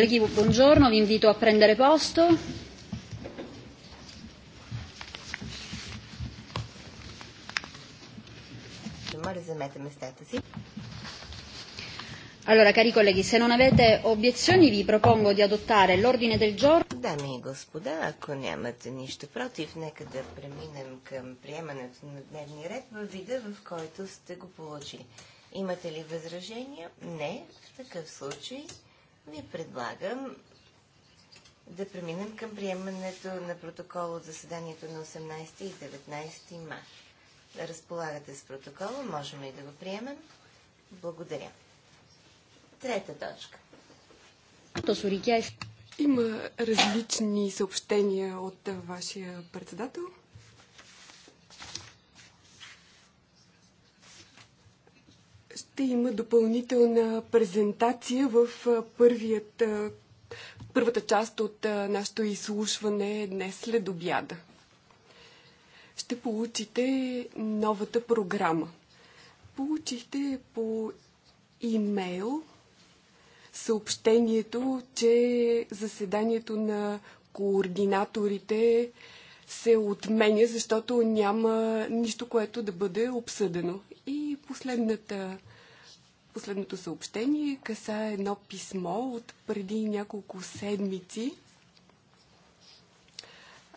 Colleghi, buongiorno, vi invito a prendere posto. Allora, cari colleghi, se non avete obiezioni vi propongo di adottare l'ordine del giorno. Дами и господа, ако нямате нищо против, нека да преминем към приемането на дневния ред във вида, в който сте го получили. Имате ли възражения? Не. В такъв случай ви предлагам да преминем към приемането на протокол от заседанието на 18 и 19 март. Разполагате с протокола, можем и да го приемем. Благодаря. Трета точка. Има различни съобщения от вашия председател. Ще има допълнителна презентация в първият, първата част от нашето изслушване днес след обяда. Ще получите новата програма. Получихте по имейл съобщението, че заседанието на координаторите се отменя, защото няма нищо, което да бъде обсъдено. И последната Последното съобщение каса едно писмо от преди няколко седмици.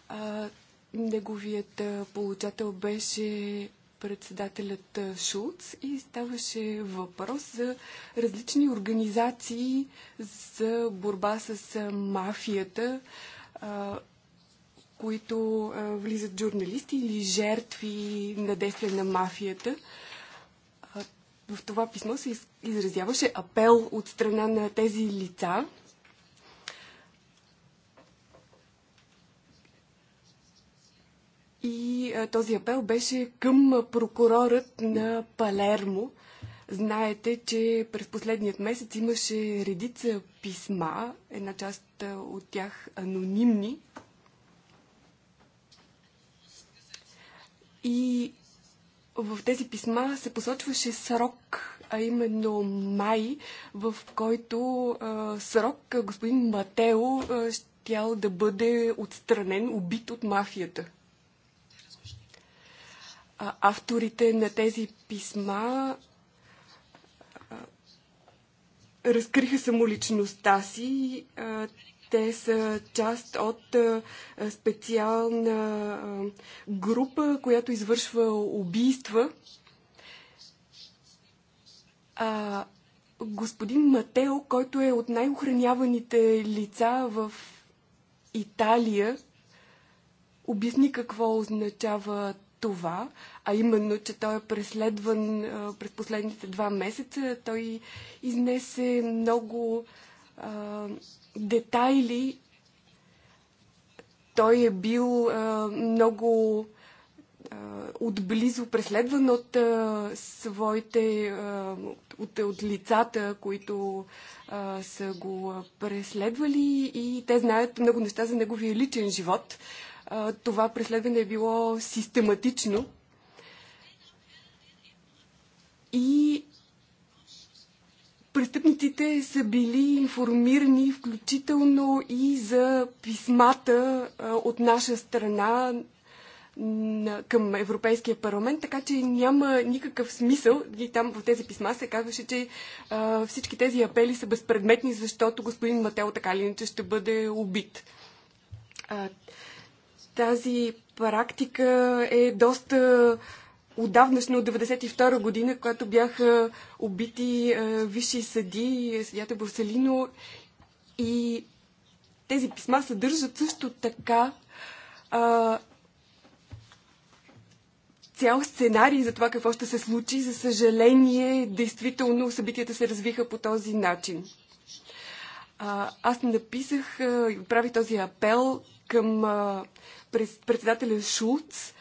А, неговият получател беше председателят Шулц и ставаше въпрос за различни организации за борба с мафията, които влизат журналисти или жертви на действия на мафията. В това писмо се изразяваше апел от страна на тези лица И а, този апел беше към прокурорът на Палермо. Знаете, че през последният месец имаше редица писма, една част от тях анонимни. И в тези писма се посочваше срок, а именно май, в който а, срок господин Матео а, щял да бъде отстранен, убит от мафията. А, авторите на тези писма а, разкриха самоличността си. А, те са част от специална група, която извършва убийства. А, господин Матео, който е от най-охраняваните лица в Италия, обясни какво означава това, а именно, че той е преследван а, през последните два месеца. Той изнесе много а, детайли. Той е бил а, много а, отблизо преследван от а, своите, а, от, от лицата, които а, са го преследвали и те знаят много неща за неговия личен живот. А, това преследване е било систематично. И престъпниците са били информирани включително и за писмата от наша страна към Европейския парламент, така че няма никакъв смисъл. И там в тези писма се казваше, че всички тези апели са безпредметни, защото господин Мател така или иначе ще бъде убит. тази практика е доста отдавнашно от 1992 година, когато бяха убити е, висши съди, съдята Борселино. И тези писма съдържат също така е, цял сценарий за това какво ще се случи. За съжаление, действително събитията се развиха по този начин. А, аз написах и отправих този апел към председателя Шулц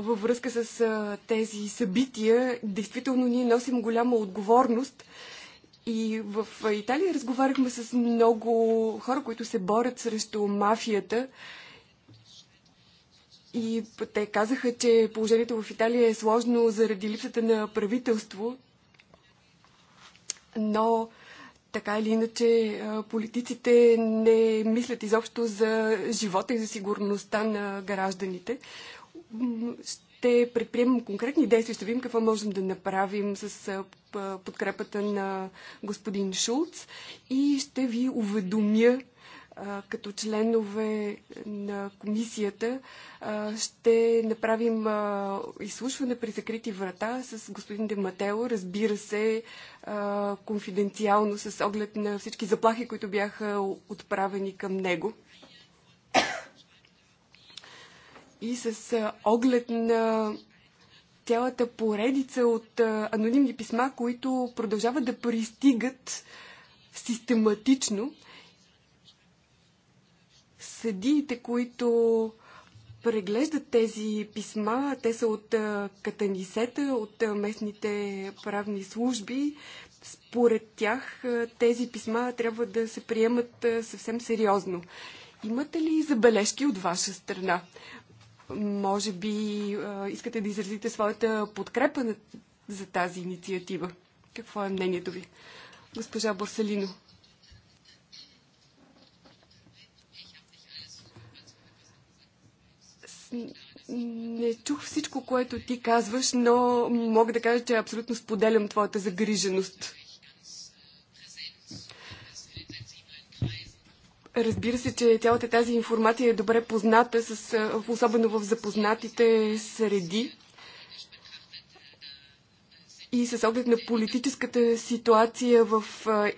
във връзка с а, тези събития, действително ние носим голяма отговорност. И в Италия разговаряхме с много хора, които се борят срещу мафията. И те казаха, че положението в Италия е сложно заради липсата на правителство. Но така или иначе политиците не мислят изобщо за живота и за сигурността на гражданите ще предприемем конкретни действия, ще видим какво можем да направим с подкрепата на господин Шулц и ще ви уведомя като членове на комисията ще направим изслушване при закрити врата с господин Дематео, разбира се, конфиденциално с оглед на всички заплахи, които бяха отправени към него. и с оглед на цялата поредица от анонимни писма, които продължават да пристигат систематично. Съдиите, които преглеждат тези писма, те са от катанисета, от местните правни служби. Според тях тези писма трябва да се приемат съвсем сериозно. Имате ли забележки от ваша страна? Може би искате да изразите своята подкрепа за тази инициатива. Какво е мнението ви, госпожа Борсалино? Не чух всичко, което ти казваш, но мога да кажа, че абсолютно споделям твоята загриженост. Разбира се, че цялата тази информация е добре позната, с, особено в запознатите среди. И с оглед на политическата ситуация в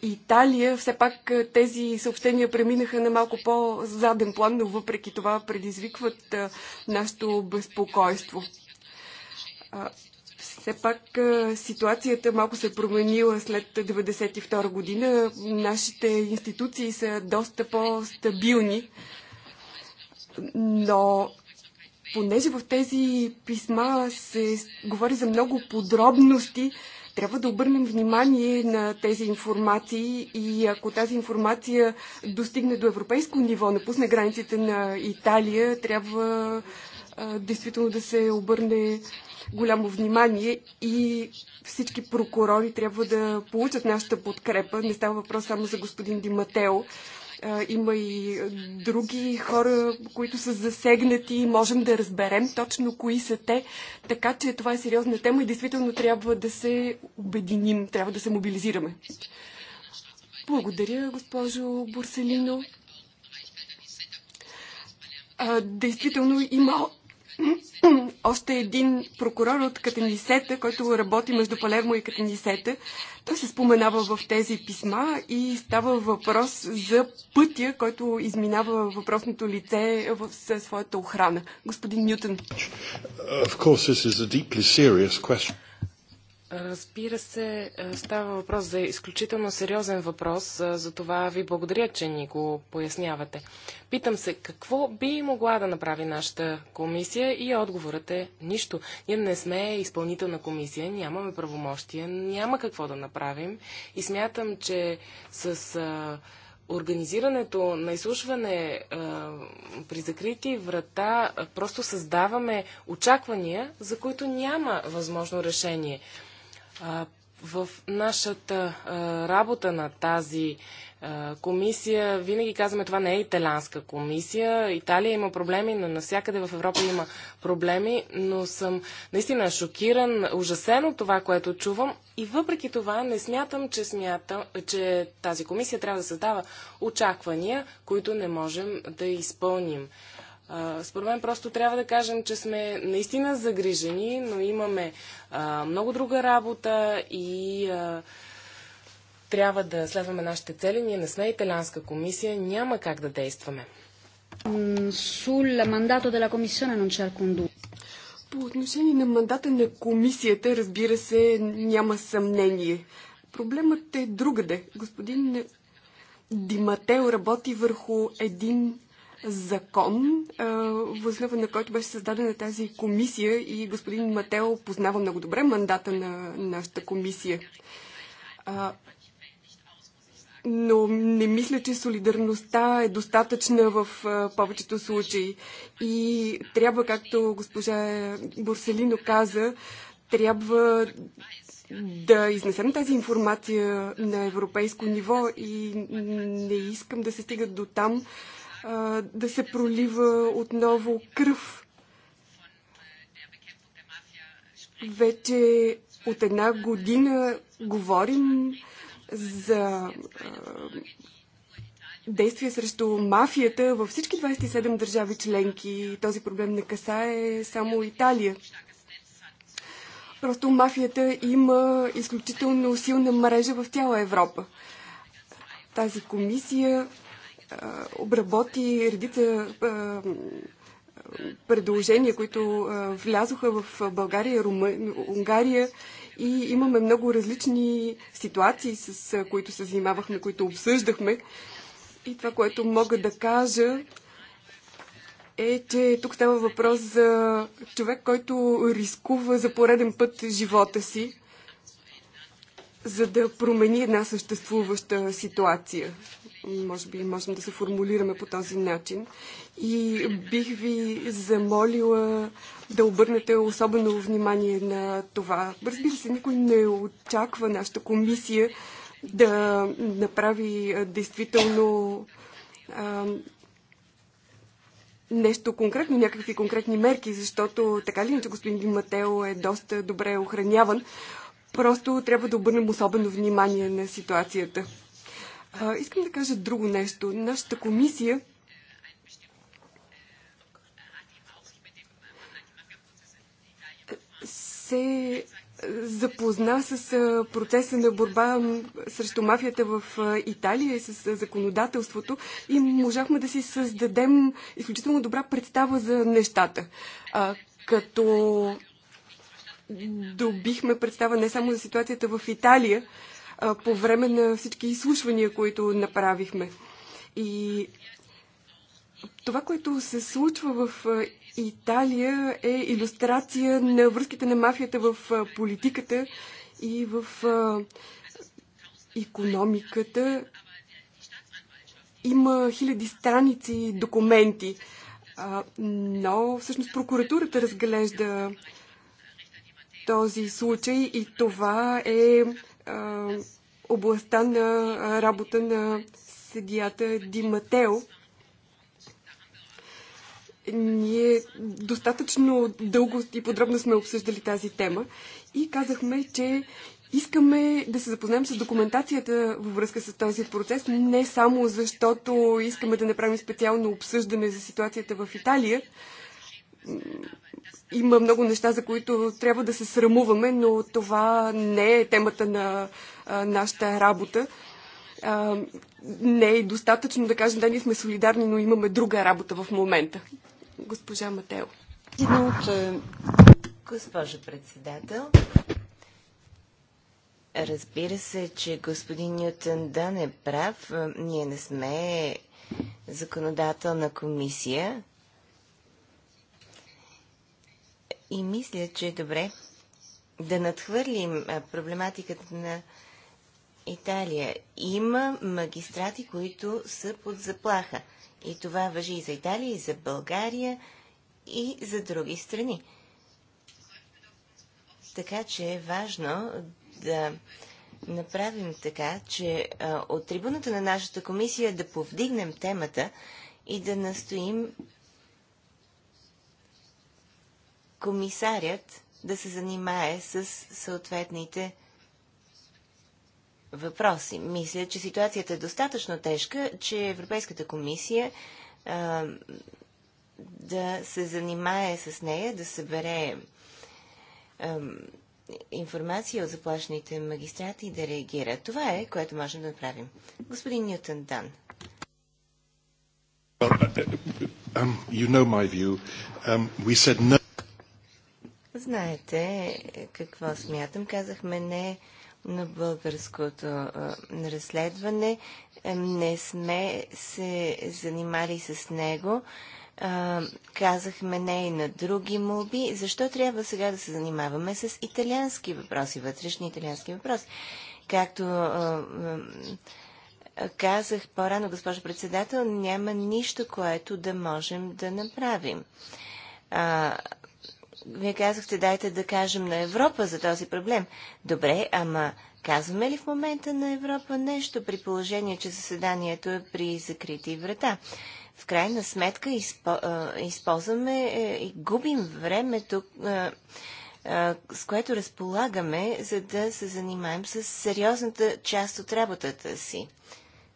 Италия, все пак тези съобщения преминаха на малко по-заден план, но въпреки това предизвикват нашето безпокойство. Все пак ситуацията малко се е променила след 1992 година. Нашите институции са доста по-стабилни, но понеже в тези писма се говори за много подробности, трябва да обърнем внимание на тези информации и ако тази информация достигне до европейско ниво, напусне границите на Италия, трябва а, действително да се обърне голямо внимание и всички прокурори трябва да получат нашата подкрепа. Не става въпрос само за господин Диматео. Има и други хора, които са засегнати и можем да разберем точно кои са те. Така че това е сериозна тема и действително трябва да се обединим, трябва да се мобилизираме. Благодаря, госпожо Борселино. действително има още един прокурор от Катенисета, който работи между Палермо и Катенисета. Той се споменава в тези писма и става въпрос за пътя, който изминава въпросното лице в своята охрана. Господин Нютон. Разбира се, е, става въпрос за изключително сериозен въпрос, е, за това ви благодаря, че ни го пояснявате. Питам се, какво би могла да направи нашата комисия и отговорът е нищо. Ние не сме изпълнителна комисия, нямаме правомощия, няма какво да направим и смятам, че с а, е, организирането на изслушване а, при закрити врата а, просто създаваме очаквания, за които няма възможно решение. В нашата работа на тази комисия винаги казваме, това не е италянска комисия. Италия има проблеми, но навсякъде в Европа има проблеми, но съм наистина шокиран, ужасен от това, което чувам. И въпреки това не смятам, че, смятам, че тази комисия трябва да създава очаквания, които не можем да изпълним според мен просто трябва да кажем, че сме наистина загрижени, но имаме а, много друга работа и а, трябва да следваме нашите цели. Ние не сме италианска комисия, няма как да действаме. По отношение на мандата на комисията, разбира се, няма съмнение. Проблемът е другаде. Господин Димател работи върху един закон, възлъва на който беше създадена тази комисия и господин Матео познава много добре мандата на нашата комисия. Но не мисля, че солидарността е достатъчна в повечето случаи. И трябва, както госпожа Борселино каза, трябва да изнесем тази информация на европейско ниво и не искам да се стига до там, да се пролива отново кръв. Вече от една година говорим за действия срещу мафията във всички 27 държави членки. Този проблем не касае само Италия. Просто мафията има изключително силна мрежа в цяла Европа. Тази комисия обработи редица предложения, които влязоха в България, Рума, Унгария и имаме много различни ситуации, с които се занимавахме, които обсъждахме. И това, което мога да кажа, е, че тук става въпрос за човек, който рискува за пореден път живота си, за да промени една съществуваща ситуация. Може би можем да се формулираме по този начин. И бих ви замолила да обърнете особено внимание на това. Разбира се, никой не очаква нашата комисия да направи действително а, нещо конкретно, някакви конкретни мерки, защото така ли че господин Диматео е доста добре охраняван. Просто трябва да обърнем особено внимание на ситуацията. А, искам да кажа друго нещо. Нашата комисия се запозна с процеса на борба срещу мафията в Италия и с законодателството и можахме да си създадем изключително добра представа за нещата. А, като добихме представа не само за ситуацията в Италия, по време на всички изслушвания, които направихме. И това, което се случва в Италия е иллюстрация на връзките на мафията в политиката и в економиката. Има хиляди страници документи, но всъщност прокуратурата разглежда този случай и това е областта на работа на съдията Матео. Ние достатъчно дълго и подробно сме обсъждали тази тема и казахме, че Искаме да се запознаем с документацията във връзка с този процес, не само защото искаме да направим специално обсъждане за ситуацията в Италия. Има много неща, за които трябва да се срамуваме, но това не е темата на а, нашата работа. А, не е достатъчно да кажем, да, ние сме солидарни, но имаме друга работа в момента. Госпожа Матео. Госпожа председател, разбира се, че господин Нютон Дан е прав. Ние не сме законодателна комисия, И мисля, че е добре да надхвърлим проблематиката на Италия. Има магистрати, които са под заплаха. И това въжи и за Италия, и за България, и за други страни. Така че е важно да направим така, че от трибуната на нашата комисия да повдигнем темата и да настоим комисарят да се занимае с съответните въпроси. Мисля, че ситуацията е достатъчно тежка, че Европейската комисия а, да се занимае с нея, да събере а, информация от заплашените магистрати и да реагира. Това е, което можем да направим. Господин Ньютон Дан. Well, uh, um, you know my view. Um, we said no Знаете е, какво смятам. Казахме не на българското а, разследване. Е, не сме се занимали с него. А, казахме не и на други молби. Защо трябва сега да се занимаваме с италиански въпроси, вътрешни италиански въпроси? Както а, казах по-рано, госпожо председател, няма нищо, което да можем да направим. А, вие казахте, дайте да кажем на Европа за този проблем. Добре, ама казваме ли в момента на Европа нещо при положение, че заседанието е при закрити врата? В крайна сметка използваме е, и губим времето, с което разполагаме, за да се занимаем с сериозната част от работата си.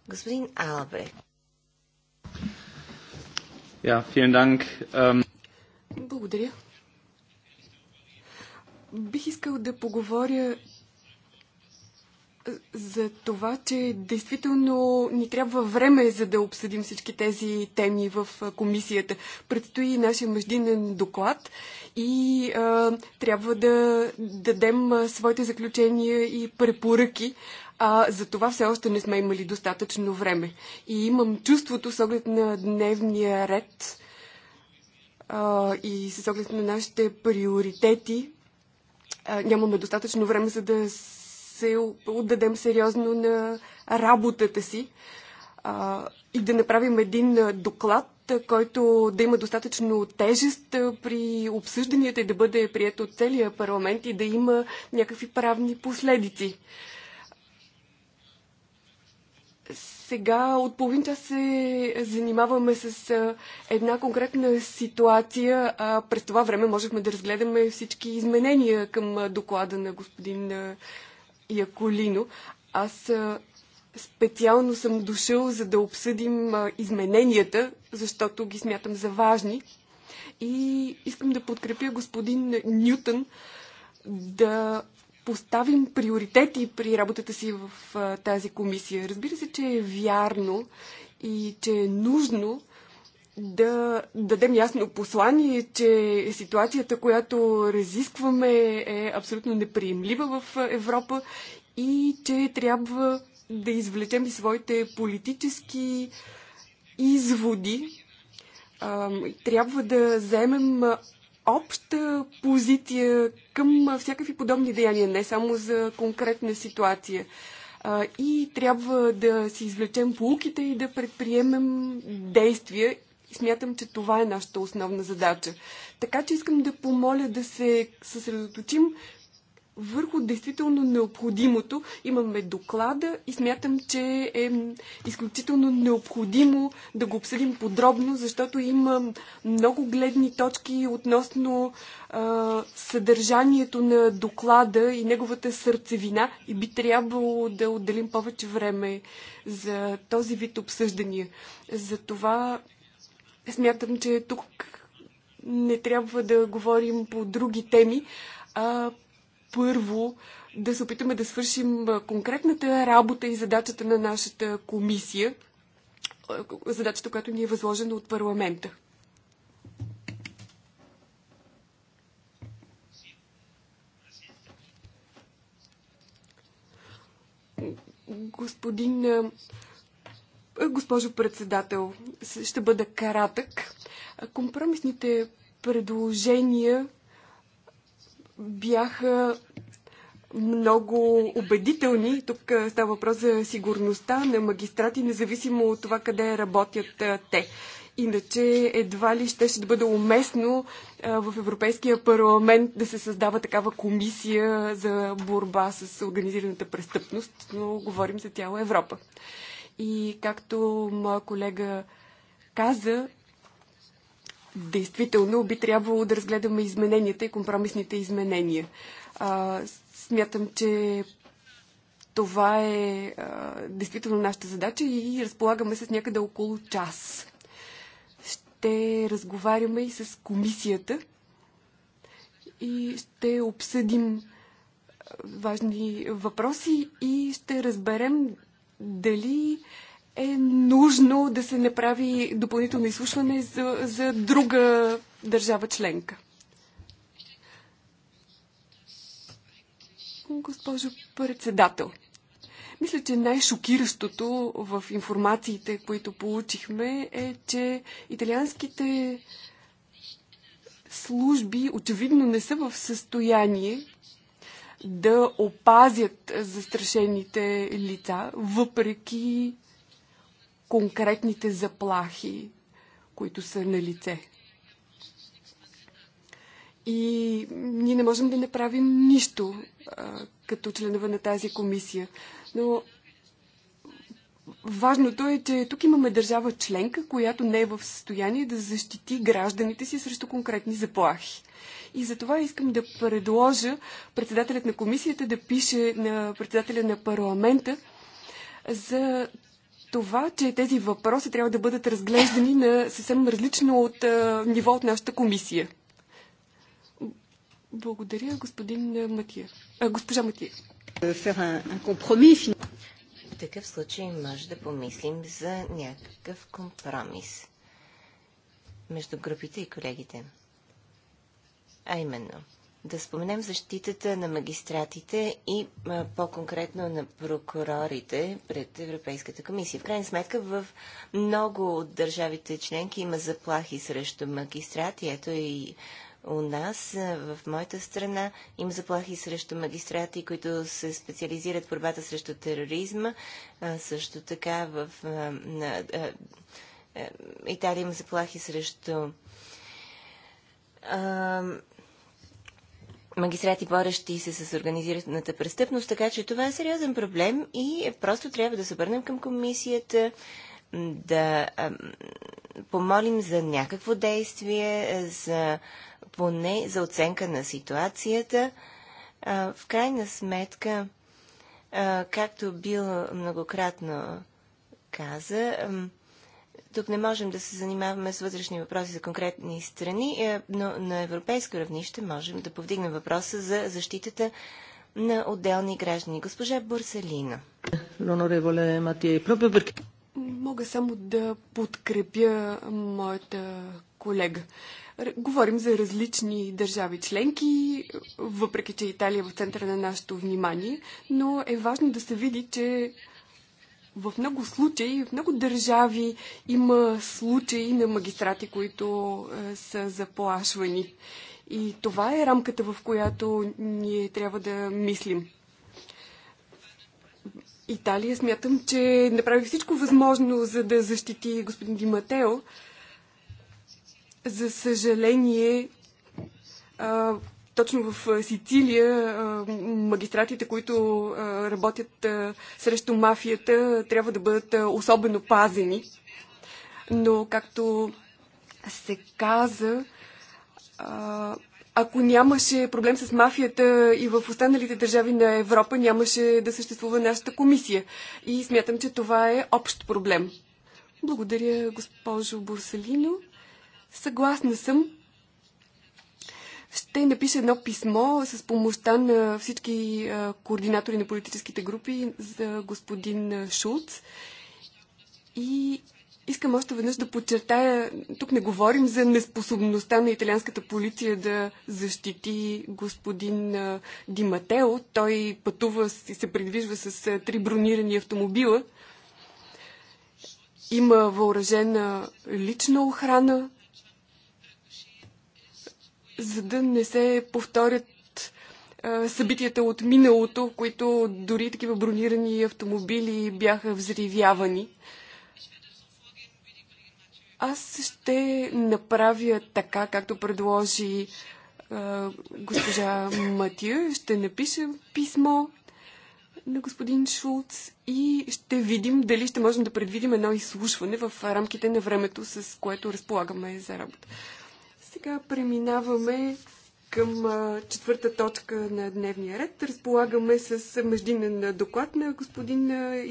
Господин Албрехт. Yeah, ähm, Благодаря. Бих искал да поговоря е, за това, че действително ни трябва време, за да обсъдим всички тези теми в е, комисията. Предстои нашия междинен доклад и а, е, трябва да дадем своите заключения и препоръки. А, за това все още не сме имали достатъчно време. И имам чувството, с оглед на дневния ред а, и с оглед на нашите приоритети, а, нямаме достатъчно време, за да се отдадем сериозно на работата си а, и да направим един доклад, който да има достатъчно тежест при обсъжданията и да бъде прият от целия парламент и да има някакви правни последици. Сега от половин час се занимаваме с една конкретна ситуация, а през това време можехме да разгледаме всички изменения към доклада на господин Яколино. Аз специално съм дошъл, за да обсъдим измененията, защото ги смятам за важни. И искам да подкрепя господин Нютън да поставим приоритети при работата си в тази комисия. Разбира се, че е вярно и че е нужно да дадем ясно послание, че ситуацията, която разискваме, е абсолютно неприемлива в Европа и че трябва да извлечем и своите политически изводи. Трябва да вземем обща позиция към всякакви подобни деяния, не само за конкретна ситуация. И трябва да си извлечем полуките и да предприемем действия. Смятам, че това е нашата основна задача. Така че искам да помоля да се съсредоточим върху действително необходимото. Имаме доклада и смятам, че е изключително необходимо да го обсъдим подробно, защото има много гледни точки относно а, съдържанието на доклада и неговата сърцевина и би трябвало да отделим повече време за този вид обсъждания. Затова смятам, че тук не трябва да говорим по други теми, а първо да се опитаме да свършим конкретната работа и задачата на нашата комисия, задачата, която ни е възложена от парламента. Господин, госпожо председател, ще бъда каратък. Компромисните предложения бяха много убедителни. Тук става въпрос за сигурността на магистрати, независимо от това къде работят те. Иначе едва ли ще, ще бъде уместно в Европейския парламент да се създава такава комисия за борба с организираната престъпност, но говорим за цяла Европа. И както моя колега каза, действително би трябвало да разгледаме измененията и компромисните изменения. А, смятам, че това е а, действително нашата задача и разполагаме с някъде около час. Ще разговаряме и с комисията и ще обсъдим важни въпроси и ще разберем дали а, е нужно да се направи допълнително изслушване за, за друга държава членка. Госпожо председател, мисля, че най-шокиращото в информациите, които получихме, е, че италианските служби очевидно не са в състояние да опазят застрашените лица, въпреки конкретните заплахи, които са на лице. И ние не можем да направим нищо а, като членове на тази комисия. Но важното е, че тук имаме държава членка, която не е в състояние да защити гражданите си срещу конкретни заплахи. И за това искам да предложа председателят на комисията да пише на председателя на парламента за това, че тези въпроси трябва да бъдат разглеждани на съвсем различно от а, ниво от нашата комисия. Благодаря, господин Матия. А, госпожа Матия. Е, В такъв случай може да помислим за някакъв компромис между групите и колегите. А именно – да споменем защитата на магистратите и по-конкретно на прокурорите пред Европейската комисия. В крайна сметка в много от държавите членки има заплахи срещу магистрати. Ето и у нас, в моята страна, има заплахи срещу магистрати, които се специализират в борбата срещу тероризма. А, също така в а, на, а, Италия има заплахи срещу магистрати, борещи се с организираната престъпност, така че това е сериозен проблем и просто трябва да се обърнем към комисията, да а, помолим за някакво действие, е, за поне за оценка на ситуацията. А, в крайна сметка, а, както бил многократно каза, тук не можем да се занимаваме с вътрешни въпроси за конкретни страни, е, но на европейско равнище можем да повдигнем въпроса за защитата на отделни граждани. Госпожа Бурселина. Мога само да подкрепя моята колега. Говорим за различни държави членки, въпреки че Италия е в центъра на нашето внимание, но е важно да се види, че в много случаи, в много държави има случаи на магистрати, които е, са заплашвани. И това е рамката, в която ние трябва да мислим. Италия смятам, че направи всичко възможно, за да защити господин Диматео. За съжаление, точно в Сицилия магистратите, които работят срещу мафията, трябва да бъдат особено пазени. Но, както се каза, ако нямаше проблем с мафията и в останалите държави на Европа, нямаше да съществува нашата комисия. И смятам, че това е общ проблем. Благодаря, госпожо Борсалино. Съгласна съм, ще напиша едно писмо с помощта на всички координатори на политическите групи за господин Шулц. И искам още веднъж да подчертая, тук не говорим за неспособността на италианската полиция да защити господин Диматео. Той пътува и се придвижва с три бронирани автомобила. Има въоръжена лична охрана, за да не се повторят събитията от миналото, които дори такива бронирани автомобили бяха взривявани. Аз ще направя така, както предложи госпожа Матия. Ще напиша писмо на господин Шулц и ще видим дали ще можем да предвидим едно изслушване в рамките на времето, с което разполагаме за работа сега преминаваме към четвърта точка на дневния ред. Разполагаме с междинен доклад на господин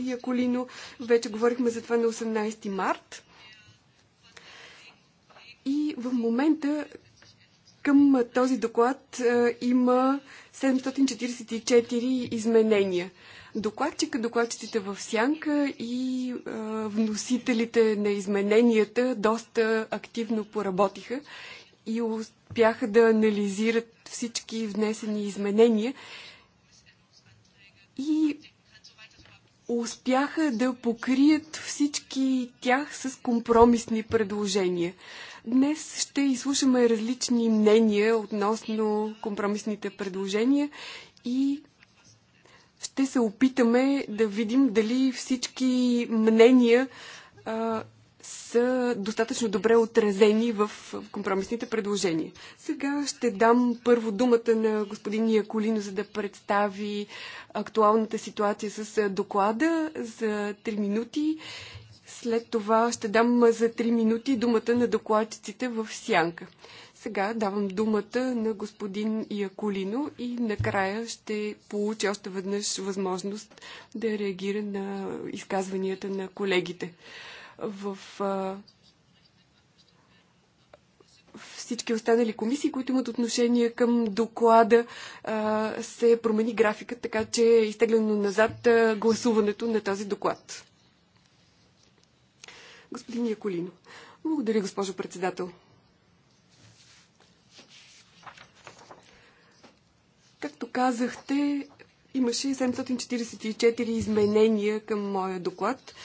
Яколино. Вече говорихме за това на 18 март. И в момента към този доклад има 744 изменения. Докладчика, докладчиците в сянка и а, вносителите на измененията доста активно поработиха и успяха да анализират всички внесени изменения и успяха да покрият всички тях с компромисни предложения. Днес ще изслушаме различни мнения относно компромисните предложения и ще се опитаме да видим дали всички мнения а, са достатъчно добре отразени в компромисните предложения. Сега ще дам първо думата на господин Яколино, за да представи актуалната ситуация с доклада за 3 минути. След това ще дам за 3 минути думата на докладчиците в Сянка. Сега давам думата на господин Яколино и накрая ще получи още веднъж възможност да реагира на изказванията на колегите в всички останали комисии, които имат отношение към доклада, се промени графика, така че е изтеглено назад гласуването на този доклад. Господин Яколино. Благодаря, госпожо председател. Както казахте, имаше 744 изменения към моя доклад,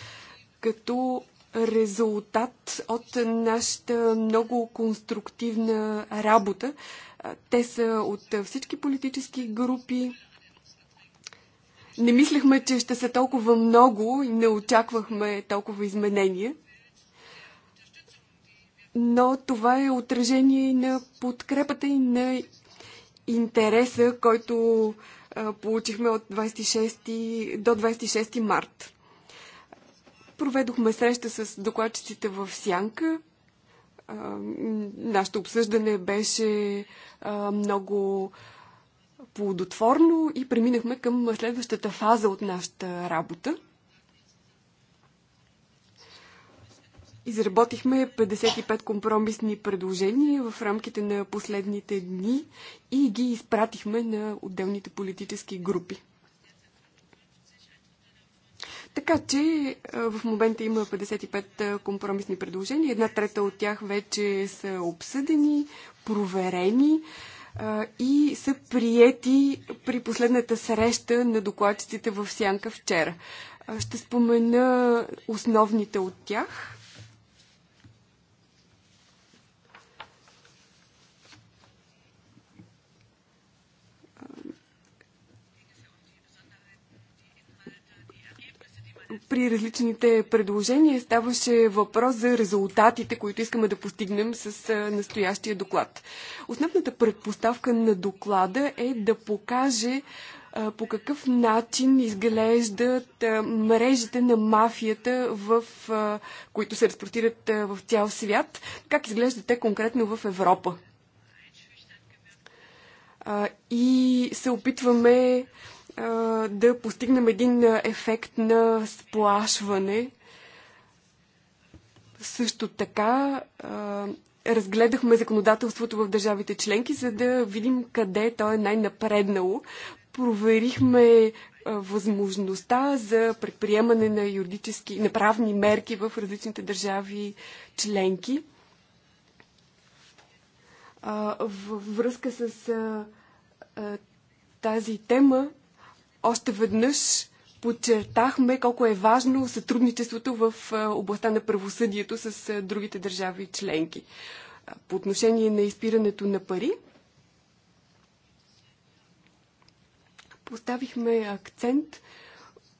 като резултат от нашата много конструктивна работа. Те са от всички политически групи. Не мислехме, че ще са толкова много и не очаквахме толкова изменения. Но това е отражение на подкрепата и на интереса, който получихме от 26 до 26 март. Проведохме среща с докладчиците в Сянка. Нашето обсъждане беше много плодотворно и преминахме към следващата фаза от нашата работа. Изработихме 55 компромисни предложения в рамките на последните дни и ги изпратихме на отделните политически групи. Така че в момента има 55 компромисни предложения. Една трета от тях вече са обсъдени, проверени и са приети при последната среща на докладчиците в Сянка вчера. Ще спомена основните от тях. при различните предложения ставаше въпрос за резултатите, които искаме да постигнем с настоящия доклад. Основната предпоставка на доклада е да покаже по какъв начин изглеждат мрежите на мафията, в, които се разпортират в цял свят, как изглеждат те конкретно в Европа. И се опитваме да постигнем един ефект на сплашване. Също така разгледахме законодателството в държавите членки, за да видим къде то е най-напреднало. Проверихме възможността за предприемане на юридически, на правни мерки в различните държави членки. Във връзка с тази тема още веднъж подчертахме колко е важно сътрудничеството в областта на правосъдието с другите държави членки. По отношение на изпирането на пари, поставихме акцент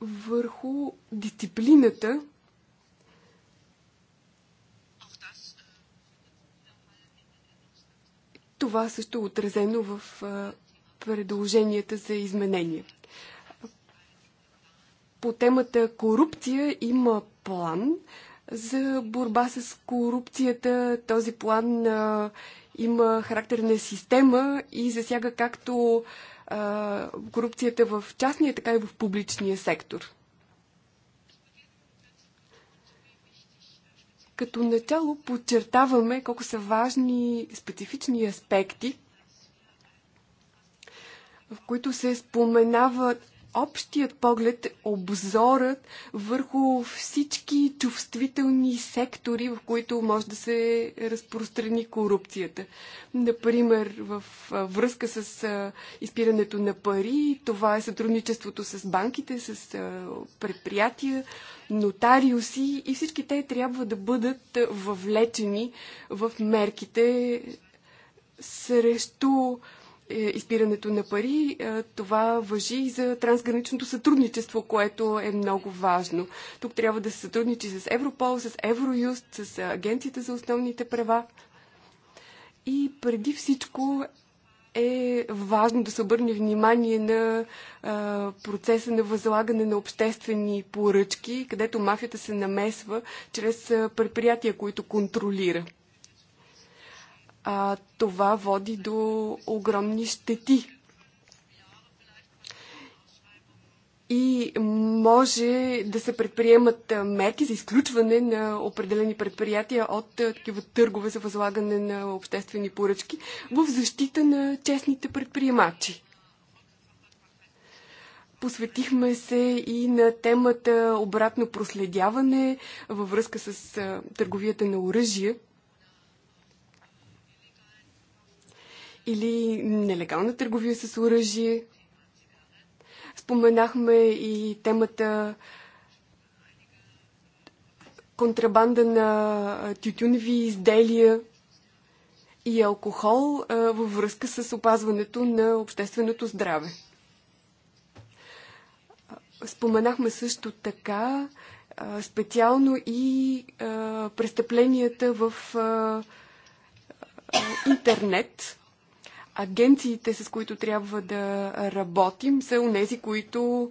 върху дисциплината, Това също е отразено в предложенията за изменения по темата корупция има план за борба с корупцията. Този план а, има характер на система и засяга както а, корупцията в частния, така и в публичния сектор. Като начало подчертаваме колко са важни специфични аспекти, в които се споменават общият поглед, обзорът върху всички чувствителни сектори, в които може да се разпространи корупцията. Например, в връзка с изпирането на пари, това е сътрудничеството с банките, с предприятия, нотариуси и всички те трябва да бъдат въвлечени в мерките срещу е, изпирането на пари, е, това въжи и за трансграничното сътрудничество, което е много важно. Тук трябва да се сътрудничи с Европол, с Евроюст, с Агенцията за основните права. И преди всичко е важно да се обърне внимание на процеса на възлагане на обществени поръчки, където мафията се намесва чрез предприятия, които контролира а, това води до огромни щети. И може да се предприемат мерки за изключване на определени предприятия от такива търгове за възлагане на обществени поръчки в защита на честните предприемачи. Посветихме се и на темата обратно проследяване във връзка с търговията на оръжие. или нелегална търговия с оръжие. Споменахме и темата контрабанда на тютюневи изделия и алкохол във връзка с опазването на общественото здраве. Споменахме също така специално и престъпленията в интернет агенциите, с които трябва да работим, са унези, които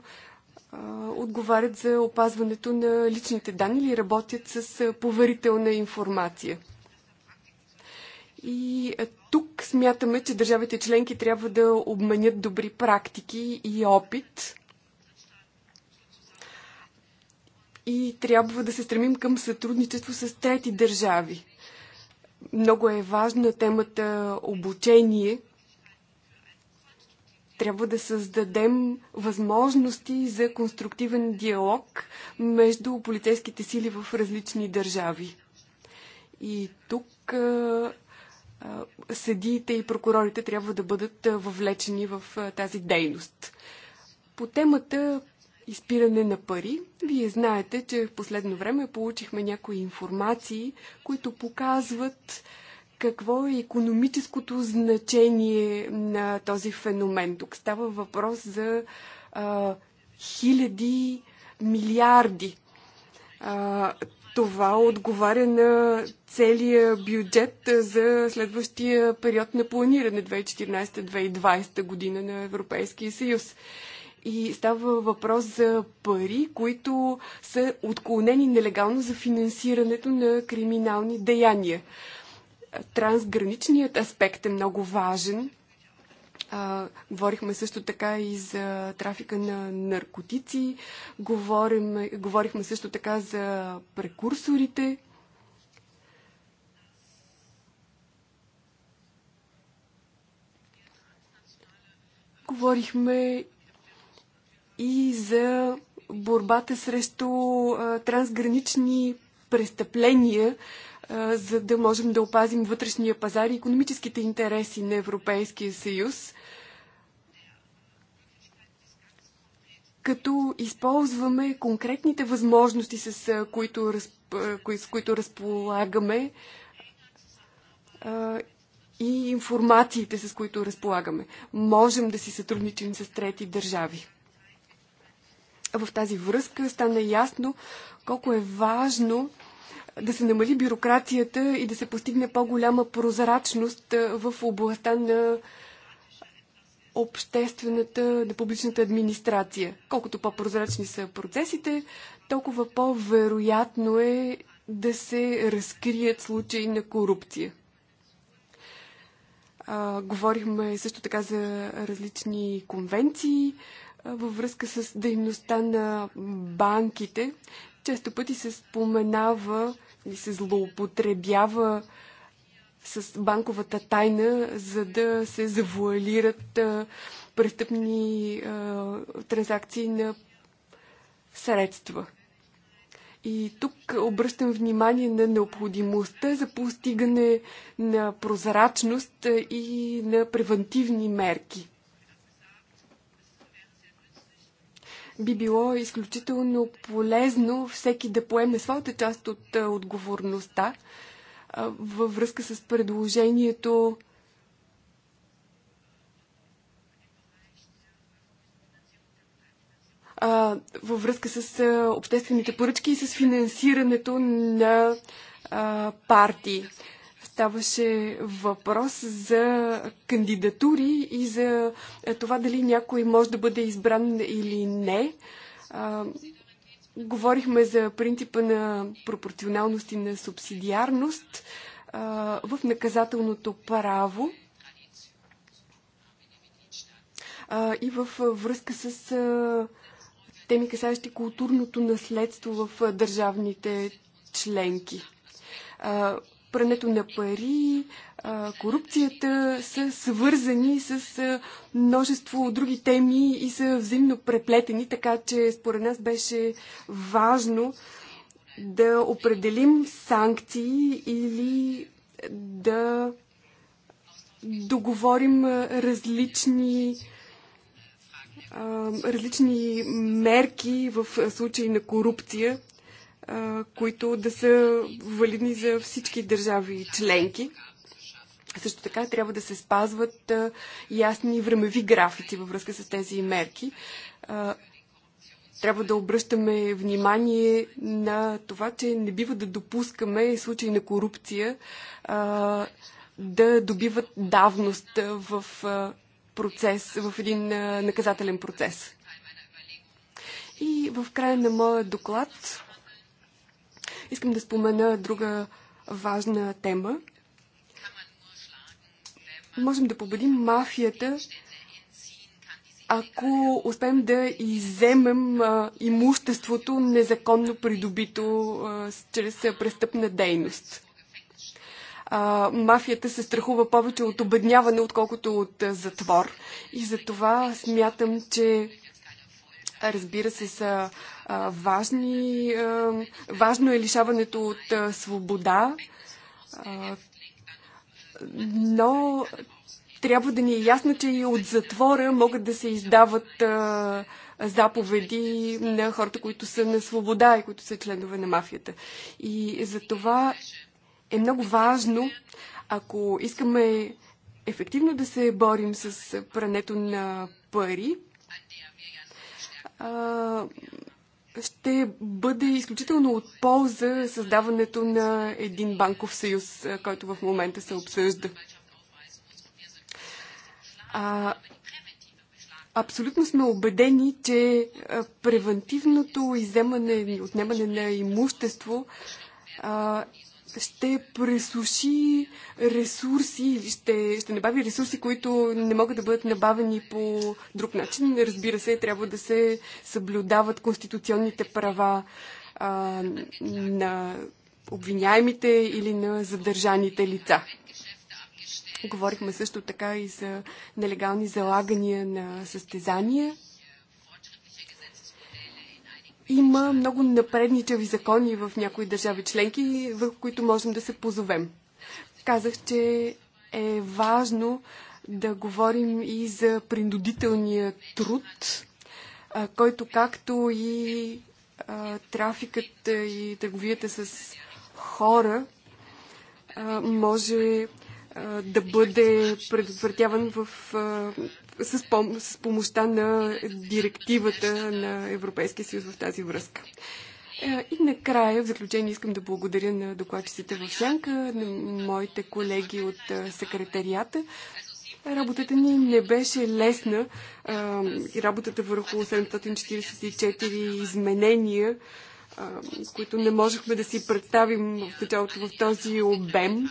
а, отговарят за опазването на личните данни или работят с поверителна информация. И тук смятаме, че държавите членки трябва да обменят добри практики и опит. И трябва да се стремим към сътрудничество с трети държави. Много е важна темата обучение трябва да създадем възможности за конструктивен диалог между полицейските сили в различни държави. И тук съдиите и прокурорите трябва да бъдат въвлечени в тази дейност. По темата изпиране на пари, вие знаете, че в последно време получихме някои информации, които показват, какво е економическото значение на този феномен. Тук става въпрос за а, хиляди милиарди. А, това отговаря на целия бюджет за следващия период на планиране 2014-2020 година на Европейския съюз. И става въпрос за пари, които са отклонени нелегално за финансирането на криминални деяния трансграничният аспект е много важен. А, говорихме също така и за трафика на наркотици, говорим, говорихме също така за прекурсорите. Говорихме и за борбата срещу а, трансгранични престъпления, за да можем да опазим вътрешния пазар и економическите интереси на Европейския съюз, като използваме конкретните възможности, с които, с които разполагаме и информациите, с които разполагаме. Можем да си сътрудничим с трети държави. В тази връзка стана ясно колко е важно да се намали бюрокрацията и да се постигне по-голяма прозрачност в областта на обществената, на публичната администрация. Колкото по-прозрачни са процесите, толкова по-вероятно е да се разкрият случаи на корупция. А, говорихме също така за различни конвенции а, във връзка с дейността на банките. Често пъти се споменава или се злоупотребява с банковата тайна, за да се завуалират престъпни транзакции на средства. И тук обръщам внимание на необходимостта за постигане на прозрачност и на превентивни мерки. би било изключително полезно всеки да поеме своята част от отговорността във връзка с предложението във връзка с обществените поръчки и с финансирането на партии ставаше въпрос за кандидатури и за е, това дали някой може да бъде избран или не. Говорихме за принципа на пропорционалност и на субсидиарност в наказателното право и в връзка с теми, касащи културното наследство в държавните членки прането на пари, корупцията са свързани с множество други теми и са взаимно преплетени, така че според нас беше важно да определим санкции или да договорим различни различни мерки в случай на корупция, които да са валидни за всички държави членки. Също така трябва да се спазват ясни времеви графици във връзка с тези мерки. Трябва да обръщаме внимание на това, че не бива да допускаме случаи на корупция да добиват давност в процес, в един наказателен процес. И в края на моя доклад Искам да спомена друга важна тема. Можем да победим мафията, ако успеем да иземем а, имуществото незаконно придобито а, чрез а, престъпна дейност. А, мафията се страхува повече от обедняване, отколкото от а, затвор. И затова смятам, че разбира се, са а, важни. А, важно е лишаването от а, свобода, а, но трябва да ни е ясно, че и от затвора могат да се издават а, заповеди на хората, които са на свобода и които са членове на мафията. И за това е много важно, ако искаме ефективно да се борим с прането на пари, ще бъде изключително от полза създаването на един банков съюз, който в момента се обсъжда. А, абсолютно сме убедени, че превентивното иземане и отнемане на имущество а, ще пресуши ресурси, ще, ще набави ресурси, които не могат да бъдат набавени по друг начин. Разбира се, трябва да се съблюдават конституционните права а, на обвиняемите или на задържаните лица. Говорихме също така и за нелегални залагания на състезания. Има много напредничави закони в някои държави членки, върху които можем да се позовем. Казах, че е важно да говорим и за принудителния труд, който както и трафикът и търговията с хора може да бъде предотвратяван в с, пом- с помощта на директивата на Европейския съюз в тази връзка. Е, и накрая, в заключение, искам да благодаря на докладчиците в Сянка, на моите колеги от е, секретарията. Работата ни не беше лесна е, и работата върху 744 изменения, които не можехме да си представим в началото в този обем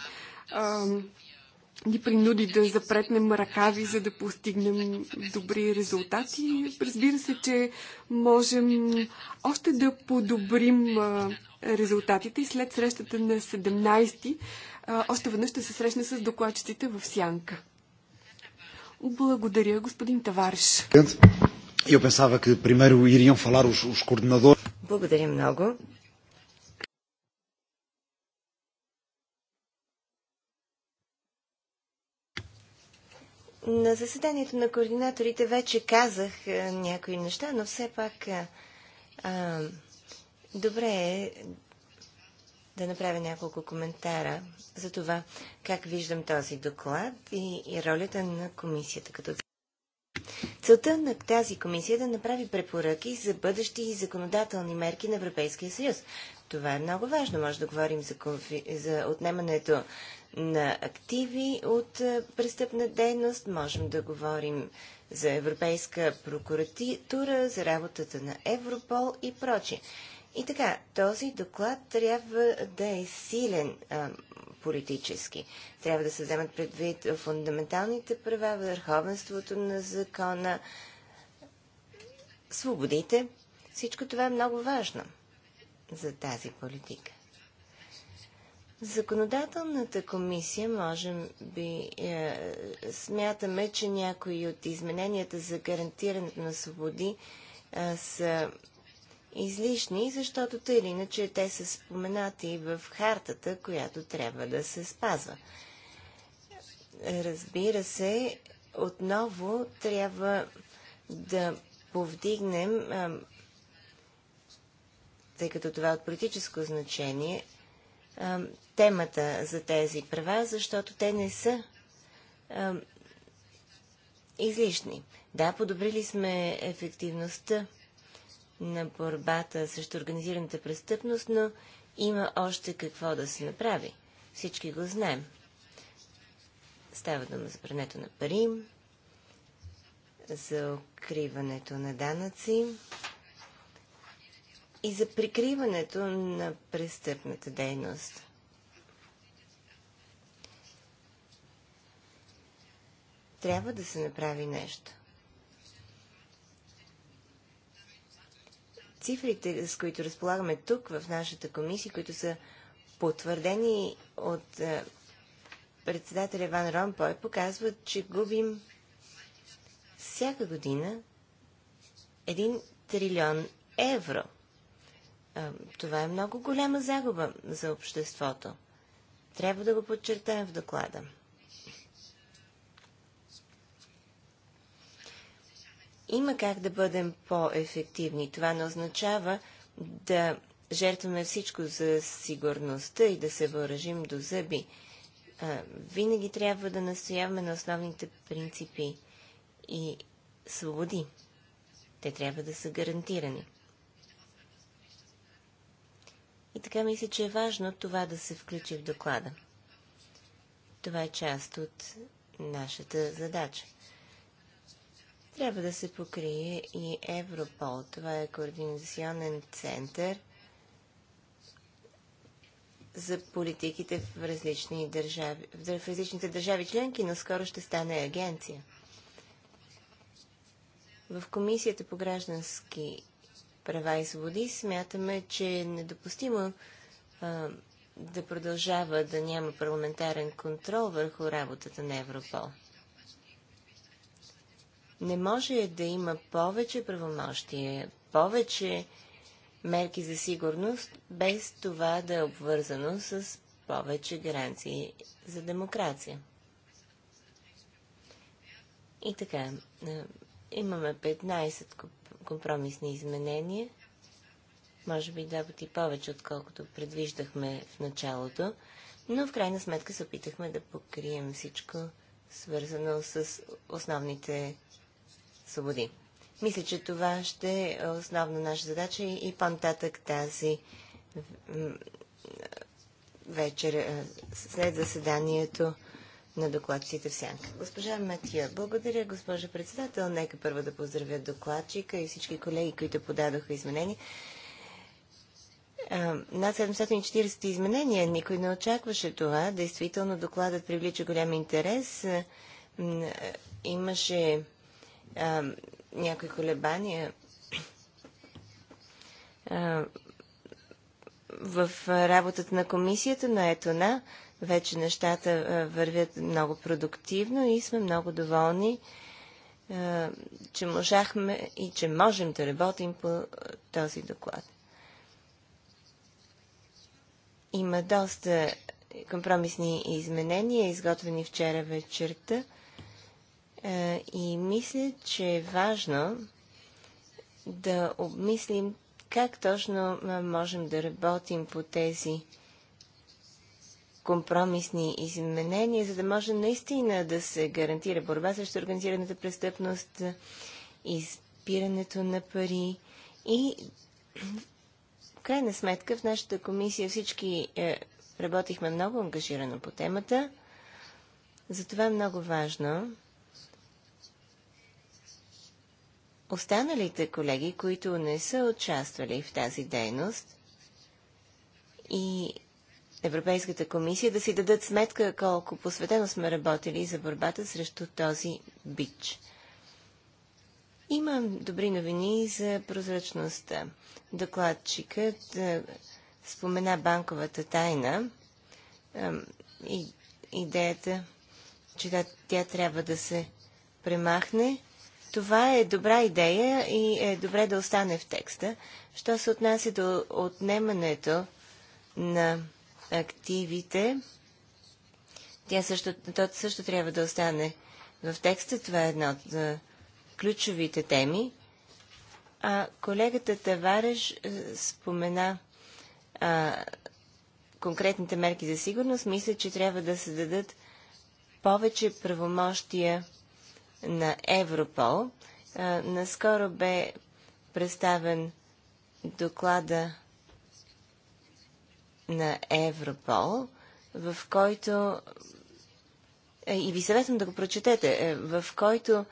ни принуди да запретнем ръкави, за да постигнем добри резултати. Разбира се, че можем още да подобрим резултатите и след срещата на 17 ти още веднъж ще се срещна с докладчиците в Сянка. Благодаря, господин Таварш. Благодаря много. На заседанието на координаторите вече казах е, някои неща, но все пак е, а, добре е да направя няколко коментара за това как виждам този доклад и, и ролята на комисията като Целта на тази комисия е да направи препоръки за бъдещи и законодателни мерки на Европейския съюз. Това е много важно. Може да говорим за, конфи... за отнемането на активи от престъпна дейност. Можем да говорим за Европейска прокуратура, за работата на Европол и прочие. И така, този доклад трябва да е силен а, политически. Трябва да се вземат предвид фундаменталните права, върховенството на закона, свободите. Всичко това е много важно за тази политика законодателната комисия можем би е, смятаме, че някои от измененията за гарантирането на свободи е, са излишни, защото тъй или иначе те са споменати в хартата, която трябва да се спазва. Разбира се, отново трябва да повдигнем, тъй като това е от политическо значение, темата за тези права, защото те не са а, излишни. Да, подобрили сме ефективността на борбата срещу организираната престъпност, но има още какво да се направи. Всички го знаем. Става дума за прането на пари, за укриването на данъци, и за прикриването на престъпната дейност. Трябва да се направи нещо. Цифрите, с които разполагаме тук в нашата комисия, които са потвърдени от е, председателя Ван Ромпой, показват, че губим всяка година 1 трилион евро – това е много голяма загуба за обществото. Трябва да го подчертаем в доклада. Има как да бъдем по-ефективни. Това не означава да жертваме всичко за сигурността и да се въоръжим до зъби. винаги трябва да настояваме на основните принципи и свободи. Те трябва да са гарантирани. И така мисля, че е важно това да се включи в доклада. Това е част от нашата задача. Трябва да се покрие и Европол. Това е координационен център за политиките в, различни държави, в различните държави членки, но скоро ще стане агенция. В Комисията по граждански права и свободи, смятаме, че е недопустимо а, да продължава да няма парламентарен контрол върху работата на Европол. Не може да има повече правомощия, повече мерки за сигурност, без това да е обвързано с повече гаранции за демокрация. И така, имаме 15 компромисни изменения. Може би два пъти повече, отколкото предвиждахме в началото. Но в крайна сметка се опитахме да покрием всичко, свързано с основните свободи. Мисля, че това ще е основна наша задача и по-нататък тази вечер след заседанието на докладчите в сянка. Госпожа Матия, благодаря, госпожа председател. Нека първо да поздравя докладчика и всички колеги, които подадоха изменения. над 740 изменения. Никой не очакваше това. Действително докладът привлича голям интерес. имаше а, някои колебания в работата на комисията на вече нещата вървят много продуктивно и сме много доволни, че можахме и че можем да работим по този доклад. Има доста компромисни изменения, изготвени вчера вечерта. И мисля, че е важно да обмислим как точно можем да работим по тези компромисни изменения, за да може наистина да се гарантира борба срещу организираната престъпност, изпирането на пари и в крайна сметка в нашата комисия всички е, работихме много ангажирано по темата. Затова е много важно останалите колеги, които не са участвали в тази дейност и Европейската комисия да си дадат сметка колко посветено сме работили за борбата срещу този бич. Имам добри новини за прозрачността. Докладчикът е, спомена банковата тайна и идеята, че тя, тя трябва да се премахне. Това е добра идея и е добре да остане в текста. Що се отнася до отнемането на активите. Тя също, то също трябва да остане в текста. Това е една от ключовите теми. А колегата Тавареш спомена а, конкретните мерки за сигурност. Мисля, че трябва да се дадат повече правомощия на Европол. А, наскоро бе представен доклада на Европол, в който е, и ви съветвам да го прочетете, е, в който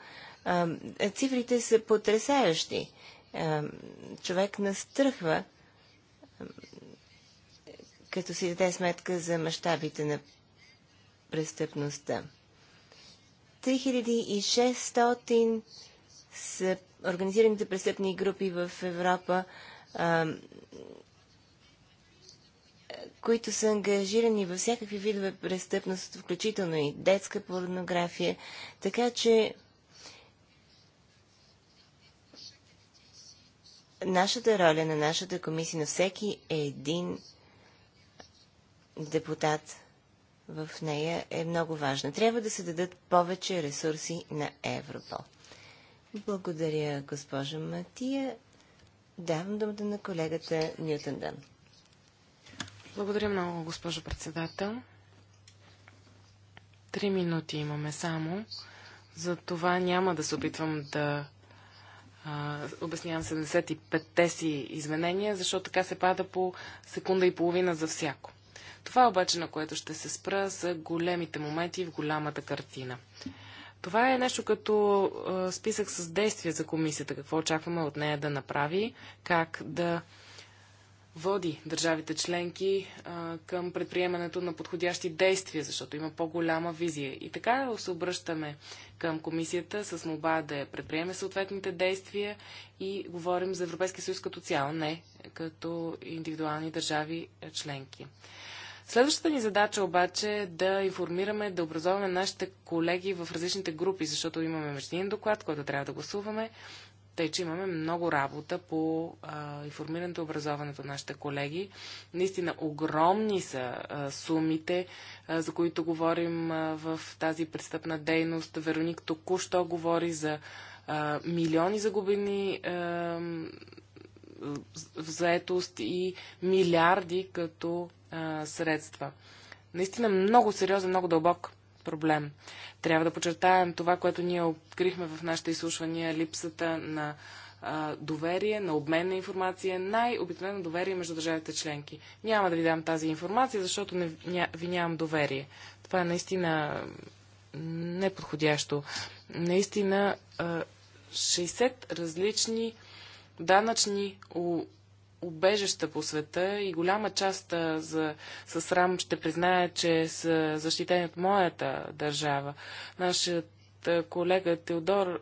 е, цифрите са потрясаещи. човек настръхва, като си даде сметка за мащабите на престъпността. 3600 са организираните престъпни групи в Европа които са ангажирани във всякакви видове престъпност, включително и детска порнография. Така че нашата роля на нашата комисия, на всеки е един депутат в нея е много важна. Трябва да се дадат повече ресурси на Европол. Благодаря, госпожа Матия. Давам думата на колегата Нютон благодаря много, госпожо председател. Три минути имаме само. За това няма да се опитвам да а, обяснявам 75-те си изменения, защото така се пада по секунда и половина за всяко. Това обаче, на което ще се спра, са големите моменти в голямата картина. Това е нещо като а, списък с действия за комисията, какво очакваме от нея да направи, как да води държавите членки а, към предприемането на подходящи действия, защото има по-голяма визия. И така се обръщаме към комисията с моба да предприеме съответните действия и говорим за Европейския съюз като цяло, не като индивидуални държави членки. Следващата ни задача обаче е да информираме, да образуваме нашите колеги в различните групи, защото имаме междинен доклад, който трябва да гласуваме, тъй, че имаме много работа по а, информирането и образованието на нашите колеги. Наистина огромни са а, сумите, а, за които говорим а, в тази престъпна дейност. Вероник току-що говори за а, милиони загубени а, в заетост и милиарди като а, средства. Наистина много сериозен, много дълбок проблем. Трябва да подчертаем това, което ние открихме в нашите изслушвания, липсата на доверие, на обмен на информация, най-обикновено доверие между държавите членки. Няма да ви дам тази информация, защото не, ня, ви нямам доверие. Това е наистина неподходящо. Наистина 60 различни данъчни убежища по света и голяма част за, с срам ще призная, че са защитени от моята държава. Нашият колега Теодор,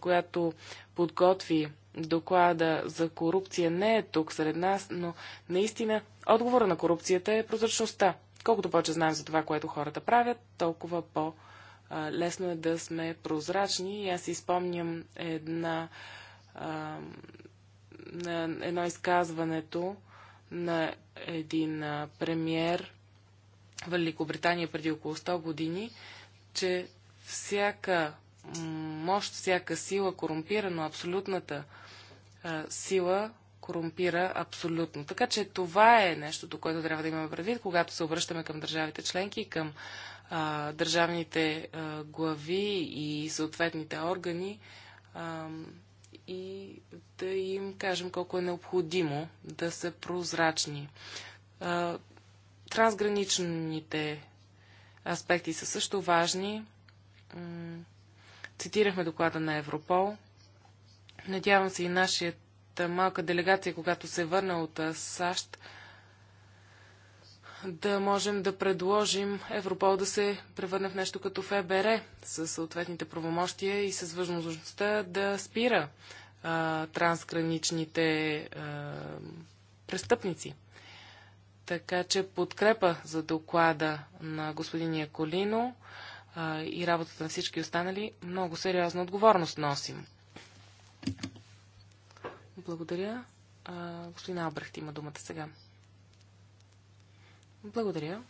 която подготви доклада за корупция, не е тук сред нас, но наистина отговора на корупцията е прозрачността. Колкото повече знаем за това, което хората правят, толкова по- лесно е да сме прозрачни. аз си спомням една на едно изказването на един премьер в Великобритания преди около 100 години, че всяка мощ, всяка сила, корумпира, но абсолютната сила, корумпира абсолютно. Така че това е нещото, което трябва да имаме предвид, когато се обръщаме към държавите членки, към а, държавните а, глави и съответните органи. А, и да им кажем колко е необходимо да са прозрачни. Трансграничните аспекти са също важни. Цитирахме доклада на Европол. Надявам се и нашата малка делегация, когато се върна от САЩ, да можем да предложим Европол да се превърне в нещо като ФБР с съответните правомощия и с възможността да спира а, трансграничните а, престъпници. Така че подкрепа за доклада на господин Яколино а, и работата на всички останали много сериозна отговорност носим. Благодаря. А, господин Албрехт има думата сега. Благодаря.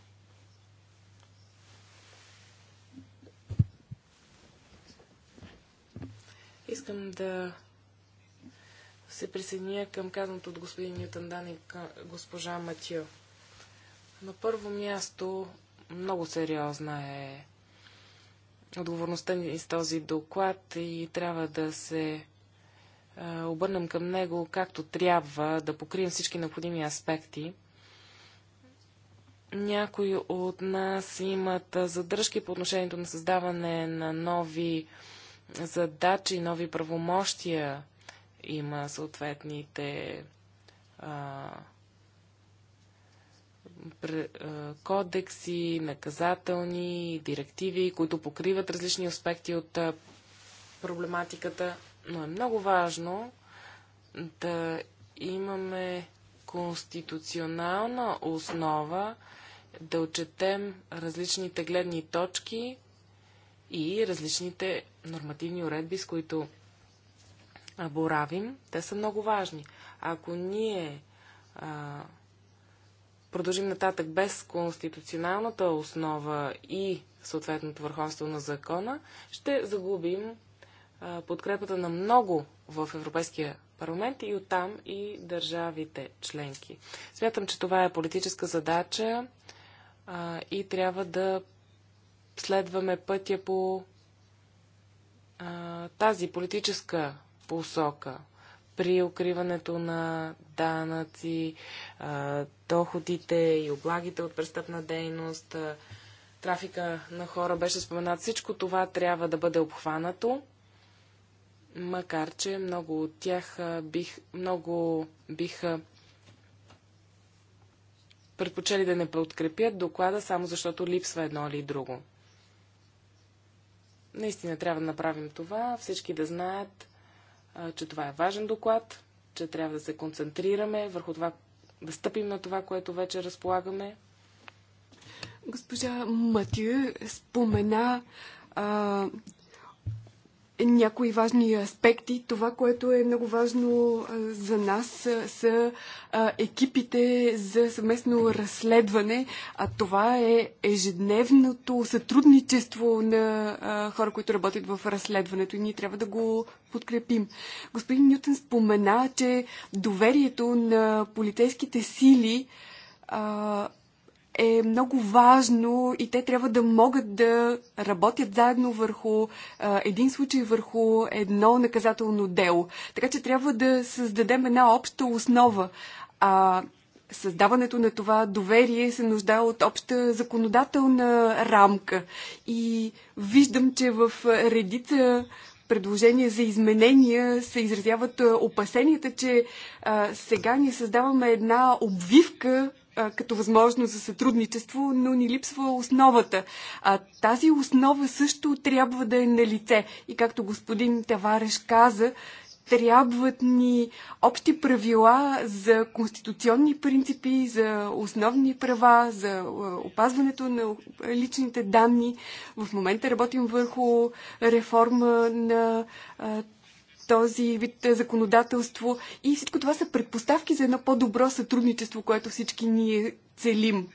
Искам да се присъединя към казаното от господин Ньютон Дан и госпожа Матио. На първо място, много сериозна е отговорността ни с този доклад и трябва да се обърнем към него както трябва, да покрием всички необходими аспекти. Някои от нас имат задръжки по отношението на създаване на нови задачи, нови правомощия. Има съответните а, кодекси, наказателни, директиви, които покриват различни аспекти от проблематиката, но е много важно да имаме конституционална основа да отчетем различните гледни точки и различните нормативни уредби, с които боравим. Те са много важни. Ако ние а, продължим нататък без конституционалната основа и съответното върховство на закона, ще загубим а, подкрепата на много в Европейския парламент и оттам и държавите членки. Смятам, че това е политическа задача, а, и трябва да следваме пътя по а, тази политическа посока при укриването на данъци, а, доходите и облагите от престъпна дейност, а, трафика на хора беше споменат. Всичко това трябва да бъде обхванато, макар че много от тях бих, много биха предпочели да не подкрепят доклада, само защото липсва едно или друго. Наистина трябва да направим това, всички да знаят, че това е важен доклад, че трябва да се концентрираме върху това, да стъпим на това, което вече разполагаме. Госпожа Матю спомена а, някои важни аспекти. Това, което е много важно за нас, са екипите за съвместно разследване, а това е ежедневното сътрудничество на хора, които работят в разследването и ние трябва да го подкрепим. Господин Нютон спомена, че доверието на полицейските сили е много важно и те трябва да могат да работят заедно върху а, един случай, върху едно наказателно дело. Така че трябва да създадем една обща основа. А, създаването на това доверие се нуждае от обща законодателна рамка. И виждам, че в редица предложения за изменения се изразяват опасенията, че а, сега ние създаваме една обвивка, като възможност за сътрудничество, но ни липсва основата. А тази основа също трябва да е на лице. И както господин Тавареш каза, трябват ни общи правила за конституционни принципи, за основни права, за опазването на личните данни. В момента работим върху реформа на този вид законодателство и всичко това са предпоставки за едно по-добро сътрудничество, което всички ние целим.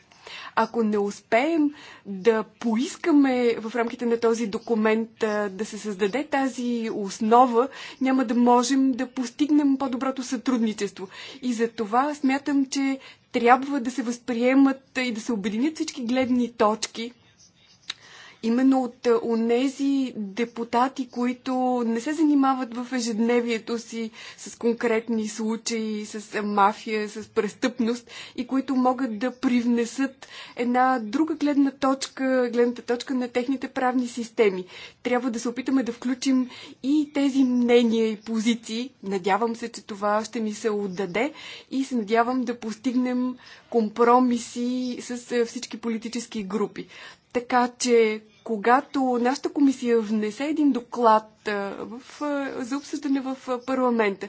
Ако не успеем да поискаме в рамките на този документ да се създаде тази основа, няма да можем да постигнем по-доброто сътрудничество. И за това смятам, че трябва да се възприемат и да се обединят всички гледни точки именно от е, онези депутати, които не се занимават в ежедневието си с конкретни случаи, с е, мафия, с престъпност и които могат да привнесат една друга гледна точка, гледната точка на техните правни системи. Трябва да се опитаме да включим и тези мнения и позиции. Надявам се, че това ще ни се отдаде и се надявам да постигнем компромиси с е, всички политически групи. Така че, когато нашата комисия внесе един доклад в, за обсъждане в парламента,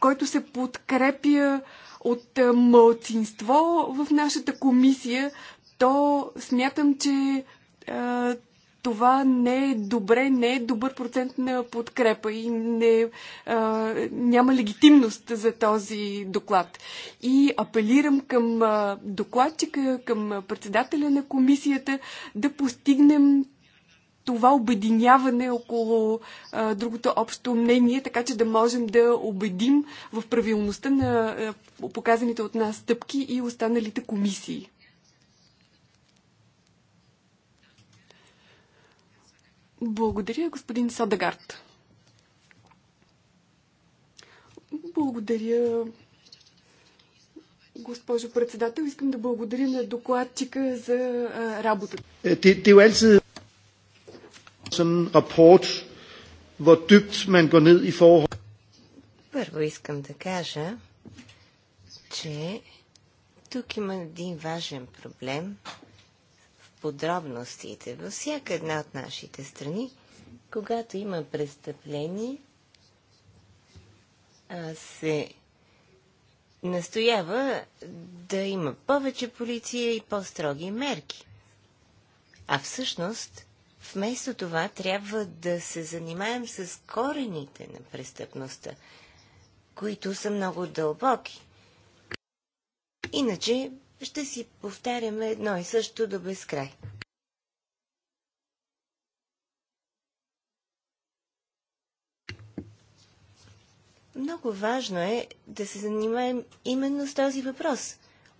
който се подкрепя от мълцинство в нашата комисия, то смятам, че това не е добре, не е добър процент на подкрепа и не, а, няма легитимност за този доклад. И апелирам към докладчика, към председателя на комисията да постигнем това обединяване около а, другото общо мнение, така че да можем да убедим в правилността на а, показаните от нас стъпки и останалите комисии. Благодаря, господин Садагард. Благодаря, госпожо председател. Искам да благодаря на докладчика за а, работата. Det, det er jo altid sådan en rapport, hvor dybt man går ned i forhold. Първо искам да кажа, че тук има един важен проблем – подробностите. Във всяка една от нашите страни, когато има престъпление, се настоява да има повече полиция и по-строги мерки. А всъщност, вместо това, трябва да се занимаем с корените на престъпността, които са много дълбоки. Иначе ще си повтаряме едно и също до безкрай. Много важно е да се занимаем именно с този въпрос.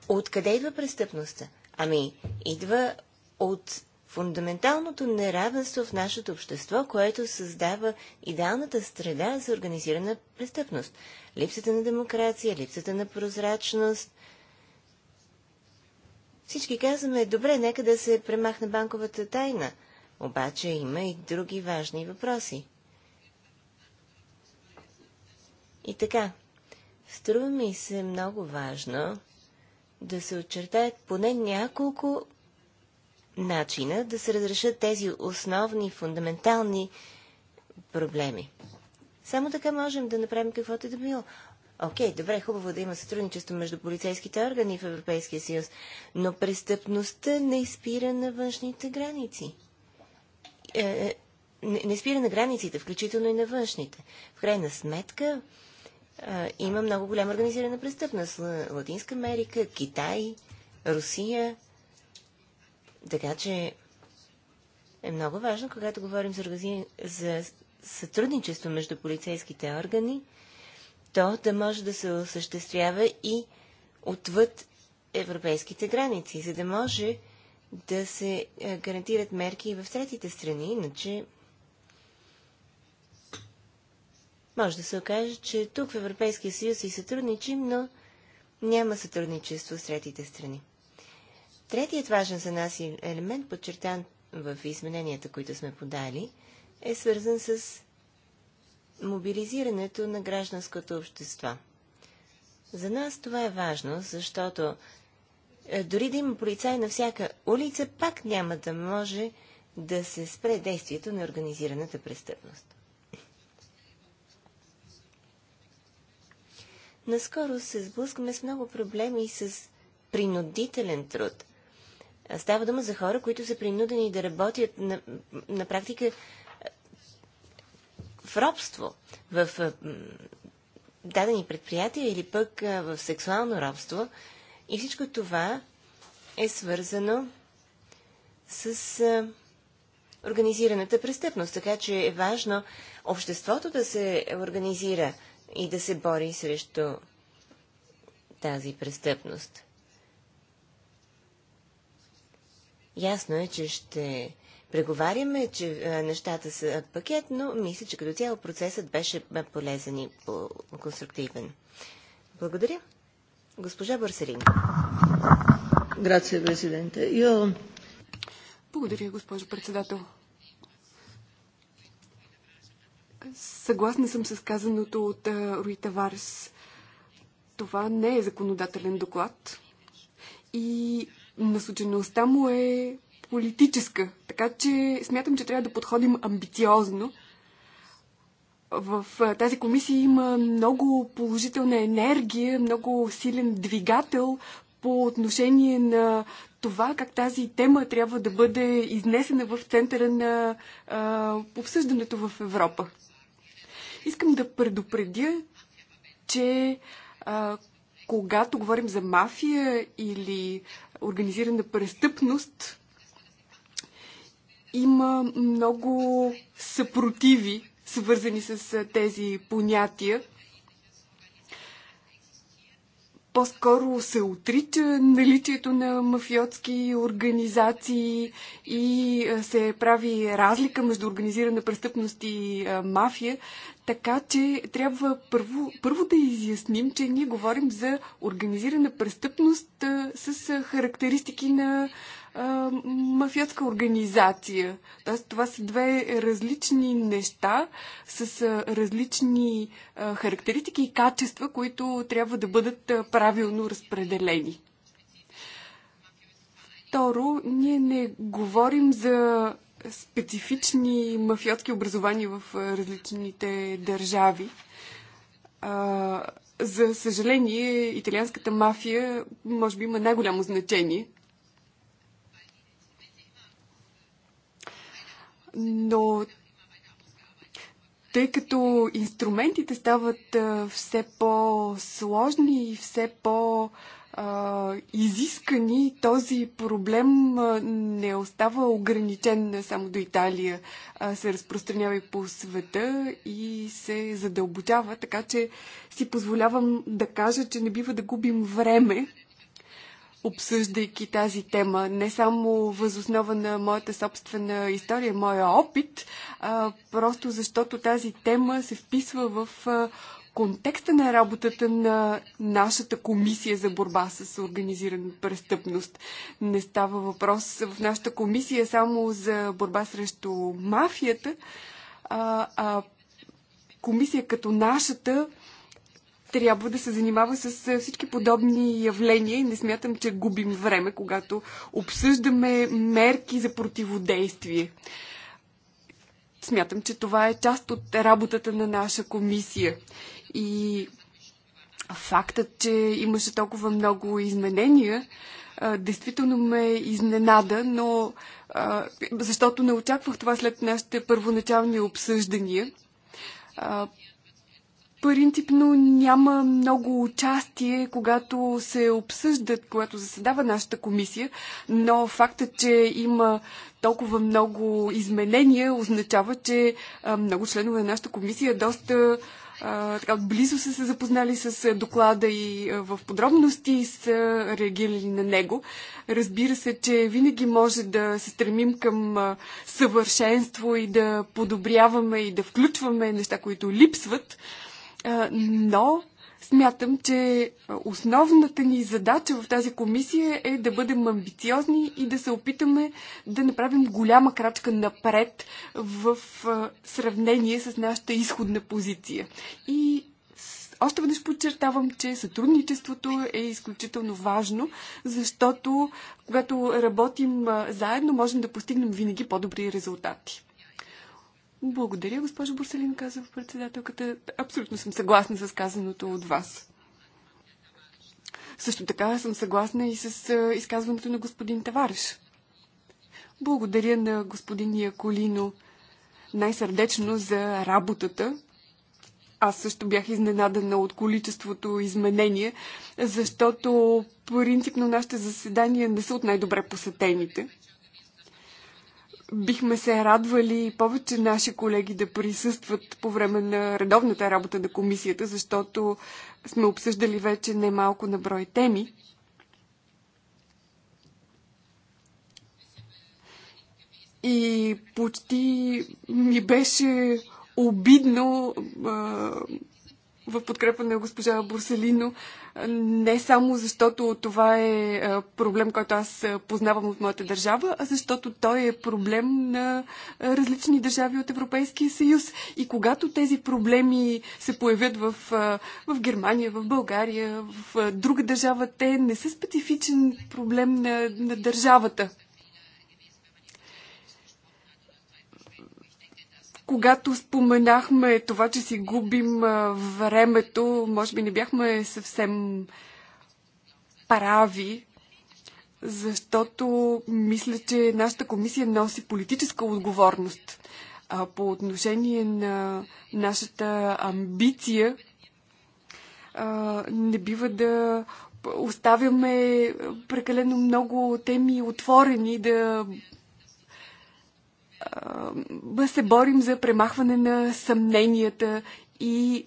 Откъде идва престъпността? Ами, идва от фундаменталното неравенство в нашето общество, което създава идеалната среда за организирана престъпност. Липсата на демокрация, липсата на прозрачност, всички казваме, добре, нека да се премахне банковата тайна. Обаче има и други важни въпроси. И така, струва ми се много важно да се очертаят поне няколко начина да се разрешат тези основни, фундаментални проблеми. Само така можем да направим каквото е да било. Окей, добре, хубаво да има сътрудничество между полицейските органи в Европейския съюз, но престъпността не спира на външните граници. Е, е не, не спира на границите, включително и на външните. В крайна сметка е, има много голяма организирана престъпност. Латинска Америка, Китай, Русия. Така че е много важно, когато говорим за, за сътрудничество между полицейските органи, то да може да се осъществява и отвъд европейските граници, за да може да се е, гарантират мерки и в третите страни, иначе може да се окаже, че тук в Европейския съюз и сътрудничим, но няма сътрудничество с третите страни. Третият важен за нас елемент, подчертан в измененията, които сме подали, е свързан с мобилизирането на гражданското общество. За нас това е важно, защото е, дори да има полицай на всяка улица, пак няма да може да се спре действието на организираната престъпност. Наскоро се сблъскаме с много проблеми и с принудителен труд. Става дума за хора, които са принудени да работят на, на практика в робство, в дадени предприятия или пък в сексуално робство. И всичко това е свързано с организираната престъпност. Така че е важно обществото да се организира и да се бори срещу тази престъпност. Ясно е, че ще преговаряме, че е, нещата са пакет, но мисля, че като цяло процесът беше е, полезен и по конструктивен. Благодаря. Госпожа Барселин. Грация, Йо... Благодаря, госпожо председател. Съгласна съм с казаното от е, Руита Варс. Това не е законодателен доклад и насочеността му е политическа. Така че смятам, че трябва да подходим амбициозно. В тази комисия има много положителна енергия, много силен двигател по отношение на това как тази тема трябва да бъде изнесена в центъра на а, обсъждането в Европа. Искам да предупредя, че а, когато говорим за мафия или организирана престъпност, има много съпротиви, свързани с тези понятия. По-скоро се отрича наличието на мафиотски организации и се прави разлика между организирана престъпност и мафия. Така че трябва първо, първо да изясним, че ние говорим за организирана престъпност с характеристики на а, мафиотска организация. Тоест, това са две различни неща с а, различни а, характеристики и качества, които трябва да бъдат а, правилно разпределени. Второ, ние не говорим за специфични мафиотски образования в различните държави. А, за съжаление, италианската мафия може би има най-голямо значение но тъй като инструментите стават все по-сложни и все по- изискани, този проблем не остава ограничен само до Италия, се разпространява и по света и се задълбочава, така че си позволявам да кажа, че не бива да губим време обсъждайки тази тема, не само възоснова на моята собствена история, моя опит, а просто защото тази тема се вписва в контекста на работата на нашата комисия за борба с организирана престъпност. Не става въпрос в нашата комисия само за борба срещу мафията, а, а комисия като нашата трябва да се занимава с е, всички подобни явления и не смятам, че губим време, когато обсъждаме мерки за противодействие. Смятам, че това е част от работата на наша комисия. И фактът, че имаше толкова много изменения, е, действително ме изненада, но е, защото не очаквах това след нашите първоначални обсъждания принципно няма много участие, когато се обсъждат, когато заседава нашата комисия, но факта, че има толкова много изменения, означава, че много членове на нашата комисия доста така, близо са се запознали с доклада и в подробности са реагирали на него. Разбира се, че винаги може да се стремим към съвършенство и да подобряваме и да включваме неща, които липсват но смятам, че основната ни задача в тази комисия е да бъдем амбициозни и да се опитаме да направим голяма крачка напред в сравнение с нашата изходна позиция. И още веднъж подчертавам, че сътрудничеството е изключително важно, защото когато работим заедно, можем да постигнем винаги по-добри резултати. Благодаря, госпожо Борселин, казва председателката. Абсолютно съм съгласна с казаното от вас. Също така съм съгласна и с изказването на господин Тавариш. Благодаря на господин Яколино най-сърдечно за работата. Аз също бях изненадана от количеството изменения, защото принципно нашите заседания не са от най-добре посетените. Бихме се радвали повече наши колеги да присъстват по време на редовната работа на комисията, защото сме обсъждали вече немалко на брой теми. И почти ми беше обидно в подкрепа на госпожа Борселино, не само защото това е проблем, който аз познавам от моята държава, а защото той е проблем на различни държави от Европейския съюз. И когато тези проблеми се появят в, в Германия, в България, в друга държава, те не са специфичен проблем на, на държавата. когато споменахме това, че си губим времето, може би не бяхме съвсем прави, защото мисля, че нашата комисия носи политическа отговорност по отношение на нашата амбиция. не бива да оставяме прекалено много теми отворени, да се борим за премахване на съмненията и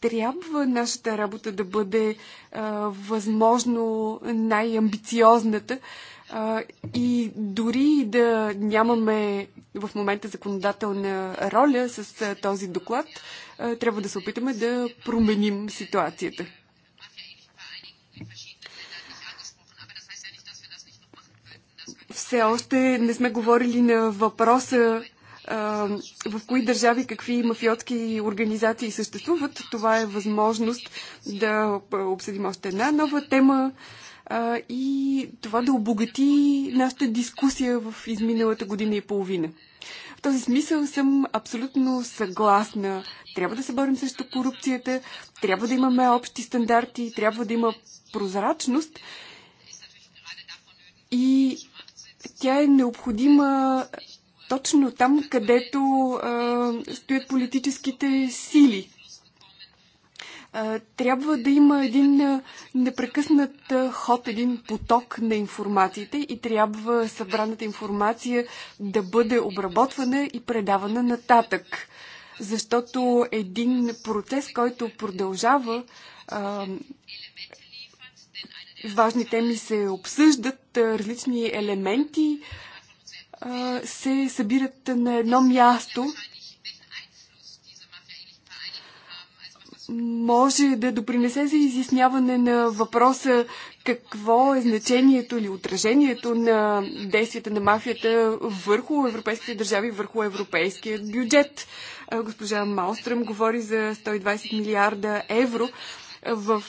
трябва нашата работа да бъде а, възможно най-амбициозната а, и дори да нямаме в момента законодателна роля с а, този доклад, а, трябва да се опитаме да променим ситуацията. все още не сме говорили на въпроса в кои държави какви мафиотски организации съществуват. Това е възможност да обсъдим още една нова тема и това да обогати нашата дискусия в изминалата година и половина. В този смисъл съм абсолютно съгласна. Трябва да се борим срещу корупцията, трябва да имаме общи стандарти, трябва да има прозрачност и тя е необходима точно там, където а, стоят политическите сили. А, трябва да има един непрекъснат ход, един поток на информациите и трябва събраната информация да бъде обработвана и предавана нататък. Защото един процес, който продължава а, важни теми се обсъждат, различни елементи се събират на едно място. Може да допринесе за изясняване на въпроса какво е значението или отражението на действията на мафията върху европейските държави, върху европейския бюджет. Госпожа Малстръм говори за 120 милиарда евро. В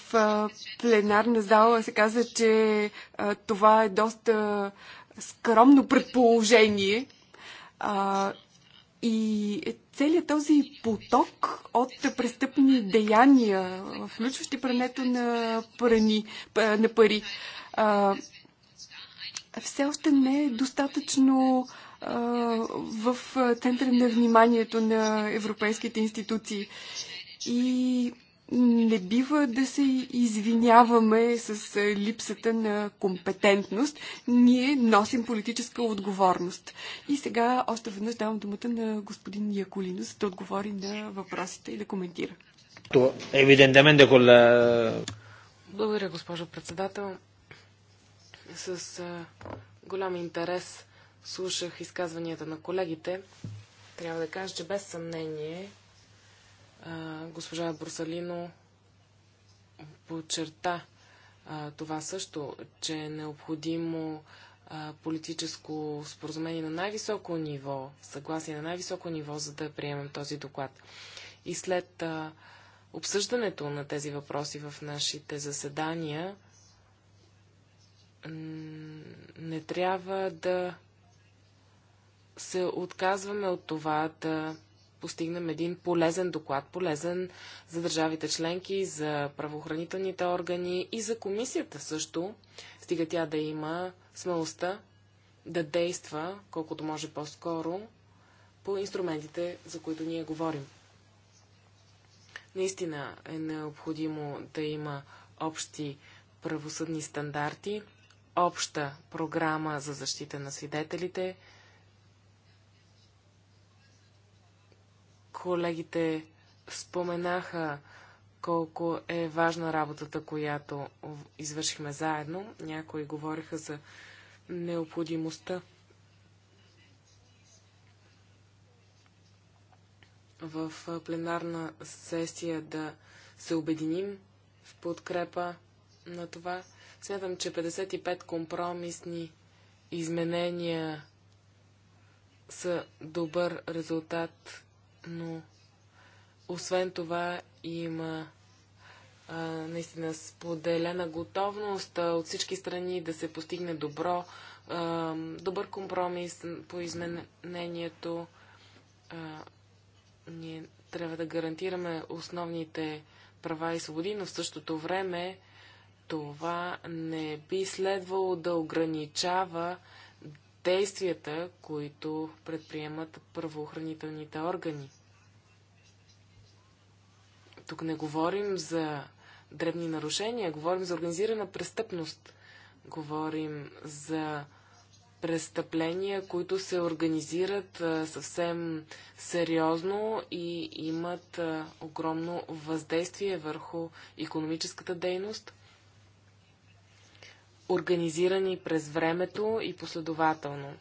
пленарна зала се каза, че това е доста скромно предположение. И целият този поток от престъпни деяния, включващи прането на, парани, на пари, все още не е достатъчно в центъра на вниманието на европейските институции. И не бива да се извиняваме с е, липсата на компетентност. Ние носим политическа отговорност. И сега още веднъж давам думата на господин Яколино, за да отговори на въпросите и да коментира. Е, Благодаря, госпожо председател. С е, голям интерес слушах изказванията на колегите. Трябва да кажа, че без съмнение Госпожа Борсалино подчерта това също, че е необходимо политическо споразумение на най-високо ниво, съгласие на най-високо ниво, за да приемем този доклад. И след обсъждането на тези въпроси в нашите заседания, не трябва да се отказваме от това да постигнем един полезен доклад, полезен за държавите членки, за правоохранителните органи и за комисията също, стига тя да има смелостта да действа колкото може по-скоро по инструментите, за които ние говорим. Наистина е необходимо да има общи правосъдни стандарти, обща програма за защита на свидетелите, Колегите споменаха колко е важна работата, която извършихме заедно. Някои говориха за необходимостта в пленарна сесия да се обединим в подкрепа на това. Смятам, че 55 компромисни изменения са добър резултат но освен това има а, наистина споделена готовност а, от всички страни да се постигне добро, а, добър компромис по изменението. Ние трябва да гарантираме основните права и свободи, но в същото време това не би следвало да ограничава действията, които предприемат правоохранителните органи. Тук не говорим за дребни нарушения, говорим за организирана престъпност. Говорим за престъпления, които се организират съвсем сериозно и имат огромно въздействие върху економическата дейност, организирани през времето и последователно.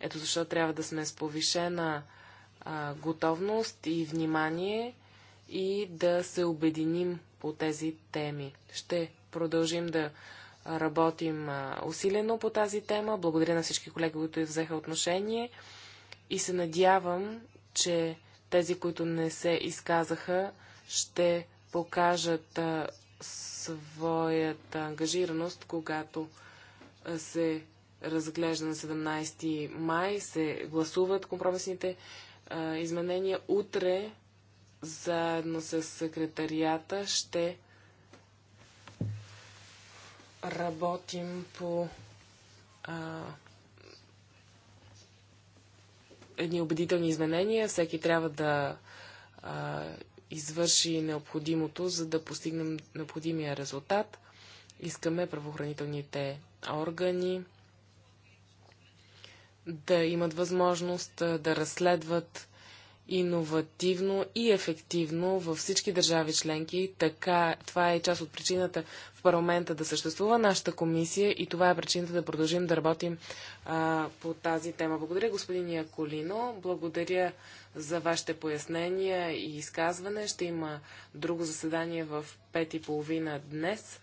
Ето защо трябва да сме с повишена готовност и внимание и да се обединим по тези теми. Ще продължим да работим усилено по тази тема. Благодаря на всички колеги, които взеха отношение и се надявам, че тези, които не се изказаха, ще покажат своята ангажираност, когато се разглежда на 17 май, се гласуват компромисните изменения. Утре заедно с секретарията ще работим по а, едни убедителни изменения. Всеки трябва да а, извърши необходимото, за да постигнем необходимия резултат. Искаме правоохранителните органи да имат възможност да разследват иновативно и ефективно във всички държави членки. Така, това е част от причината в парламента да съществува нашата комисия и това е причината да продължим да работим а, по тази тема. Благодаря, господин Яколино. Благодаря за вашите пояснения и изказване. Ще има друго заседание в 5.30 днес,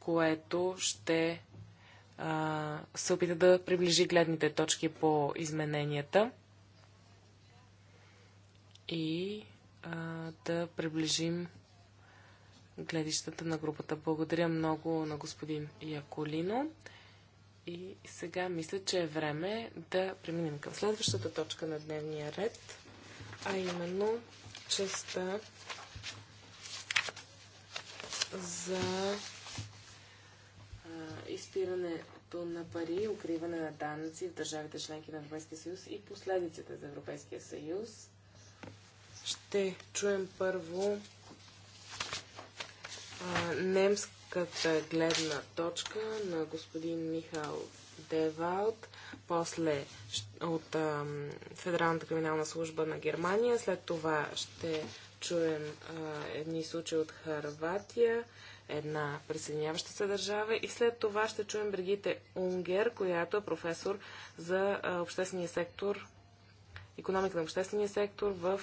което ще а, се опита да приближи гледните точки по измененията и а, да приближим гледищата на групата. Благодаря много на господин Яколино. И сега мисля, че е време да преминем към следващата точка на дневния ред, а именно частта за изпирането на пари, укриване на данъци в държавите членки на Европейския съюз и последиците за Европейския съюз. Ще чуем първо а, немската гледна точка на господин Михал Девалт, после от а, Федералната криминална служба на Германия, след това ще чуем а, едни случаи от Харватия, една присъединяваща се държава и след това ще чуем Бригите Унгер, която е професор за а, обществения сектор, економика на обществения сектор в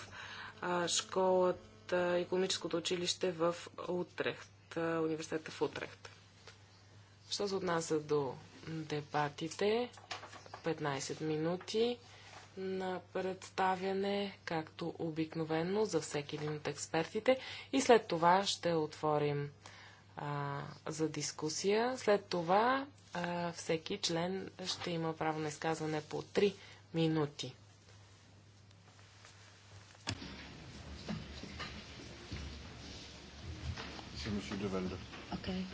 школата, економическото училище в Утрехт, университета в Утрехт. Що се отнася до дебатите, 15 минути на представяне, както обикновено за всеки един от експертите. И след това ще отворим а, за дискусия. След това а, всеки член ще има право на изказване по 3 минути. c'est Monsieur Develde. Okay.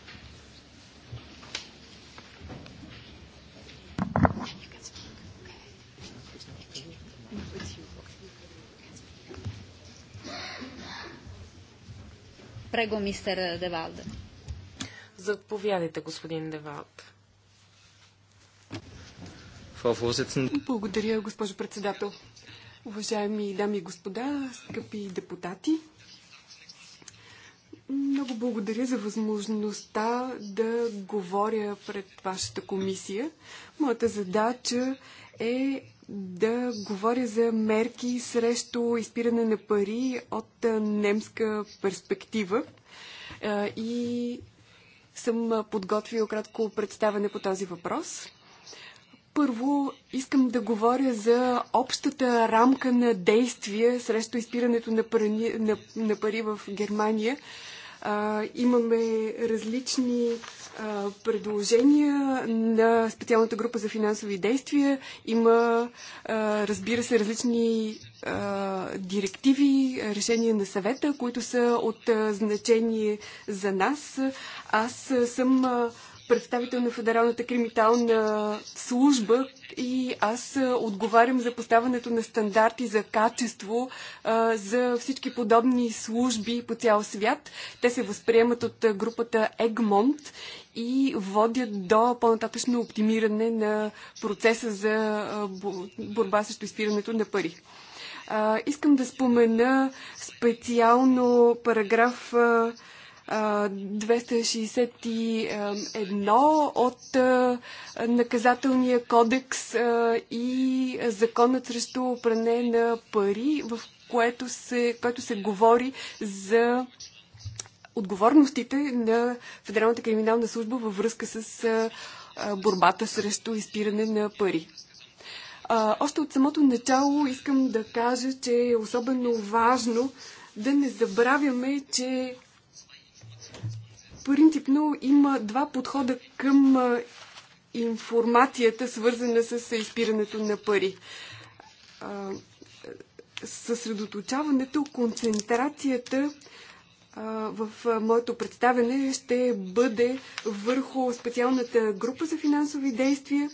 Прего, мистер Девалде. Заповядайте, господин Девалд. Благодаря, госпожо председател. Уважаеми дами и господа, скъпи депутати, много благодаря за възможността да говоря пред вашата комисия. Моята задача е да говоря за мерки срещу изпиране на пари от немска перспектива и съм подготвила кратко представяне по този въпрос. Първо искам да говоря за общата рамка на действие срещу изпирането на пари, на, на пари в Германия а, имаме различни а, предложения на специалната група за финансови действия. Има, а, разбира се, различни а, директиви, решения на съвета, които са от а, значение за нас. Аз съм. А, представител на Федералната криминална служба и аз отговарям за поставането на стандарти за качество за всички подобни служби по цял свят. Те се възприемат от групата Egmont и водят до по-нататъчно оптимиране на процеса за борба срещу изпирането на пари. искам да спомена специално параграф 261 от наказателния кодекс и законът срещу пране на пари, в което се, което се говори за отговорностите на Федералната криминална служба във връзка с борбата срещу изпиране на пари. А, още от самото начало искам да кажа, че е особено важно да не забравяме, че принципно има два подхода към информацията, свързана с изпирането на пари. Съсредоточаването, концентрацията в моето представене ще бъде върху специалната група за финансови действия,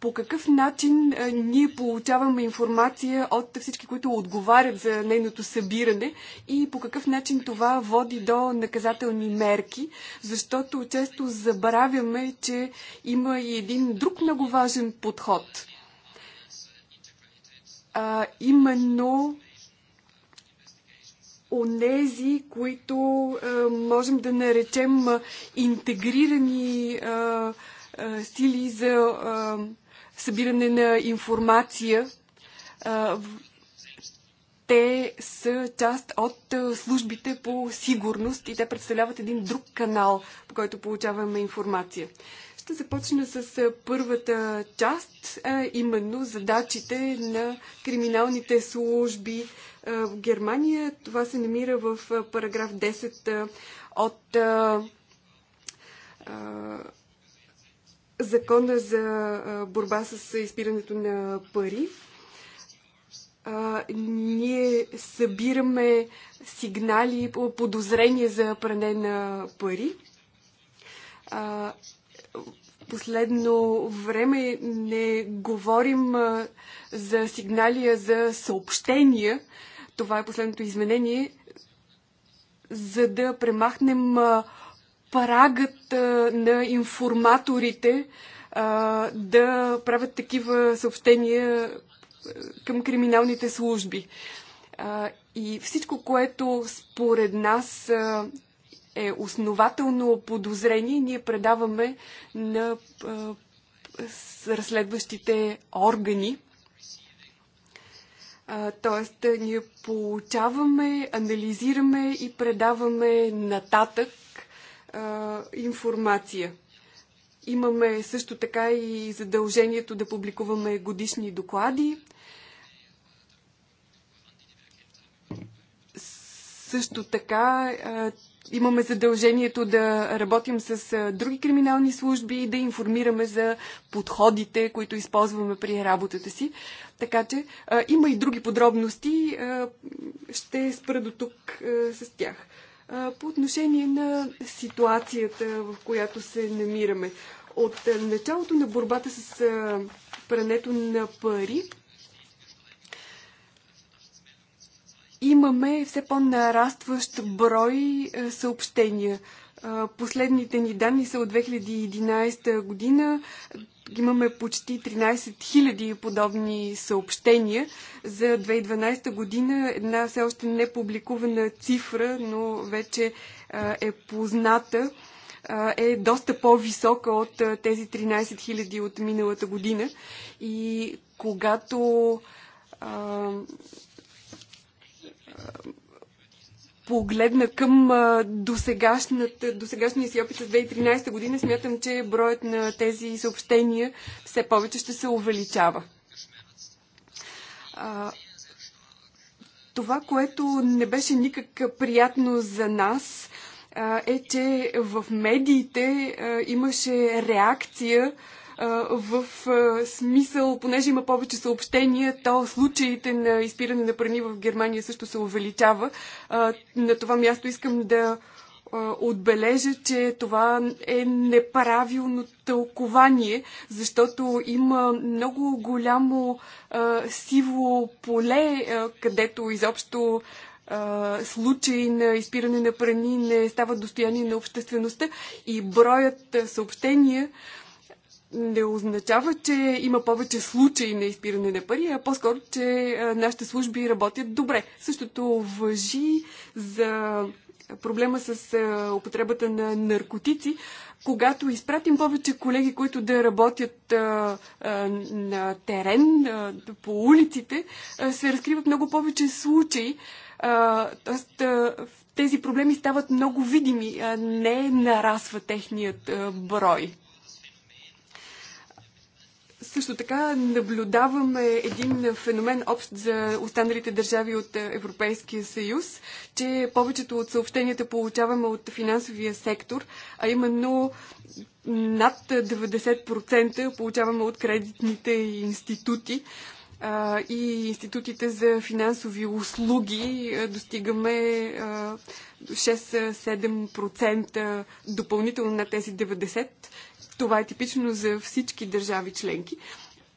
по какъв начин ние получаваме информация от всички, които отговарят за нейното събиране и по какъв начин това води до наказателни мерки, защото често забравяме, че има и един друг много важен подход. А, именно онези, които а, можем да наречем интегрирани а, сили за събиране на информация. Те са част от службите по сигурност и те представляват един друг канал, по който получаваме информация. Ще започна с първата част, именно задачите на криминалните служби в Германия. Това се намира в параграф 10 от закона за борба с изпирането на пари. А, ние събираме сигнали подозрения за пране на пари. А, последно време не говорим а, за сигнали, за съобщения. Това е последното изменение, за да премахнем а, прагът на информаторите да правят такива съобщения към криминалните служби. И всичко, което според нас е основателно подозрение, ние предаваме на разследващите органи. Тоест, ние получаваме, анализираме и предаваме нататък а, информация. Имаме също така и задължението да публикуваме годишни доклади. Също така а, имаме задължението да работим с а, други криминални служби и да информираме за подходите, които използваме при работата си. Така че а, има и други подробности. А, ще спра до тук а, с тях по отношение на ситуацията, в която се намираме. От началото на борбата с прането на пари имаме все по-нарастващ брой съобщения. Последните ни данни са от 2011 година. Имаме почти 13 000 подобни съобщения. За 2012 година една все още не публикувана цифра, но вече е позната, е доста по-висока от тези 13 000 от миналата година. И когато погледна към досегашния си опит с 2013 година, смятам, че броят на тези съобщения все повече ще се увеличава. това, което не беше никак приятно за нас, е, че в медиите имаше реакция в смисъл, понеже има повече съобщения, то случаите на изпиране на прани в Германия също се увеличава. На това място искам да отбележа, че това е неправилно тълкование, защото има много голямо сиво поле, където изобщо случаи на изпиране на прани не стават достояние на обществеността и броят съобщения не означава, че има повече случаи на изпиране на пари, а по-скоро, че нашите служби работят добре. Същото въжи за проблема с употребата на наркотици. Когато изпратим повече колеги, които да работят а, а, на терен, а, по улиците, а, се разкриват много повече случаи. А, тоест, а, тези проблеми стават много видими, а не нарасва техният а, брой. Също така наблюдаваме един феномен общ за останалите държави от е, Европейския съюз, че повечето от съобщенията получаваме от финансовия сектор, а именно над 90% получаваме от кредитните институти и институтите за финансови услуги достигаме 6-7% допълнително на тези 90% това е типично за всички държави членки.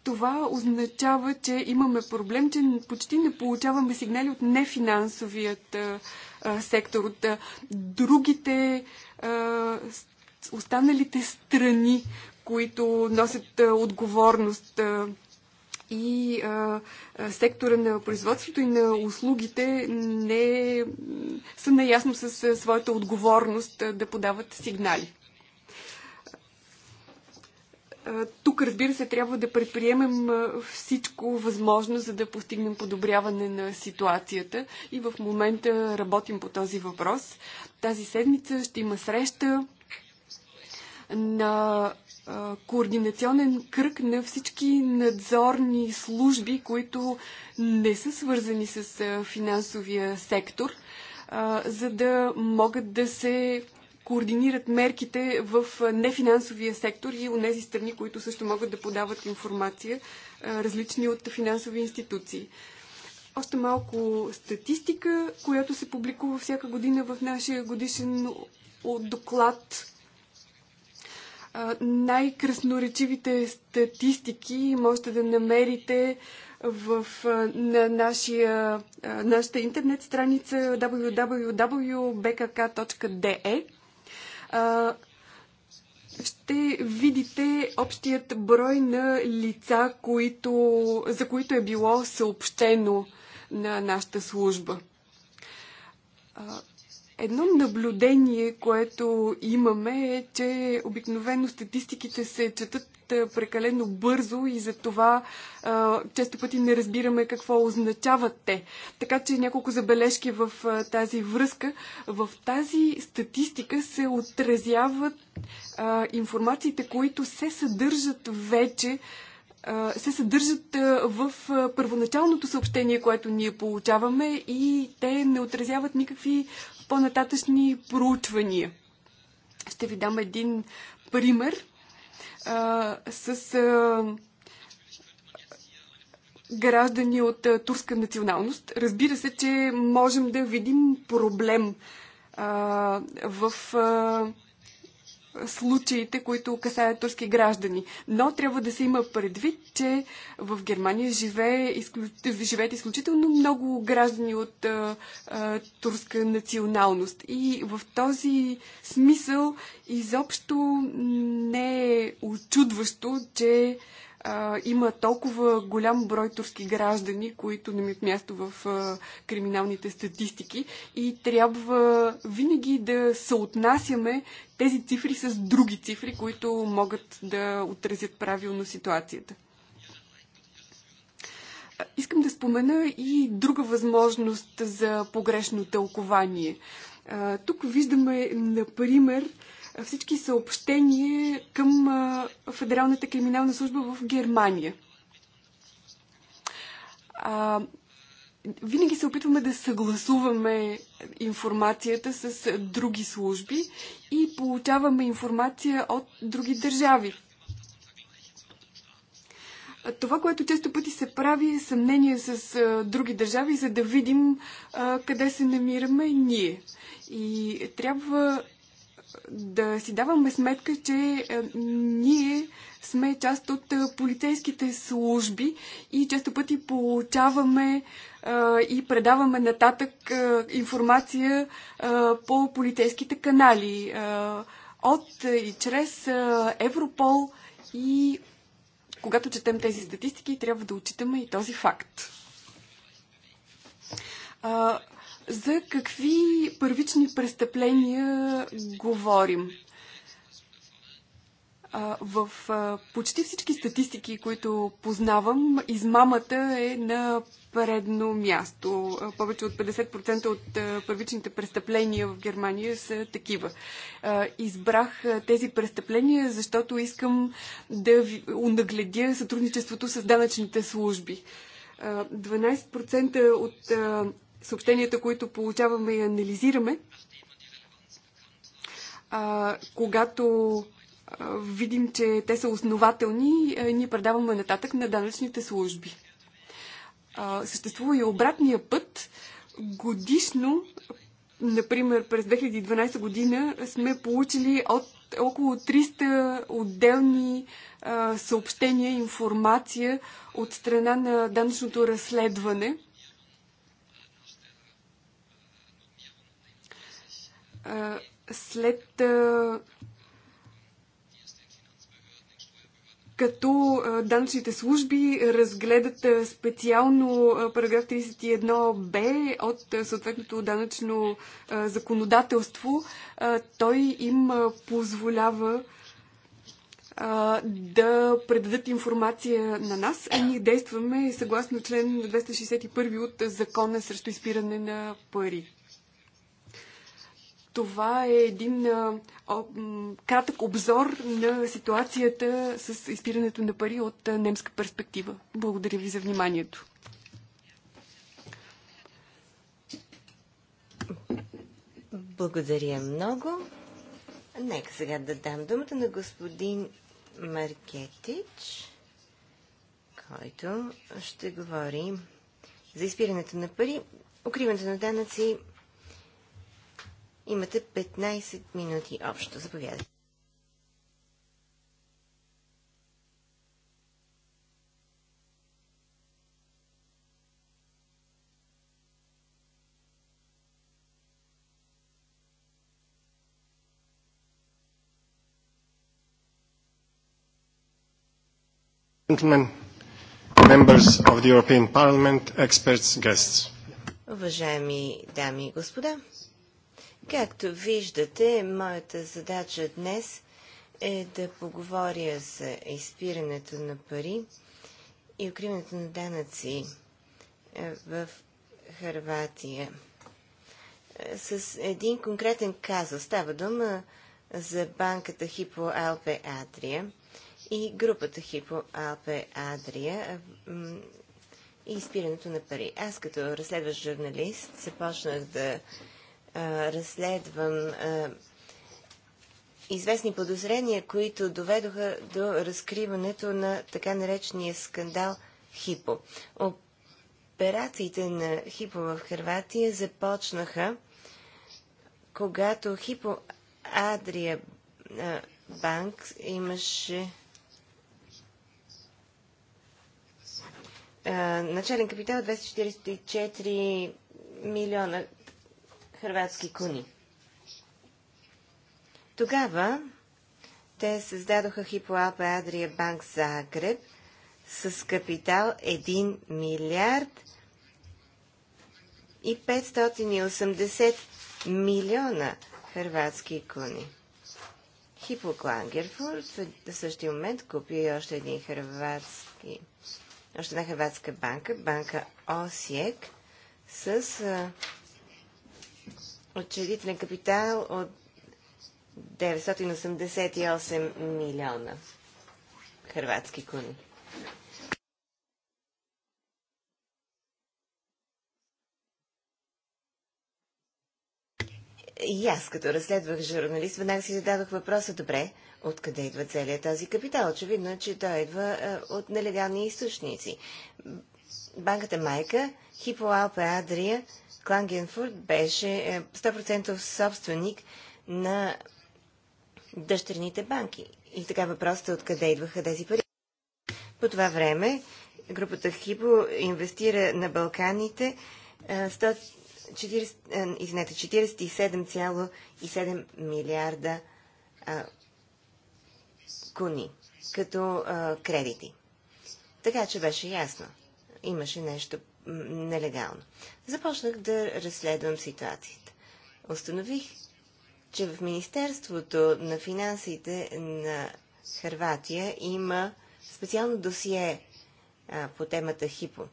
Това означава, че имаме проблем, че почти не получаваме сигнали от нефинансовият а, сектор, от а, другите, а, останалите страни, които носят а, отговорност. А, и а, сектора на производството и на услугите не са наясно с а, своята отговорност а, да подават сигнали. Тук, разбира се, трябва да предприемем всичко възможно, за да постигнем подобряване на ситуацията. И в момента работим по този въпрос. Тази седмица ще има среща на координационен кръг на всички надзорни служби, които не са свързани с финансовия сектор, за да могат да се координират мерките в нефинансовия сектор и у нези страни, които също могат да подават информация, различни от финансови институции. Още малко статистика, която се публикува всяка година в нашия годишен доклад най-красноречивите статистики можете да намерите в, на нашия, нашата интернет страница www.bkk.de ще видите общият брой на лица, които, за които е било съобщено на нашата служба. Едно наблюдение, което имаме е, че обикновено статистиките се четат прекалено бързо и за това а, често пъти не разбираме какво означават те. Така че няколко забележки в а, тази връзка. В тази статистика се отразяват а, информациите, които се съдържат вече се съдържат в първоначалното съобщение, което ние получаваме и те не отразяват никакви по-нататъчни проучвания. Ще ви дам един пример а, с а, граждани от а, турска националност. Разбира се, че можем да видим проблем а, в. А, случаите, които касаят турски граждани. Но трябва да се има предвид, че в Германия живее, изклю... живеят изключително много граждани от а, а, турска националност. И в този смисъл изобщо не е очудващо, че а, има толкова голям брой турски граждани, които намират място в а, криминалните статистики и трябва винаги да съотнасяме тези цифри с други цифри, които могат да отразят правилно ситуацията. Искам да спомена и друга възможност за погрешно тълкование. Тук виждаме, например, всички съобщения към Федералната криминална служба в Германия. А, винаги се опитваме да съгласуваме информацията с други служби и получаваме информация от други държави. Това, което често пъти се прави е съмнение с а, други държави, за да видим а, къде се намираме ние. И трябва да си даваме сметка, че е, ние сме част от е, полицейските служби и често пъти получаваме е, и предаваме нататък информация по полицейските канали от и чрез Европол и когато четем тези статистики, трябва да отчитаме и този факт. За какви първични престъпления говорим? В почти всички статистики, които познавам, измамата е на предно място. Повече от 50% от първичните престъпления в Германия са такива. Избрах тези престъпления, защото искам да унагледя сътрудничеството с данъчните служби. 12% от съобщенията, които получаваме и анализираме, а, когато а, видим, че те са основателни, а, ние предаваме нататък на данъчните служби. А, съществува и обратния път. Годишно, например през 2012 година, сме получили от около 300 отделни а, съобщения, информация от страна на данъчното разследване – след като данъчните служби разгледат специално параграф 31б от съответното данъчно законодателство, той им позволява да предадат информация на нас, а ние действаме съгласно член 261 от закона срещу изпиране на пари. Това е един кратък обзор на ситуацията с изпирането на пари от немска перспектива. Благодаря ви за вниманието. Благодаря много. Нека сега да дам думата на господин Маркетич, който ще говори за изпирането на пари, укриването на данъци Имате 15 минути общо. Заповядайте. gentlemen, members of the European Parliament, experts, guests. Уважаеми дами и господа, Както виждате, моята задача днес е да поговоря за изпирането на пари и укриването на данъци е, в Харватия. Е, с един конкретен казус става дума за банката Хипо Алпе Адрия и групата Хипо Алпе Адрия е, и изпирането на пари. Аз като разследващ журналист започнах да разследвам известни подозрения, които доведоха до разкриването на така наречения скандал Хипо. Операциите на Хипо в Хрватия започнаха, когато Хипо Адрия банк имаше начален капитал 244 милиона хрватски куни. Тогава те създадоха Хипоапа Адрия Банк Загреб с капитал 1 милиард и 580 милиона хрватски куни. Хипо Клангерфурд в същия момент купи още един хрватски, още една хрватска банка, банка Осиек, с Очевиден капитал от 988 милиона хрватски куни. И аз, като разследвах журналист, веднага си зададох въпроса, добре, откъде идва целият този капитал? Очевидно е, че той идва а, от нелегални източници. Банката Майка, Хипо Алпе Адрия, Клангенфурт беше 100% е, собственик на дъщерните банки. И така въпросът е откъде идваха тези пари. По това време групата Хибо инвестира на Балканите 47,7 е, е, милиарда а, куни като а, кредити. Така че беше ясно. Имаше нещо нелегално. Започнах да разследвам ситуацията. Установих, че в Министерството на финансите на Харватия има специално досие а, по темата ХИПО.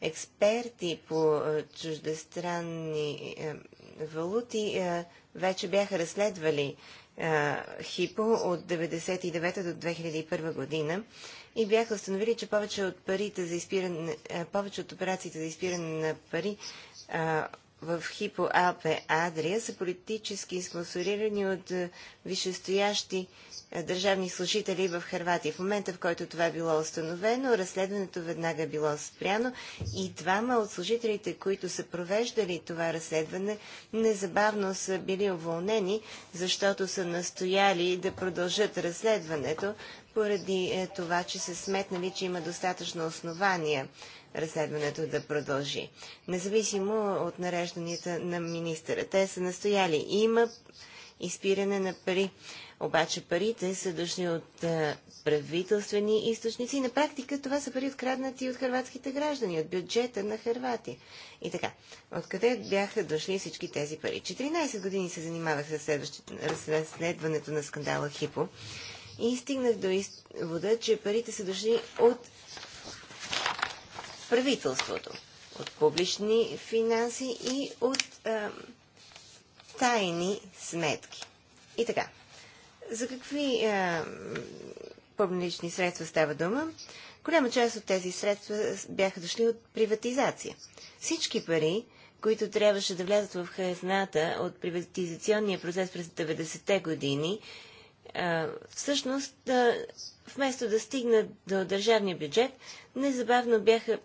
Експерти по а, чуждестранни а, валути а, вече бяха разследвали а, ХИПО от 1999 до 2001 година и бяха установили, че повече от, парите за изпиране, повече от операциите за изпиране на пари а, в Хипо Алпе Адрия са политически спонсорирани от висшестоящи държавни служители в Харватия. В момента, в който това е било установено, разследването веднага е било спряно и двама от служителите, които са провеждали това разследване, незабавно са били уволнени, защото са настояли да продължат разследването, поради е, това, че са сметнали, че има достатъчно основания разследването да продължи. Независимо от нарежданията на министъра. Те са настояли. Има изпиране на пари. Обаче парите са дошли от е, правителствени източници. На практика това са пари откраднати от хрватските граждани, от бюджета на хървати. И така, откъде бяха дошли всички тези пари? 14 години се занимавах с разследването на скандала Хипо и стигнах до извода, че парите са дошли от правителството, от публични финанси и от а, тайни сметки. И така, за какви а, публични средства става дума? Голяма част от тези средства бяха дошли от приватизация. Всички пари, които трябваше да влязат в хазната от приватизационния процес през 90-те години, всъщност, вместо да стигнат до държавния бюджет, незабавно бяха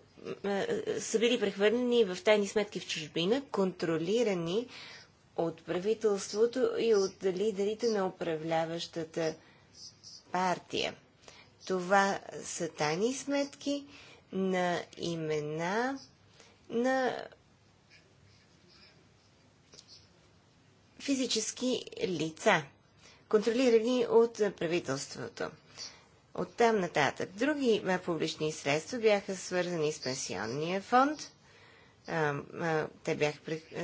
са били прехвърлени в тайни сметки в чужбина, контролирани от правителството и от лидерите на управляващата партия. Това са тайни сметки на имена на физически лица контролирани от правителството. От там нататък. Други публични средства бяха свързани с пенсионния фонд. Те, бяха,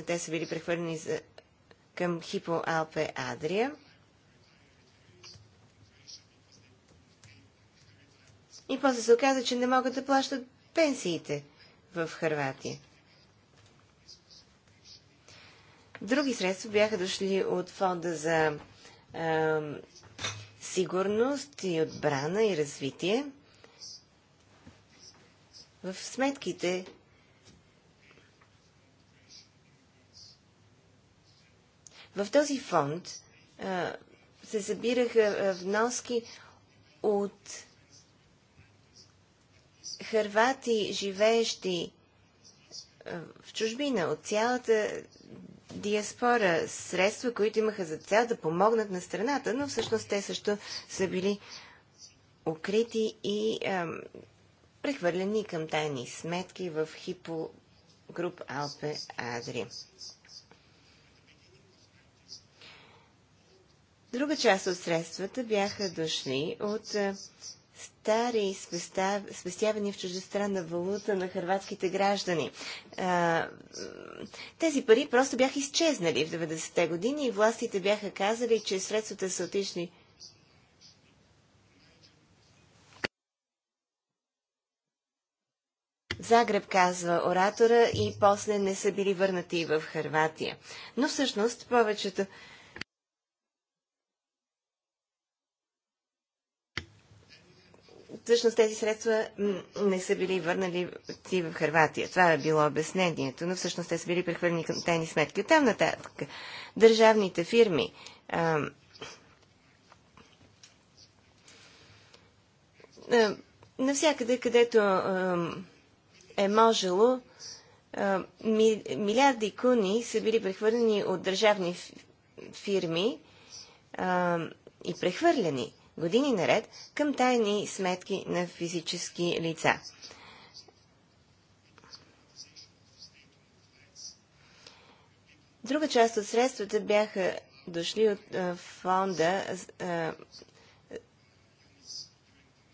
те са били прехвърлени към Хипо Алпе Адрия. И после се оказа, че не могат да плащат пенсиите в Харватия. Други средства бяха дошли от фонда за сигурност и отбрана и развитие в сметките в този фонд а, се събираха вноски от хървати, живеещи в чужбина, от цялата диаспора, средства, които имаха за цел да помогнат на страната, но всъщност те също са били укрити и ам, прехвърлени към тайни сметки в Хипо груп Алпе Адри. Друга част от средствата бяха дошли от стари спестявания в чуждестранна валута на хрватските граждани. тези пари просто бяха изчезнали в 90-те години и властите бяха казали, че средствата са отишли Загреб, казва оратора, и после не са били върнати в Харватия. Но всъщност повечето всъщност тези средства не са били върнали ти в Харватия. Това е било обяснението, но всъщност те са били прехвърлени към тайни сметки. там нататък държавните фирми а, а, навсякъде, където а, е можело, а, милиарди куни са били прехвърлени от държавни фирми а, и прехвърлени – години наред към тайни сметки на физически лица. Друга част от средствата бяха дошли от фонда,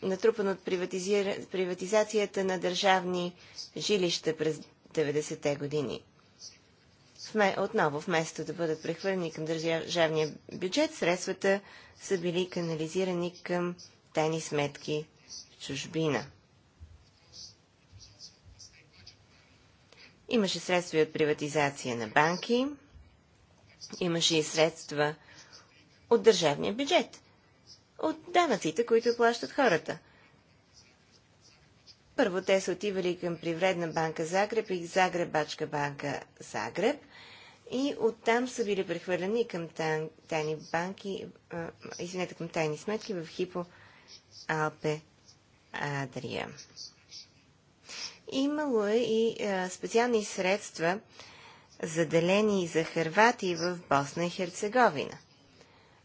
натрупан от приватизацията на държавни жилища през 90-те години отново, вместо да бъдат прехвърлени към държавния бюджет, средствата са били канализирани към тайни сметки в чужбина. Имаше средства и от приватизация на банки, имаше и средства от държавния бюджет, от данъците, които плащат хората – първо те са отивали към Привредна банка Загреб и Загребачка банка Загреб и оттам са били прехвърлени към тайни банки, извинете, към тайни сметки в Хипо Алпе Адрия. Имало е и специални средства, заделени за хървати в Босна и Херцеговина –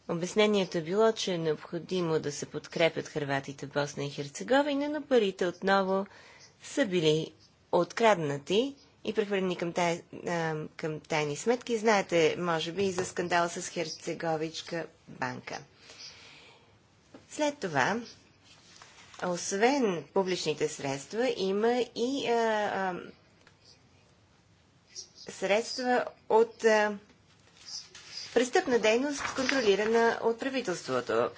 Обяснението е било, че е необходимо да се подкрепят хрватите в Босна и Херцеговина, но парите отново са били откраднати и прехвърлени към, тай, към тайни сметки. Знаете, може би, и за скандал с Херцеговичка банка. След това, освен публичните средства, има и а, а, средства от а, престъпна дейност, контролирана от правителството.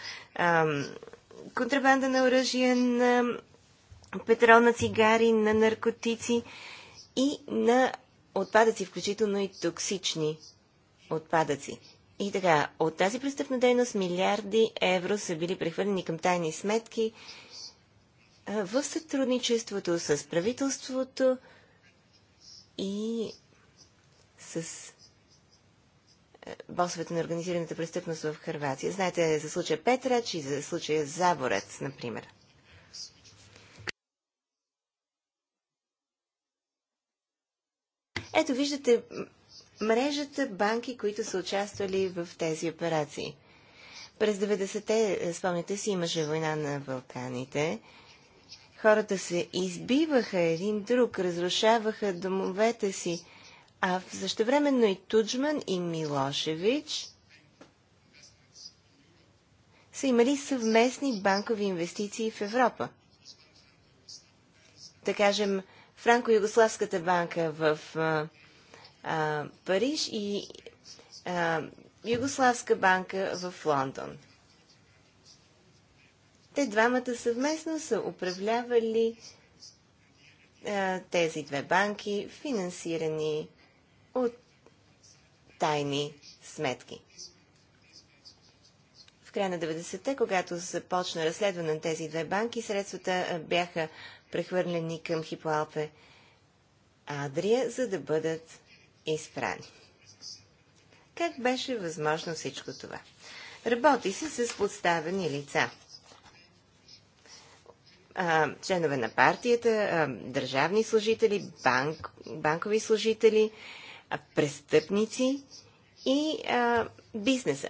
Контрабанда на оръжие, на петрол, на цигари, на наркотици и на отпадъци, включително и токсични отпадъци. И така, от тази престъпна дейност милиарди евро са били прехвърлени към тайни сметки в сътрудничеството с правителството и с босовете на организираната престъпност в Харватия. Знаете за случая Петрач и за случая Заборец, например. Ето виждате мрежата банки, които са участвали в тези операции. През 90-те, е, спомняте си, имаше война на Балканите. Хората се избиваха един друг, разрушаваха домовете си. А същевременно и Туджман и Милошевич са имали съвместни банкови инвестиции в Европа. Да кажем, Франко-Югославската банка в а, а, Париж и а, Югославска банка в Лондон. Те двамата съвместно са управлявали а, тези две банки, финансирани от тайни сметки. В края на 90-те, когато започна разследване на тези две банки, средствата бяха прехвърлени към Хипоалпе Адрия, за да бъдат изпрани. Как беше възможно всичко това? Работи се с подставени лица. А, членове на партията, а, държавни служители, банк, банкови служители, престъпници и а, бизнеса.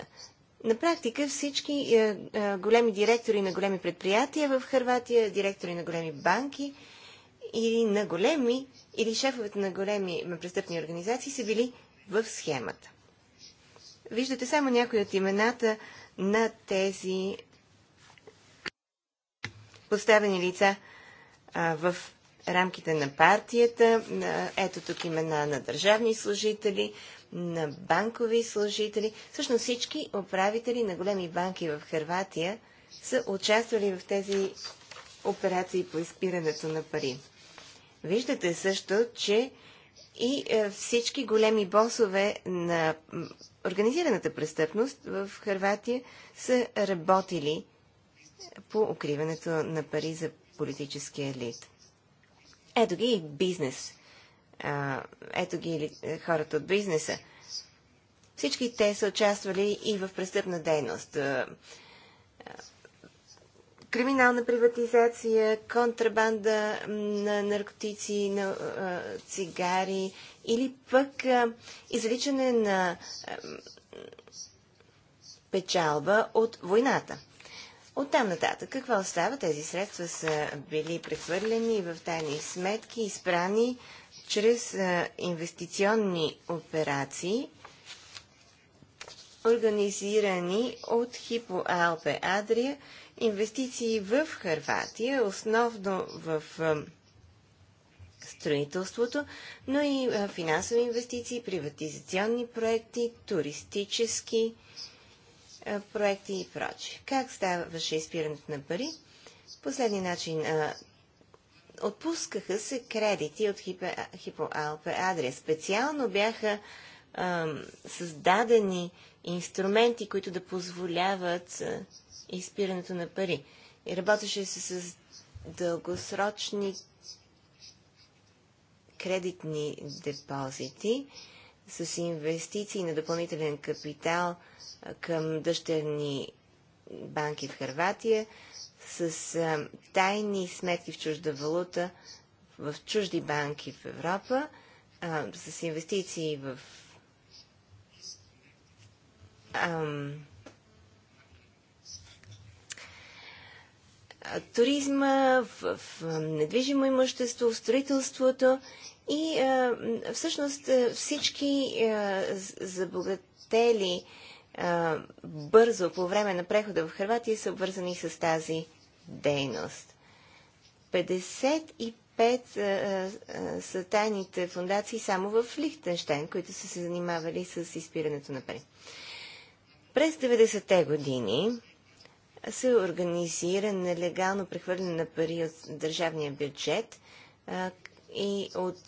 На практика всички а, а, големи директори на големи предприятия в Харватия, директори на големи банки или на големи, или шефовете на големи престъпни организации са били в схемата. Виждате само някои от имената на тези поставени лица а, в рамките на партията. Ето тук имена на държавни служители, на банкови служители. Всъщност всички управители на големи банки в Харватия са участвали в тези операции по изпирането на пари. Виждате също, че и е, всички големи босове на организираната престъпност в Харватия са работили по укриването на пари за политическия елит. Ето ги е и бизнес. Ето ги е хората от бизнеса. Всички те са участвали и в престъпна дейност. Криминална приватизация, контрабанда на наркотици, на цигари или пък извличане на печалба от войната. От там нататък какво става? Тези средства са били прехвърлени в тайни сметки, изпрани чрез инвестиционни операции, организирани от Хипо Алпе Адрия, инвестиции в Харватия, основно в строителството, но и финансови инвестиции, приватизационни проекти, туристически проекти и прочи. Как ставаше изпирането на пари? Последния начин а, отпускаха се кредити от хипо, хипоалпе адрес. Специално бяха а, създадени инструменти, които да позволяват а, изпирането на пари. И работеше се с дългосрочни кредитни депозити, с инвестиции на допълнителен капитал – към дъщерни банки в Харватия с а, тайни сметки в чужда валута в чужди банки в Европа, а, с инвестиции в ам, туризма, в, в недвижимо имущество, в строителството и а, всъщност всички а, забогатели бързо по време на прехода в Хрватия са обвързани с тази дейност. 55 са тайните фундации само в Лихтенштейн, които са се занимавали с изпирането на пари. През 90-те години се организира нелегално прехвърляне на пари от държавния бюджет и от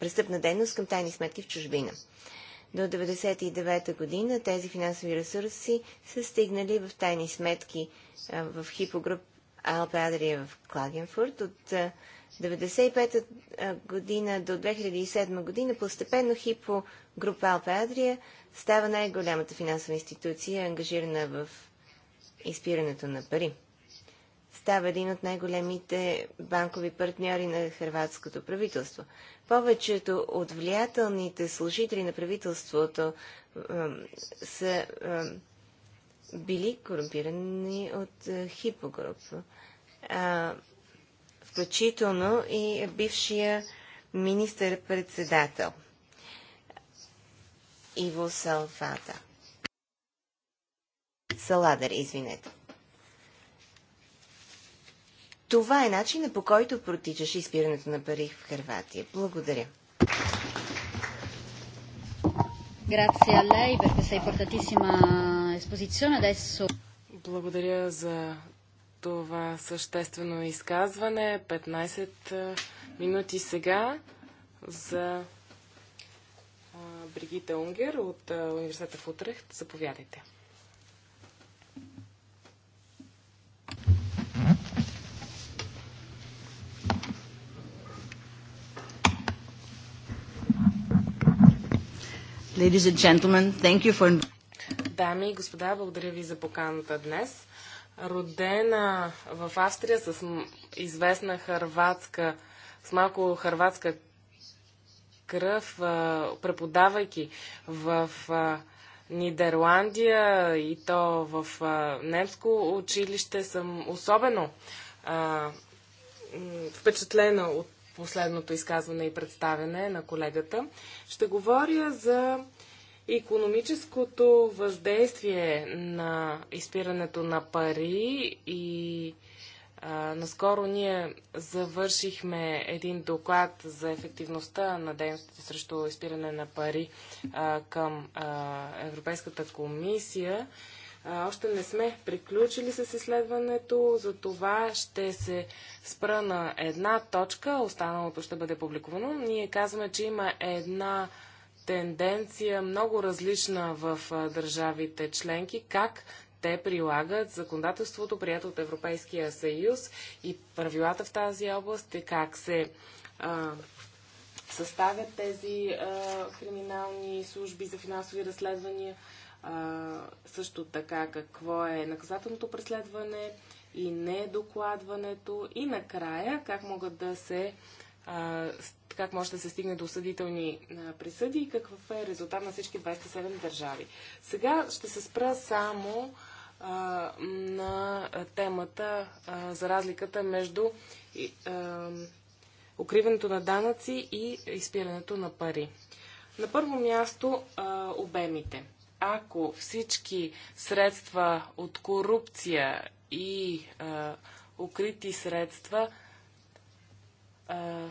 престъпна дейност към тайни сметки в чужбина. До 1999 година тези финансови ресурси са стигнали в тайни сметки в хипогруп Алпе Адрия в Клагенфурт. От 1995 година до 2007 година постепенно хипо група Алпе Адрия става най-голямата финансова институция, ангажирана в изпирането на пари става един от най-големите банкови партньори на хрватското правителство. Повечето от влиятелните служители на правителството е, са е, били корумпирани от е, хипогруп. е, включително и бившия министър-председател Иво Салфата. Саладър, извинете. Това е начинът по който протичаше изпирането на пари в Харватия. Благодаря. Grazie a lei per questa importantissima esposizione. Adesso... Благодаря за това съществено изказване. 15 минути сега за Бригита Унгер от Университета в Утрехт. Заповядайте. Ladies and gentlemen, thank you for... Дами и господа, благодаря ви за поканата днес. Родена в Австрия с известна харватска, с малко харватска кръв, преподавайки в Нидерландия и то в немско училище, съм особено впечатлена от последното изказване и представяне на колегата. Ще говоря за економическото въздействие на изпирането на пари и а, наскоро ние завършихме един доклад за ефективността на дейностите срещу изпиране на пари а, към а, Европейската комисия още не сме приключили с изследването, за това ще се спра на една точка, останалото ще бъде публикувано. Ние казваме, че има една тенденция много различна в държавите членки, как те прилагат законодателството, прието от Европейския съюз и правилата в тази област и как се а, съставят тези а, криминални служби за финансови разследвания също така какво е наказателното преследване и недокладването и накрая как могат да се а, как може да се стигне до осъдителни присъди и какъв е резултат на всички 27 държави. Сега ще се спра само а, на темата за разликата между укриването на данъци и изпирането на пари. На първо място обемите ако всички средства от корупция и а, укрити средства а,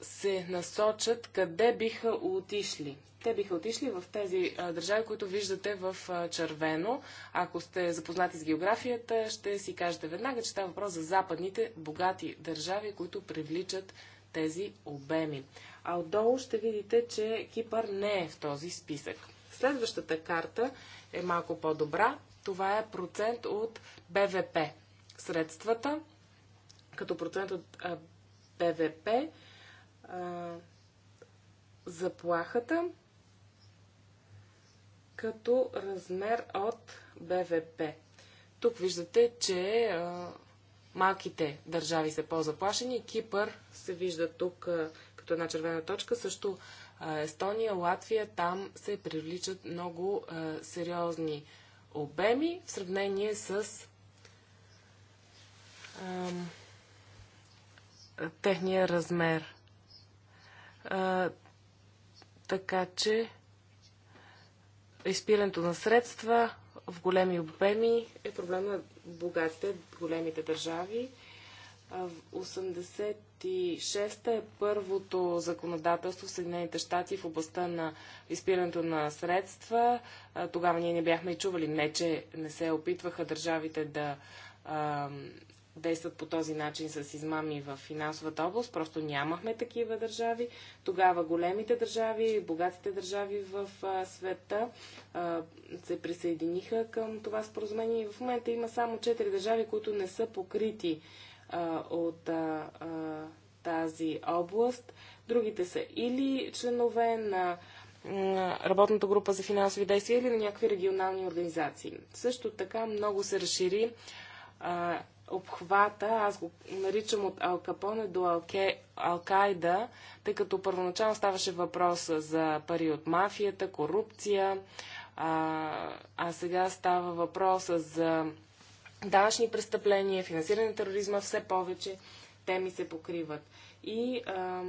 се насочат, къде биха отишли? Те биха отишли в тези а, държави, които виждате в а, червено. Ако сте запознати с географията, ще си кажете веднага, че става въпрос за западните богати държави, които привличат тези обеми. А отдолу ще видите, че Кипър не е в този списък. Следващата карта е малко по-добра. Това е процент от БВП. Средствата като процент от БВП заплахата като размер от БВП. Тук виждате, че малките държави са по-заплашени. Кипър се вижда тук като една червена точка. Също Естония, Латвия, там се привличат много сериозни обеми в сравнение с техния размер. така че изпирането на средства в големи обеми е проблем на богатите, големите държави. 80 2006 е първото законодателство в Съединените щати в областта на изпирането на средства. Тогава ние не бяхме и чували. Не, че не се опитваха държавите да а, действат по този начин с измами в финансовата област. Просто нямахме такива държави. Тогава големите държави, богатите държави в а, света а, се присъединиха към това споразумение. И в момента има само 4 държави, които не са покрити а, от а, а, тази област. Другите са или членове на работната група за финансови действия или на някакви регионални организации. Също така много се разшири а, обхвата, аз го наричам от Алкапоне до Алке, Алкайда, тъй като първоначално ставаше въпрос за пари от мафията, корупция, а, а сега става въпрос за данъчни престъпления, финансиране на тероризма, все повече теми се покриват. И а,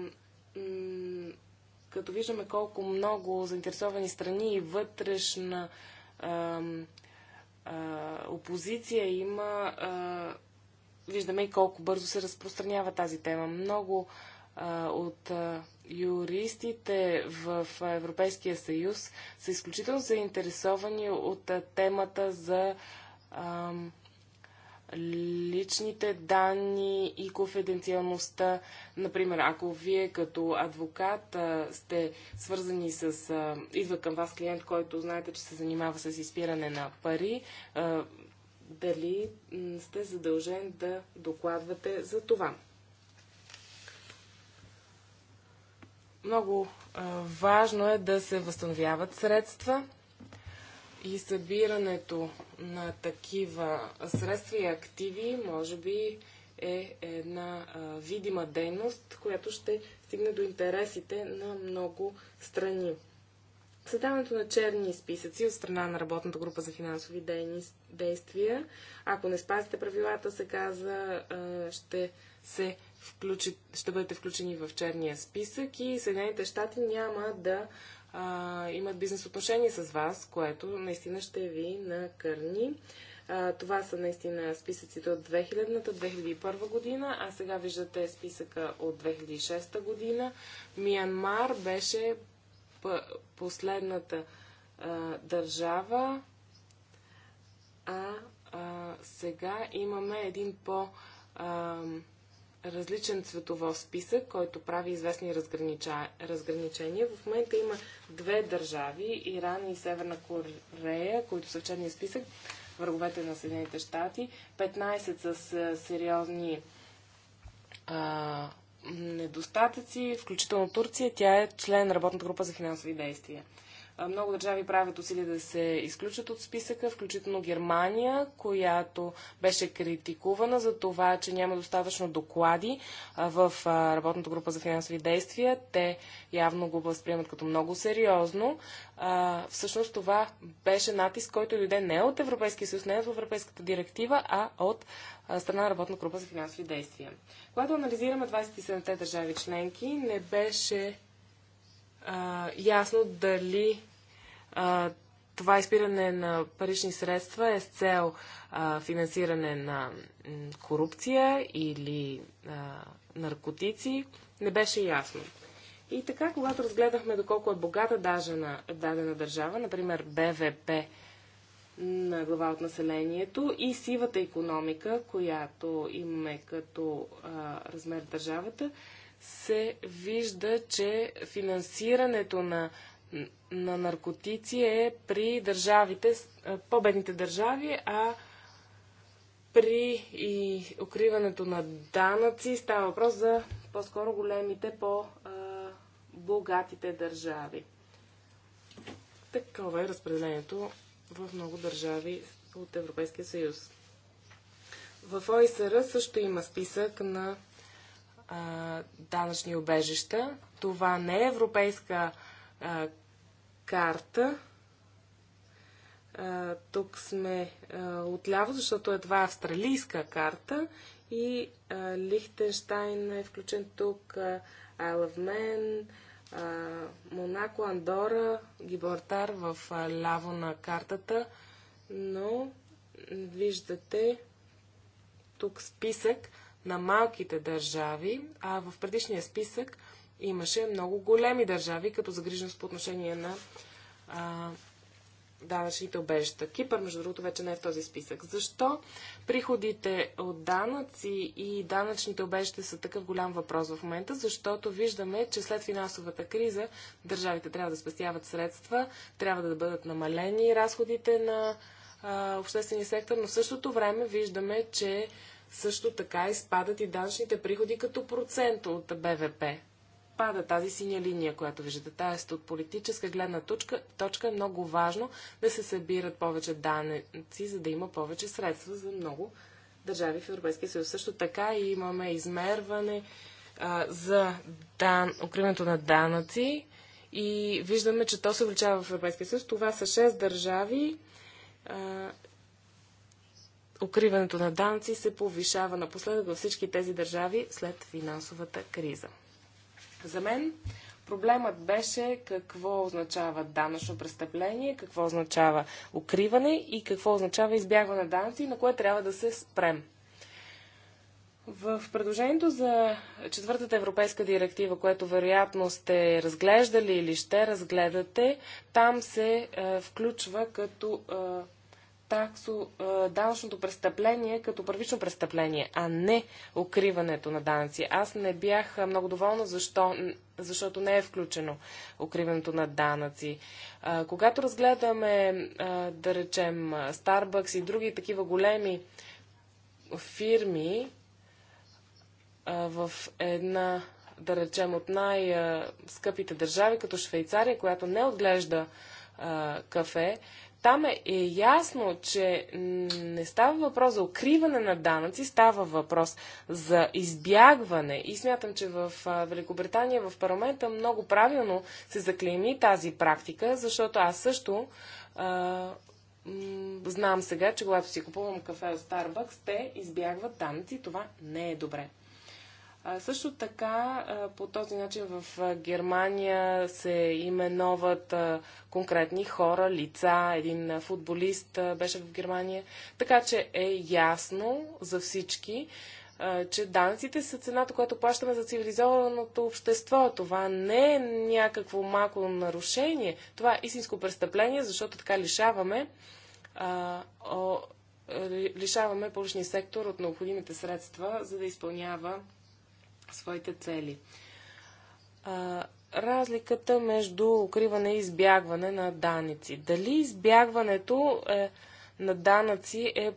като виждаме колко много заинтересовани страни и вътрешна а, а, опозиция има, а, виждаме и колко бързо се разпространява тази тема. Много а, от а, юристите в Европейския съюз са изключително заинтересовани от а, темата за. А, личните данни и конфиденциалността. Например, ако вие като адвокат сте свързани с... идва към вас клиент, който знаете, че се занимава с изпиране на пари, дали сте задължен да докладвате за това. Много важно е да се възстановяват средства и събирането на такива средства и активи, може би е една а, видима дейност, която ще стигне до интересите на много страни. Създаването на черни списъци от страна на работната група за финансови действия, ако не спазите правилата, се каза, а, ще се включи, ще бъдете включени в черния списък и Съединените щати няма да а, имат бизнес отношения с вас, което наистина ще ви накърни. А, това са наистина списъците от 2000-та, 2001 година, а сега виждате списъка от 2006 година. Миянмар беше последната а, държава, а, а сега имаме един по- а, различен цветово списък, който прави известни разгранича... разграничения. В момента има две държави, Иран и Северна Корея, които са в черния списък, враговете на Съединените щати, 15 с сериозни а, недостатъци, включително Турция, тя е член на работната група за финансови действия. Много държави правят усилия да се изключат от списъка, включително Германия, която беше критикувана за това, че няма достатъчно доклади в работната група за финансови действия. Те явно го възприемат като много сериозно. Всъщност това беше натиск, който дойде не от Европейския съюз, не от Европейската директива, а от страна на работна група за финансови действия. Когато анализираме 27-те държави членки, не беше а, ясно дали това изпиране на парични средства е с цел а, финансиране на корупция или а, наркотици, не беше ясно. И така, когато разгледахме доколко е богата даже на дадена държава, например БВП на глава от населението и сивата економика, която имаме като а, размер държавата, се вижда, че финансирането на на наркотици е при държавите, по-бедните държави, а при и укриването на данъци става въпрос за по-скоро големите, по-богатите държави. Такова е разпределението в много държави от Европейския съюз. В ОИСР също има списък на а, данъчни обежища. Това не е европейска а, карта. А, тук сме а, отляво, защото е два австралийска карта и а, Лихтенштайн е включен тук, а, Айлавмен, Монако, Андора, Гибортар в а, ляво на картата, но виждате тук списък на малките държави, а в предишния списък имаше много големи държави, като загриженост по отношение на а, данъчните обежища. Кипър, между другото, вече не е в този списък. Защо приходите от данъци и данъчните обежища са такъв голям въпрос в момента? Защото виждаме, че след финансовата криза държавите трябва да спестяват средства, трябва да бъдат намалени разходите на а, обществения сектор, но в същото време виждаме, че също така изпадат и данъчните приходи като процент от БВП пада тази синя линия, която виждате. т.е. от политическа гледна точка, точка е много важно да се събират повече данъци, за да има повече средства за много държави в Европейския съюз. Също така и имаме измерване а, за дан... укриването на данъци и виждаме, че то се увеличава в Европейския съюз. Това са 6 държави. А, укриването на данци се повишава напоследък във всички тези държави след финансовата криза. За мен проблемът беше какво означава данъчно престъпление, какво означава укриване и какво означава избягване на данъци, на кое трябва да се спрем. В предложението за четвъртата европейска директива, което вероятно сте разглеждали или ще разгледате, там се е, включва като е, таксо, данъчното престъпление като първично престъпление, а не укриването на данъци. Аз не бях много доволна, защо, защото не е включено укриването на данъци. когато разгледаме, да речем, Starbucks и други такива големи фирми в една да речем, от най-скъпите държави, като Швейцария, която не отглежда а, кафе, там е, е ясно, че не става въпрос за укриване на данъци, става въпрос за избягване. И смятам, че в Великобритания, в парламента много правилно се заклейми тази практика, защото аз също а, знам сега, че когато си купувам кафе от Starbucks, те избягват данъци. Това не е добре. Също така по този начин в Германия се именуват конкретни хора, лица. Един футболист беше в Германия. Така че е ясно за всички, че данците са цената, която плащаме за цивилизованото общество. Това не е някакво малко нарушение. Това е истинско престъпление, защото така лишаваме а, о, лишаваме публичния сектор от необходимите средства, за да изпълнява своите цели. А, разликата между укриване и избягване на данъци. Дали избягването е, на данъци е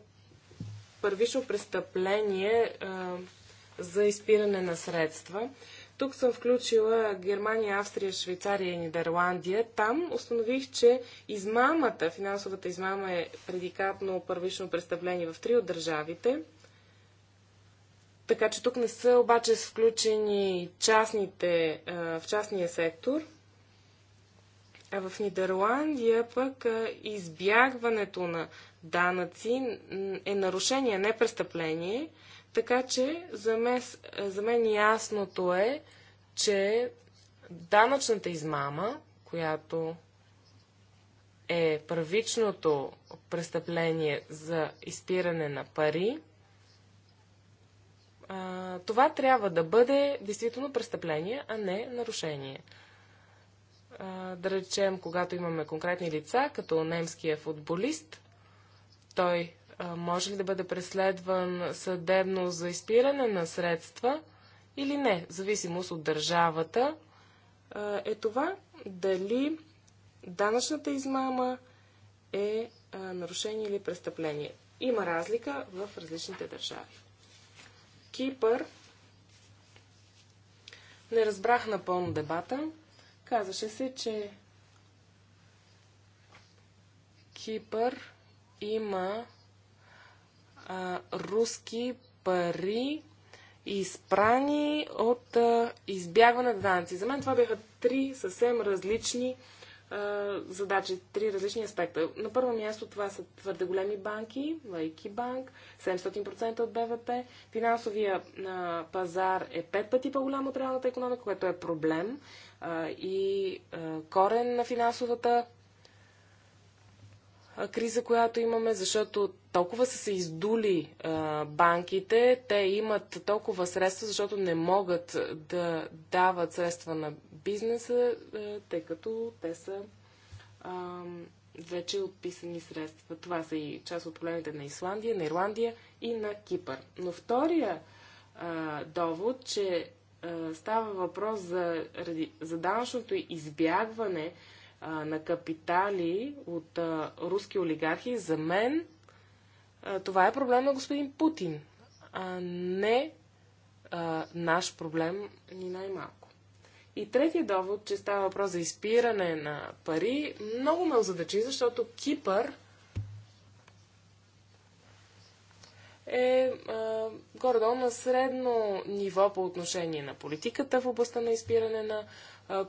първично престъпление а, за изпиране на средства? Тук съм включила Германия, Австрия, Швейцария и Нидерландия. Там установих, че измамата, финансовата измама е предикатно първично престъпление в три от държавите така че тук не са обаче включени частните, в частния сектор. А в Нидерландия пък избягването на данъци е нарушение, не престъпление. Така че за мен, за мен ясното е, че данъчната измама, която е първичното престъпление за изпиране на пари, а, това трябва да бъде действително престъпление, а не нарушение. А, да речем, когато имаме конкретни лица, като немския футболист, той а, може ли да бъде преследван съдебно за изпиране на средства или не, в зависимост от държавата, а, е това дали данъчната измама е а, нарушение или престъпление. Има разлика в различните държави. Кипър не разбрах напълно дебата. Казваше се, че Кипър има а, руски пари изпрани от а, избягване на данци. За мен това бяха три съвсем различни задачи, три различни аспекта. На първо място това са твърде големи банки, лайки банк, 700% от БВП. Финансовия а, пазар е пет пъти по-голям от реалната економика, което е проблем а, и а, корен на финансовата криза, която имаме, защото толкова са се издули банките, те имат толкова средства, защото не могат да дават средства на бизнеса, тъй като те са вече отписани средства. Това са и част от проблемите на Исландия, на Ирландия и на Кипър. Но втория довод, че става въпрос за, за данъчното избягване, а, на капитали от а, руски олигархи, за мен а, това е проблем на господин Путин, а не а, наш проблем ни най-малко. И третия довод, че става въпрос за изпиране на пари, много ме озадачи, защото Кипър е а, горе-долу на средно ниво по отношение на политиката в областта на изпиране на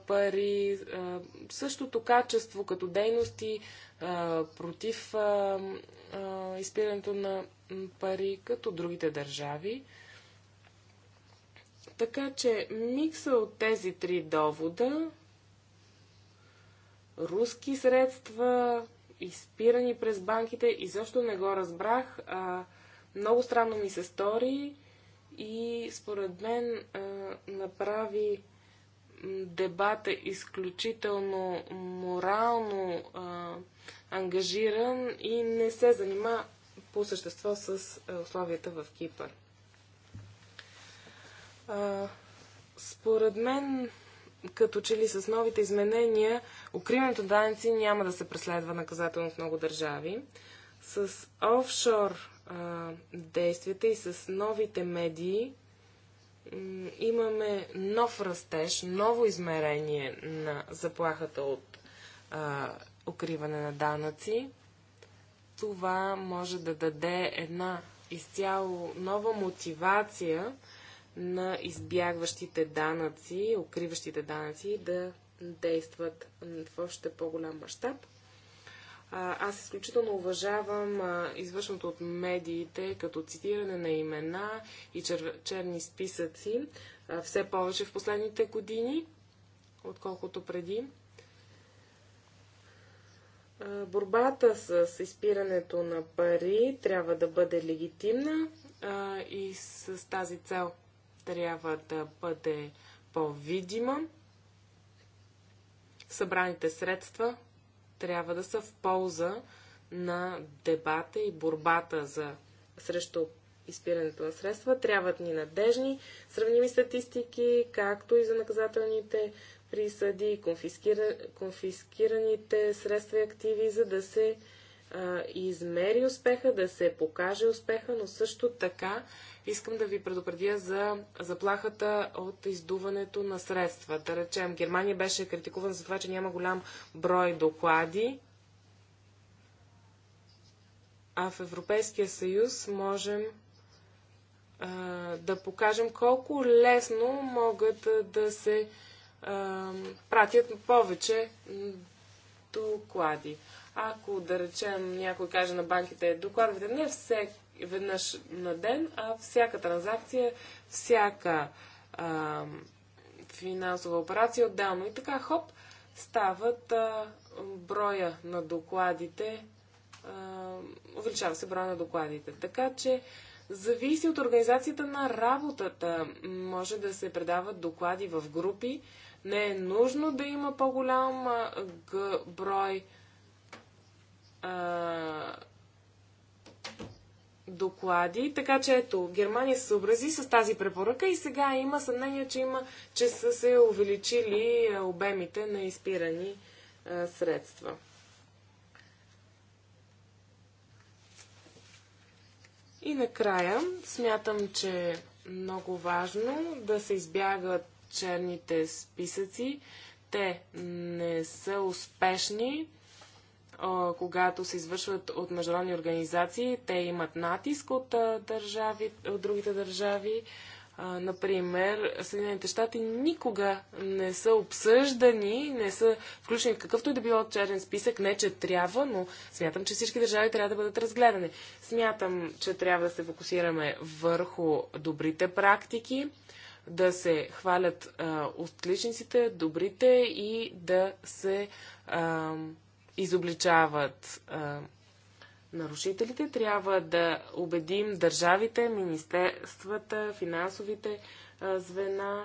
пари, същото качество като дейности, против изпирането на пари, като другите държави. Така че микса от тези три довода руски средства, изпирани през банките, изобщо не го разбрах. А, много странно ми се стори и според мен а, направи дебат е изключително морално а, ангажиран и не се занима по същество с условията в Кипър. А, според мен, като че ли с новите изменения, укриването данци няма да се преследва наказателно в много държави. С офшор а, действията и с новите медии имаме нов растеж, ново измерение на заплахата от а, укриване на данъци. Това може да даде една изцяло нова мотивация на избягващите данъци, укриващите данъци да действат в още по-голям мащаб. Аз изключително уважавам извършното от медиите като цитиране на имена и чер... черни списъци все повече в последните години, отколкото преди. борбата с, изпирането на пари трябва да бъде легитимна и с тази цел трябва да бъде по-видима. Събраните средства трябва да са в полза на дебата и борбата за срещу изпирането на средства. Трябват ни надежни, сравними статистики, както и за наказателните присъди, конфискира, конфискираните средства и активи, за да се а, измери успеха, да се покаже успеха, но също така искам да ви предупредя за заплахата от издуването на средства. Да речем, Германия беше критикувана за това, че няма голям брой доклади, а в Европейския съюз можем а, да покажем колко лесно могат да се а, пратят повече доклади. Ако, да речем, някой каже на банките, докладвайте не всеки веднъж на ден, а всяка транзакция, всяка а, финансова операция отделно. И така, хоп, стават а, броя на докладите, а, увеличава се броя на докладите. Така че, зависи от организацията на работата. Може да се предават доклади в групи. Не е нужно да има по-голям брой а, доклади. Така че ето, Германия се съобрази с тази препоръка и сега има съмнение, че, има, че са се увеличили е, обемите на изпирани а, е, средства. И накрая смятам, че е много важно да се избягат черните списъци. Те не са успешни когато се извършват от международни организации, те имат натиск от, държави, от другите държави. Например, Съединените щати никога не са обсъждани, не са включени в какъвто и да било черен списък. Не, че трябва, но смятам, че всички държави трябва да бъдат разгледани. Смятам, че трябва да се фокусираме върху добрите практики, да се хвалят а, отличниците, добрите и да се. А, изобличават а, нарушителите, трябва да убедим държавите, министерствата, финансовите а, звена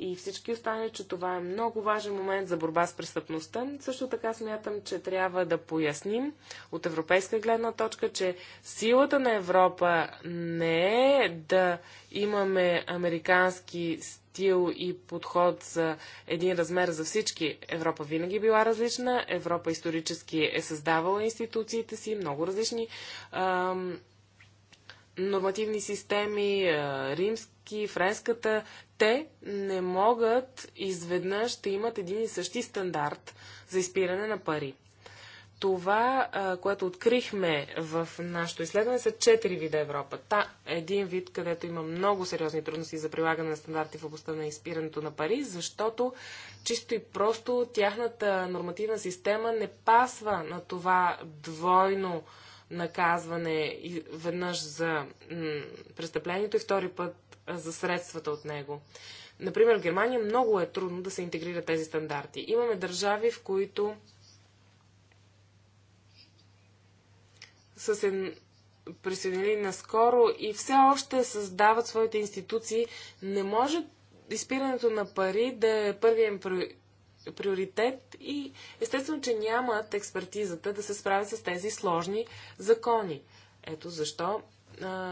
и всички останали, че това е много важен момент за борба с престъпността. Също така смятам, че трябва да поясним от европейска гледна точка, че силата на Европа не е да имаме американски стил и подход за един размер за всички. Европа винаги е била различна. Европа исторически е създавала институциите си, много различни ам, нормативни системи, а, римски, френската. Те не могат изведнъж да имат един и същи стандарт за изпиране на пари това, което открихме в нашето изследване, са четири вида Европа. Та, един вид, където има много сериозни трудности за прилагане на стандарти в областта на изпирането на пари, защото чисто и просто тяхната нормативна система не пасва на това двойно наказване веднъж за престъплението и втори път за средствата от него. Например, в Германия много е трудно да се интегрират тези стандарти. Имаме държави, в които са се присъединили наскоро и все още създават своите институции, не може изпирането на пари да е първият им приоритет и естествено, че нямат експертизата да се справят с тези сложни закони. Ето защо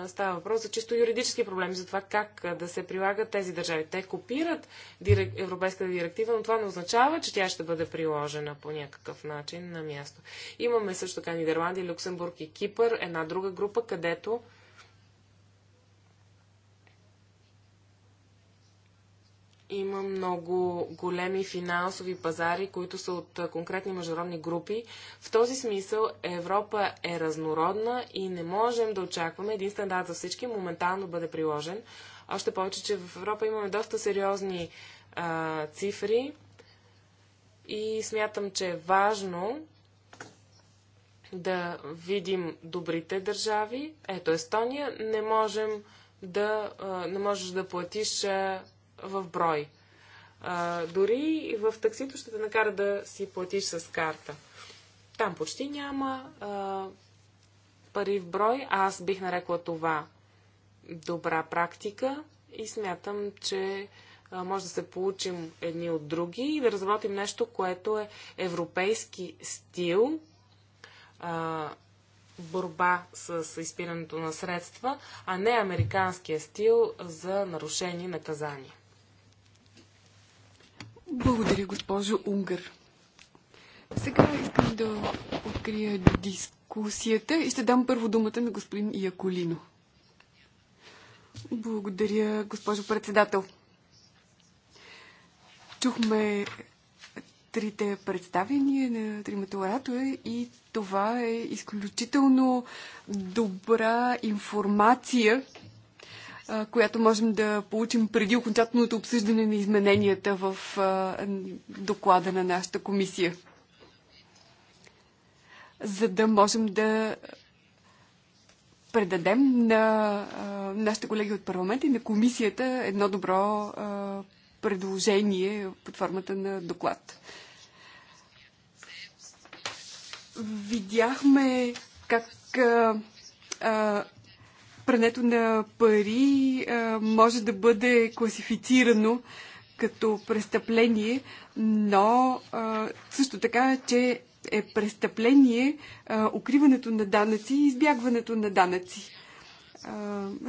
става въпрос за чисто юридически проблеми, за това как да се прилагат тези държави. Те копират дирек... Европейската директива, но това не означава, че тя ще бъде приложена по някакъв начин на място. Имаме също така Нидерландия, Люксембург и Кипър, една друга група, където Има много големи финансови пазари, които са от конкретни международни групи. В този смисъл Европа е разнородна и не можем да очакваме един стандарт за всички моментално бъде приложен. Още повече, че в Европа имаме доста сериозни а, цифри и смятам, че е важно да видим добрите държави. Ето Естония, не можем да, не можеш да платиш в брой. А, дори в таксито ще те накара да си платиш с карта. Там почти няма а, пари в брой. Аз бих нарекла това добра практика и смятам, че а, може да се получим едни от други и да разработим нещо, което е европейски стил. А, борба с изпирането на средства, а не американския стил за нарушени и благодаря, госпожо Унгър. Сега искам да открия дискусията и ще дам първо думата на господин Яколино. Благодаря, госпожо председател. Чухме трите представения на тримата оратора и това е изключително добра информация която можем да получим преди окончателното обсъждане на измененията в доклада на нашата комисия. За да можем да предадем на нашите колеги от парламента и на комисията едно добро предложение под формата на доклад. Видяхме как прането на пари може да бъде класифицирано като престъпление, но също така, че е престъпление укриването на данъци и избягването на данъци.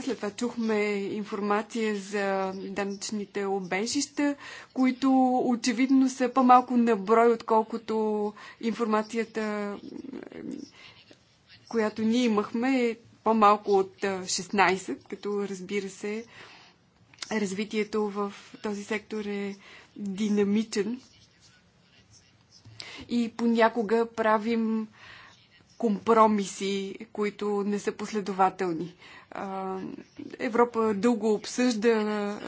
След това чухме информация за данъчните обежища, които очевидно са по-малко на брой, отколкото информацията, която ние имахме, е по-малко от 16, като разбира се, развитието в този сектор е динамичен. И понякога правим компромиси, които не са последователни. Европа дълго обсъжда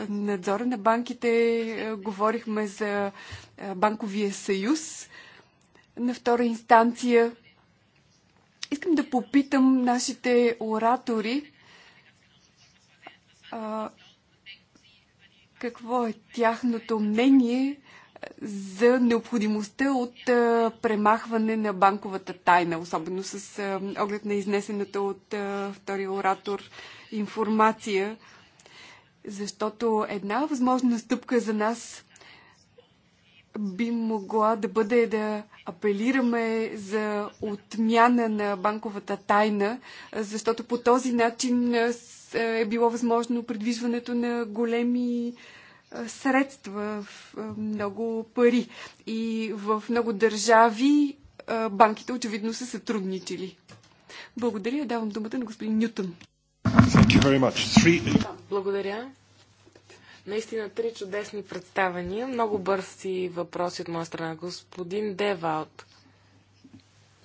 надзора на банките. Говорихме за банковия съюз на втора инстанция. Искам да попитам нашите оратори а, какво е тяхното мнение за необходимостта от премахване на банковата тайна, особено с оглед на изнесената от втория оратор информация, защото една възможна стъпка за нас би могла да бъде да апелираме за отмяна на банковата тайна, защото по този начин е било възможно предвижването на големи средства, много пари. И в много държави банките очевидно са сътрудничили. Благодаря. Давам думата на господин Нютон. Благодаря. Наистина три чудесни представения. Много бързи въпроси от моя страна. Господин Девалт,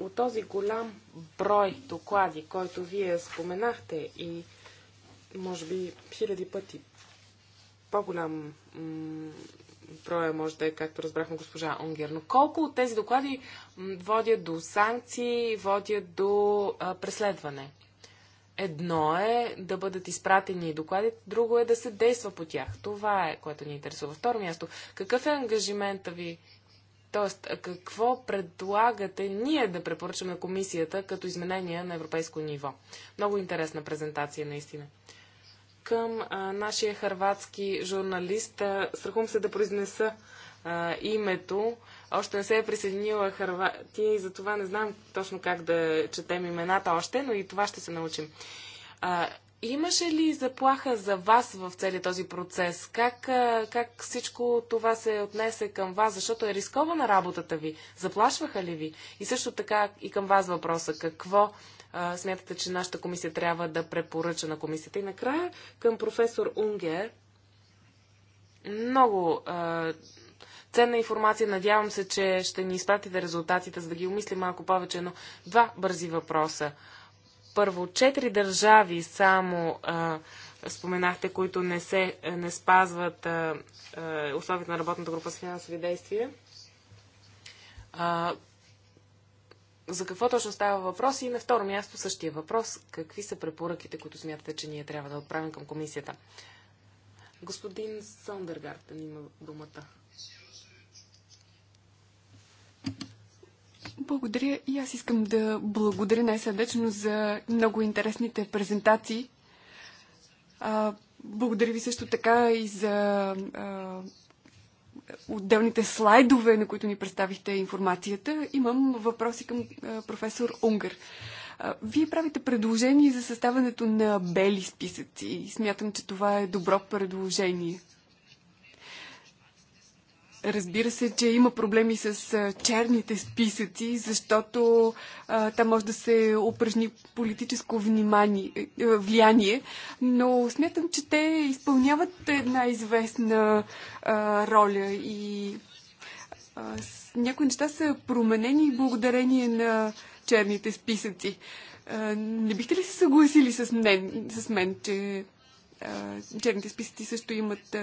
от този голям брой доклади, който вие споменахте и може би хиляди пъти по-голям броя може да е, както разбрахме госпожа Онгер. Но колко от тези доклади водят до санкции, водят до а, преследване? Едно е да бъдат изпратени докладите, друго е да се действа по тях. Това е, което ни интересува. Второ място, какъв е ангажимента ви? Тоест, какво предлагате ние да препоръчаме комисията като изменения на европейско ниво? Много интересна презентация, наистина. Към а, нашия харватски журналист, а, страхувам се да произнеса а, името, още не се е присъединила Харватия и затова не знам точно как да четем имената още, но и това ще се научим. А, имаше ли заплаха за вас в целият този процес? Как, а, как всичко това се отнесе към вас? Защото е рискована работата ви. Заплашваха ли ви? И също така и към вас въпроса. Какво а, смятате, че нашата комисия трябва да препоръча на комисията? И накрая към професор Унгер. Много а, ценна информация. Надявам се, че ще ни изпратите резултатите, за да ги умислим малко повече, но два бързи въпроса. Първо, четири държави само а, споменахте, които не, се, е, не спазват а, а, е, условията на работната група с финансови действия. А, за какво точно става въпрос? И на второ място същия въпрос. Какви са препоръките, които смятате, че ние трябва да отправим към комисията? Господин Сондергард, има думата. Благодаря и аз искам да благодаря най-сърдечно за много интересните презентации. А, благодаря ви също така и за а, отделните слайдове, на които ни представихте информацията. Имам въпроси към а, професор Унгър. А, вие правите предложение за съставането на бели списъци. Смятам, че това е добро предложение. Разбира се, че има проблеми с черните списъци, защото а, там може да се упражни политическо внимание, е, влияние, но смятам, че те изпълняват една известна а, роля и а, някои неща са променени благодарение на черните списъци. А, не бихте ли се съгласили с мен, с мен че черните списъци също имат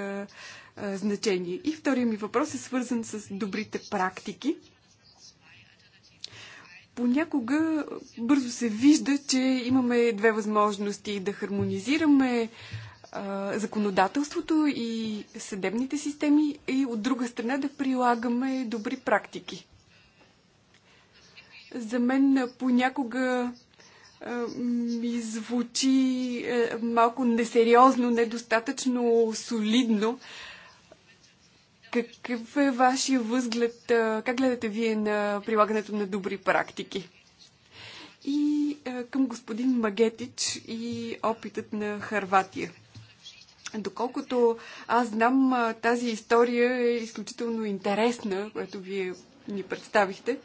значение. И втория ми въпрос е свързан с добрите практики. Понякога бързо се вижда, че имаме две възможности да хармонизираме законодателството и съдебните системи и от друга страна да прилагаме добри практики. За мен понякога ми звучи е, малко несериозно, недостатъчно солидно. Какъв е вашия възглед? Как гледате вие на прилагането на добри практики? И към господин Магетич и опитът на Харватия. Доколкото аз знам, тази история е изключително интересна, която вие ни представихте.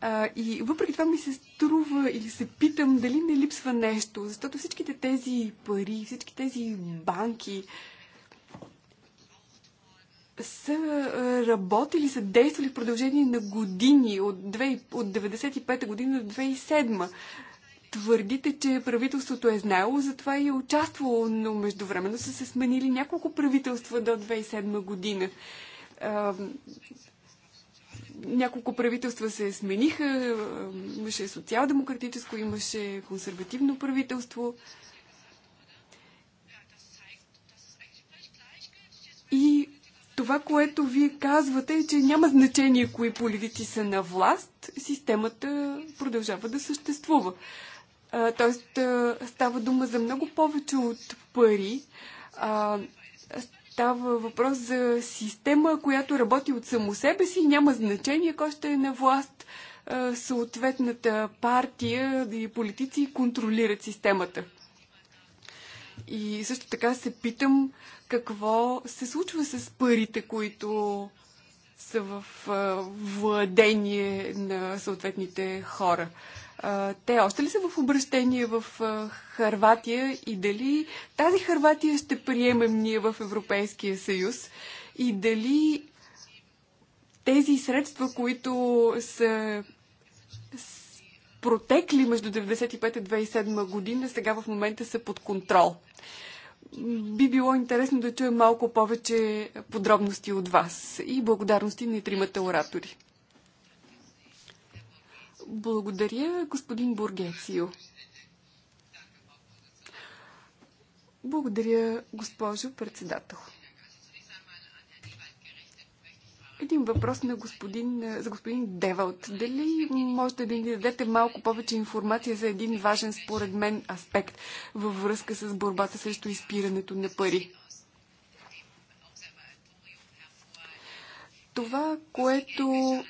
А, и въпреки това ми се струва или се питам дали не липсва нещо, защото всичките тези пари, всички тези банки са работили, са действали в продължение на години, от, 2, от 95-та година до 2007 Твърдите, че правителството е знаело, затова и е участвало, но междувременно са се сменили няколко правителства до 2007 година няколко правителства се смениха. Имаше социал-демократическо, имаше консервативно правителство. И това, което вие казвате е, че няма значение кои политици са на власт, системата продължава да съществува. тоест, става дума за много повече от пари. А, Става въпрос за система, която работи от само себе си и няма значение кой ще е на власт. Съответната партия и политици контролират системата. И също така се питам какво се случва с парите, които са в владение на съответните хора. Те още ли са в обращение в Харватия и дали тази Харватия ще приемем ние в Европейския съюз и дали тези средства, които са протекли между 1995 и 2007 година, сега в момента са под контрол. Би било интересно да чуем малко повече подробности от вас и благодарности на тримата оратори. Благодаря, господин Бургецио. Благодаря, госпожо председател. Един въпрос на господин, за господин Девалт. Дали можете да ни дадете малко повече информация за един важен според мен аспект във връзка с борбата срещу изпирането на пари? това, което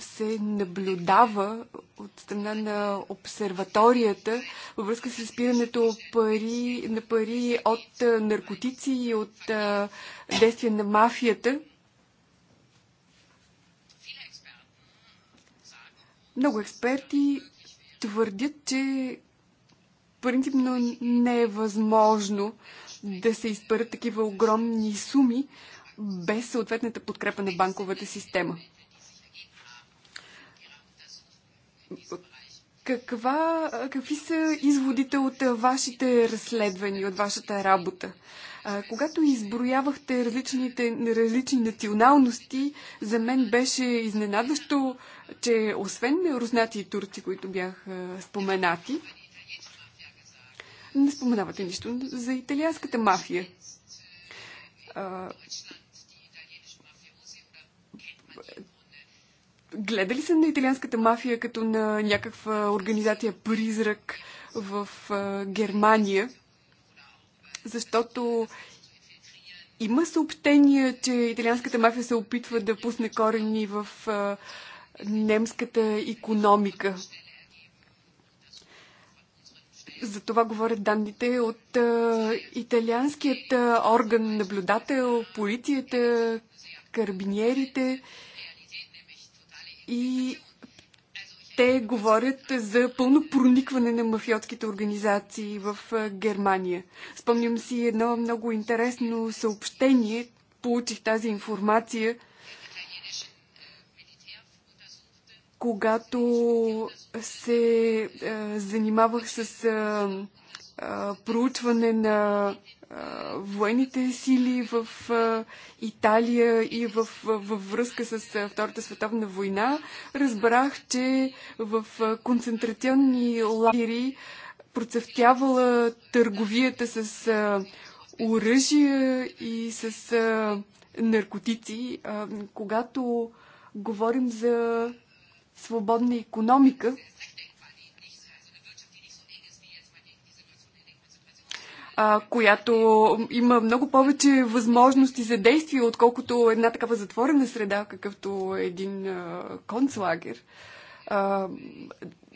се наблюдава от страна на обсерваторията във връзка с изпирането пари, на пари от наркотици и от действия на мафията. Много експерти твърдят, че принципно не е възможно да се изпарат такива огромни суми, без съответната подкрепа на банковата система. Каква, какви са изводите от вашите разследвания, от вашата работа? когато изброявахте различните, различни националности, за мен беше изненадващо, че освен руснаци и турци, които бяха споменати, не споменавате нищо за италианската мафия гледа ли се на италианската мафия като на някаква организация призрак в Германия? Защото има съобщения, че италианската мафия се опитва да пусне корени в немската економика. За това говорят данните от а, италианският орган наблюдател, полицията, карбиниерите и те говорят за пълно проникване на мафиотските организации в Германия. Спомням си едно много интересно съобщение. Получих тази информация, когато се занимавах с проучване на военните сили в Италия и в, във връзка с Втората световна война, разбрах, че в концентрационни лагери процъфтявала търговията с оръжия и с наркотици. когато говорим за свободна економика, а, която има много повече възможности за действие, отколкото една такава затворена среда, какъвто един а, концлагер. А,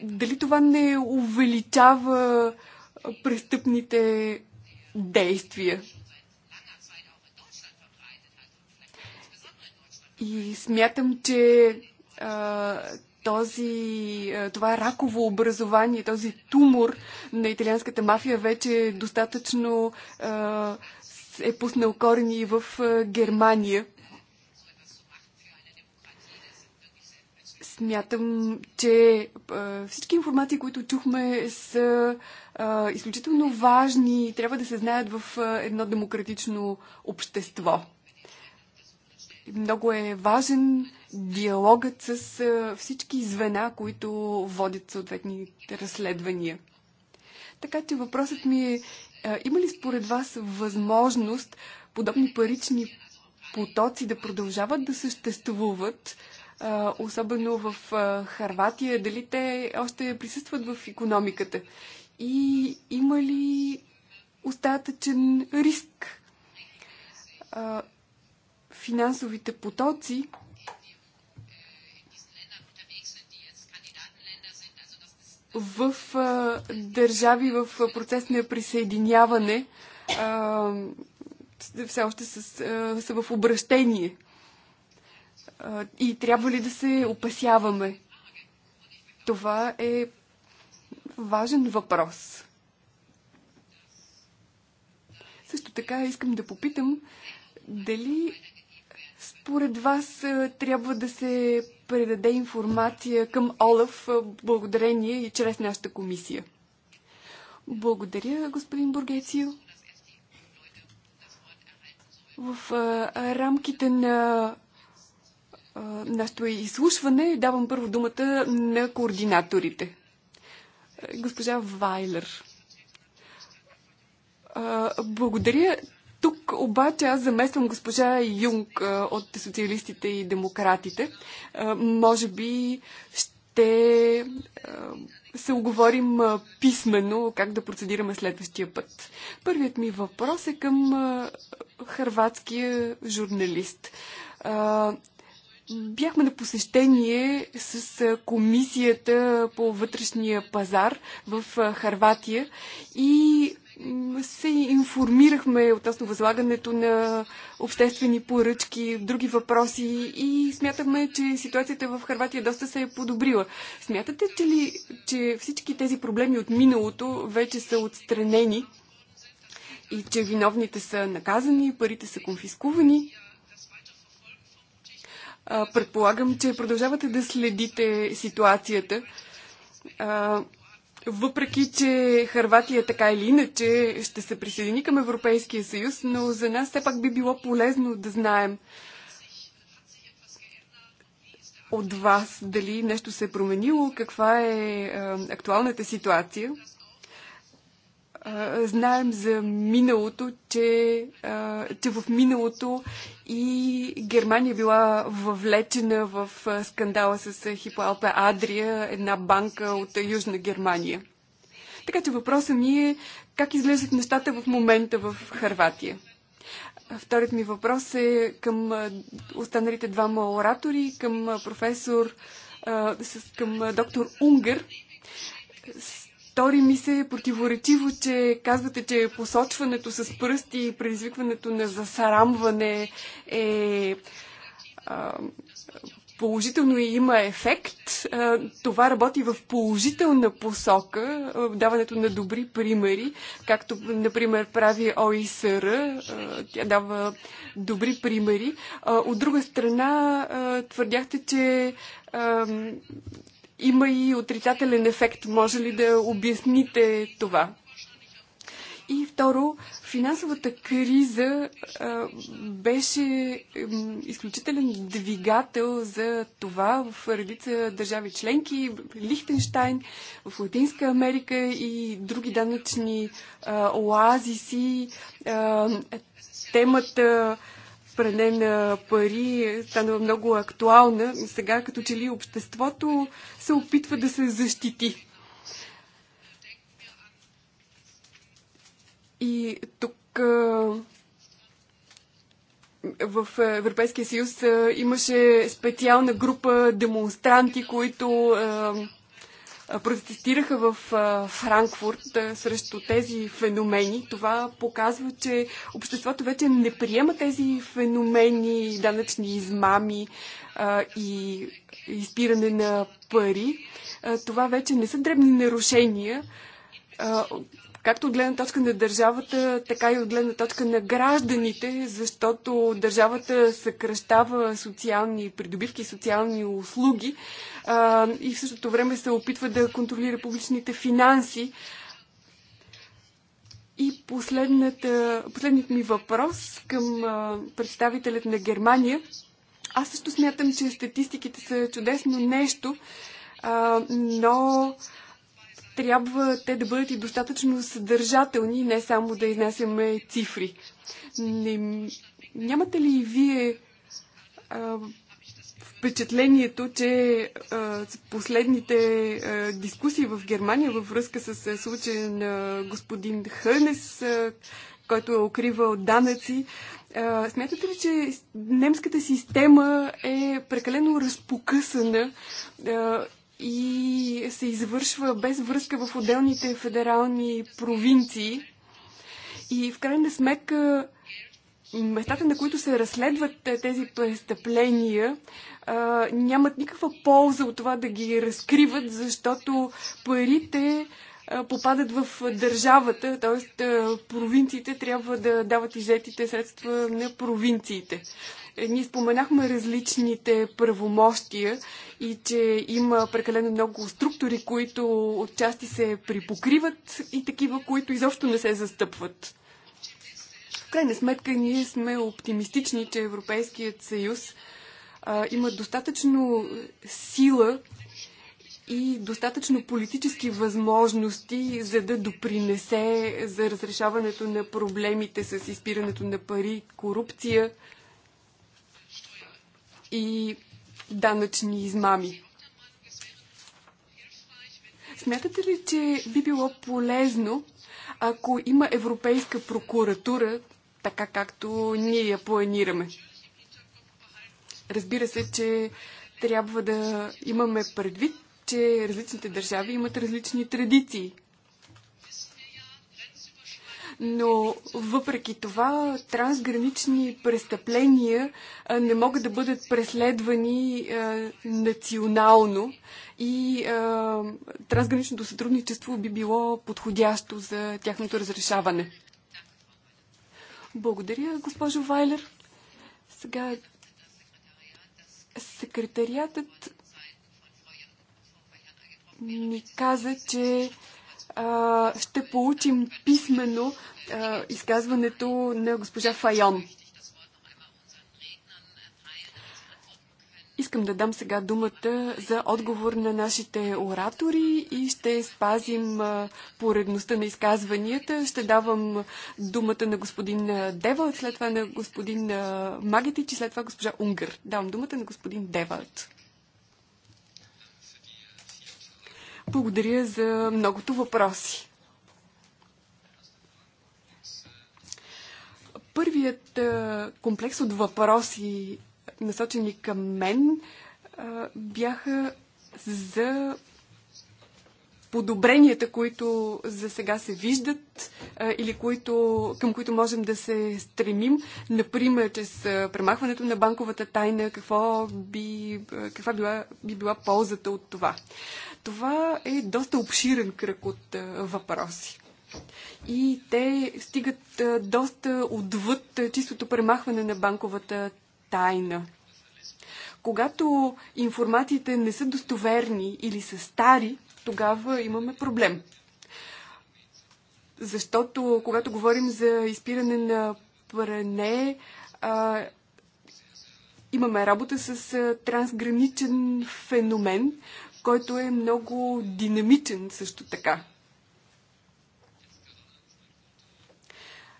дали това не увеличава престъпните действия? И смятам, че а, този, е, това раково образование, този тумор на италианската мафия вече е достатъчно е, е пуснал корени в Германия. Смятам, че всички информации, които чухме, са изключително важни и трябва да се знаят в едно демократично общество. Много е важен диалогът с всички звена, които водят съответните разследвания. Така че въпросът ми е, има ли според вас възможност подобни парични потоци да продължават да съществуват, особено в Харватия, дали те още присъстват в економиката? И има ли остатъчен риск? Финансовите потоци в а, държави в процес на присъединяване а, все още с, а, са в обращение. А, и трябва ли да се опасяваме? Това е важен въпрос. Също така искам да попитам дали според вас е, трябва да се предаде информация към Олаф е, благодарение и чрез нашата комисия. Благодаря, господин Бургецио. В е, рамките на нашето изслушване давам първо думата на координаторите. Госпожа Вайлер. благодаря. Тук обаче аз замествам госпожа Юнг от социалистите и демократите. Може би ще се оговорим писменно как да процедираме следващия път. Първият ми въпрос е към хърватския журналист. Бяхме на посещение с комисията по вътрешния пазар в Харватия и се информирахме относно възлагането на обществени поръчки, други въпроси и смятахме, че ситуацията в Харватия доста се е подобрила. Смятате че ли, че всички тези проблеми от миналото вече са отстранени и че виновните са наказани, парите са конфискувани? Предполагам, че продължавате да следите ситуацията. Въпреки, че Харватия така или иначе ще се присъедини към Европейския съюз, но за нас все пак би било полезно да знаем от вас дали нещо се е променило, каква е, е актуалната ситуация знаем за миналото, че, че в миналото и Германия била въвлечена в скандала с Хипоалпа Адрия, една банка от Южна Германия. Така че въпросът ми е как изглеждат нещата в момента в Харватия. Вторият ми въпрос е към останалите двама оратори, към професор, към доктор Унгър Стори ми се е противоречиво, че казвате, че посочването с пръсти и предизвикването на засарамване е а, положително и има ефект. А, това работи в положителна посока, даването на добри примери, както, например, прави ОИСР, а, тя дава добри примери. А, от друга страна, а, твърдяхте, че а, има и отрицателен ефект. Може ли да обясните това? И второ, финансовата криза а, беше м, изключителен двигател за това в редица държави членки, Лихтенштайн, в Латинска Америка и други данъчни а, оазиси. А, темата пране на пари станала много актуална. Сега като че ли обществото се опитва да се защити. И тук в Европейския съюз имаше специална група демонстранти, които протестираха в Франкфурт срещу тези феномени. Това показва, че обществото вече не приема тези феномени, данъчни измами и изпиране на пари. Това вече не са дребни нарушения, Както от гледна точка на държавата, така и от гледна точка на гражданите, защото държавата съкръщава социални придобивки, социални услуги а, и в същото време се опитва да контролира публичните финанси. И последният ми въпрос към а, представителят на Германия. Аз също смятам, че статистиките са чудесно нещо, а, но трябва те да бъдат и достатъчно съдържателни, не само да изнасяме цифри. Не, нямате ли вие а, впечатлението, че а, последните а, дискусии в Германия във връзка с случая на господин Хърнес, а, който е укривал данъци, а, смятате ли, че немската система е прекалено разпокъсана а, и се извършва без връзка в отделните федерални провинции. И в крайна сметка местата, на които се разследват тези престъпления, нямат никаква полза от това да ги разкриват, защото парите попадат в държавата, т.е. провинциите трябва да дават изетите средства на провинциите. Ние споменахме различните правомощия и че има прекалено много структури, които отчасти се припокриват и такива, които изобщо не се застъпват. В крайна сметка ние сме оптимистични, че Европейският съюз а, има достатъчно сила и достатъчно политически възможности, за да допринесе за разрешаването на проблемите с изпирането на пари, корупция и данъчни измами. Смятате ли, че би било полезно, ако има Европейска прокуратура, така както ние я планираме? Разбира се, че трябва да имаме предвид, че различните държави имат различни традиции но въпреки това трансгранични престъпления не могат да бъдат преследвани национално и трансграничното сътрудничество би било подходящо за тяхното разрешаване. Благодаря, госпожо Вайлер. Сега секретариатът ми каза, че ще получим писменно изказването на госпожа Файон. Искам да дам сега думата за отговор на нашите оратори и ще спазим поредността на изказванията. Ще давам думата на господин Девалт, след това на господин Магетич и след това госпожа Унгър. Давам думата на господин Девалт. Благодаря за многото въпроси. Първият комплекс от въпроси, насочени към мен, бяха за подобренията, които за сега се виждат или които, към които можем да се стремим, например, чрез премахването на банковата тайна, какво би, каква била, би била ползата от това. Това е доста обширен кръг от е, въпроси. И те стигат е, доста отвъд е, чистото премахване на банковата тайна. Когато информациите не са достоверни или са стари, тогава имаме проблем. Защото когато говорим за изпиране на пране, а, имаме работа с трансграничен феномен, който е много динамичен също така.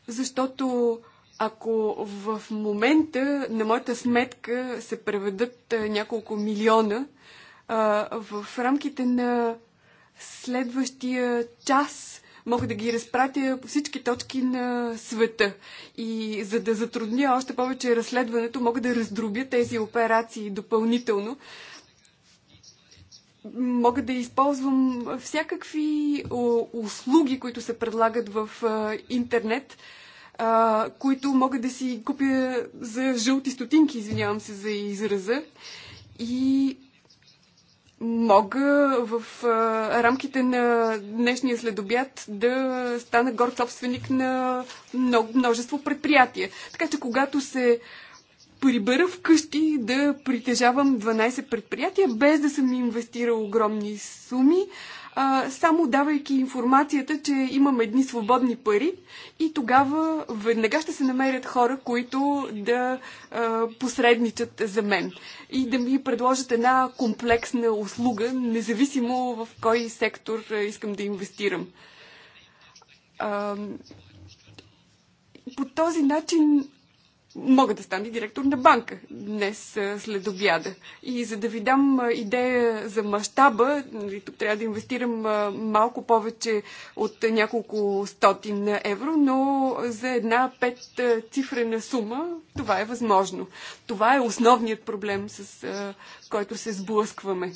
Защото ако в момента на моята сметка се преведат няколко милиона, в рамките на следващия час мога да ги разпратя по всички точки на света. И за да затрудня още повече разследването, мога да раздробя тези операции допълнително, мога да използвам всякакви услуги, които се предлагат в интернет, които мога да си купя за жълти стотинки, извинявам се за израза. И мога в рамките на днешния следобят да стана горд собственик на много, множество предприятия. Така че когато се прибера вкъщи да притежавам 12 предприятия, без да съм инвестирал огромни суми, а, само давайки информацията, че имам едни свободни пари и тогава веднага ще се намерят хора, които да а, посредничат за мен и да ми предложат една комплексна услуга, независимо в кой сектор искам да инвестирам. А, по този начин мога да стана директор на банка днес след обяда. И за да ви дам идея за мащаба, нали, тук трябва да инвестирам малко повече от няколко стотин евро, но за една пет цифрена сума това е възможно. Това е основният проблем, с който се сблъскваме.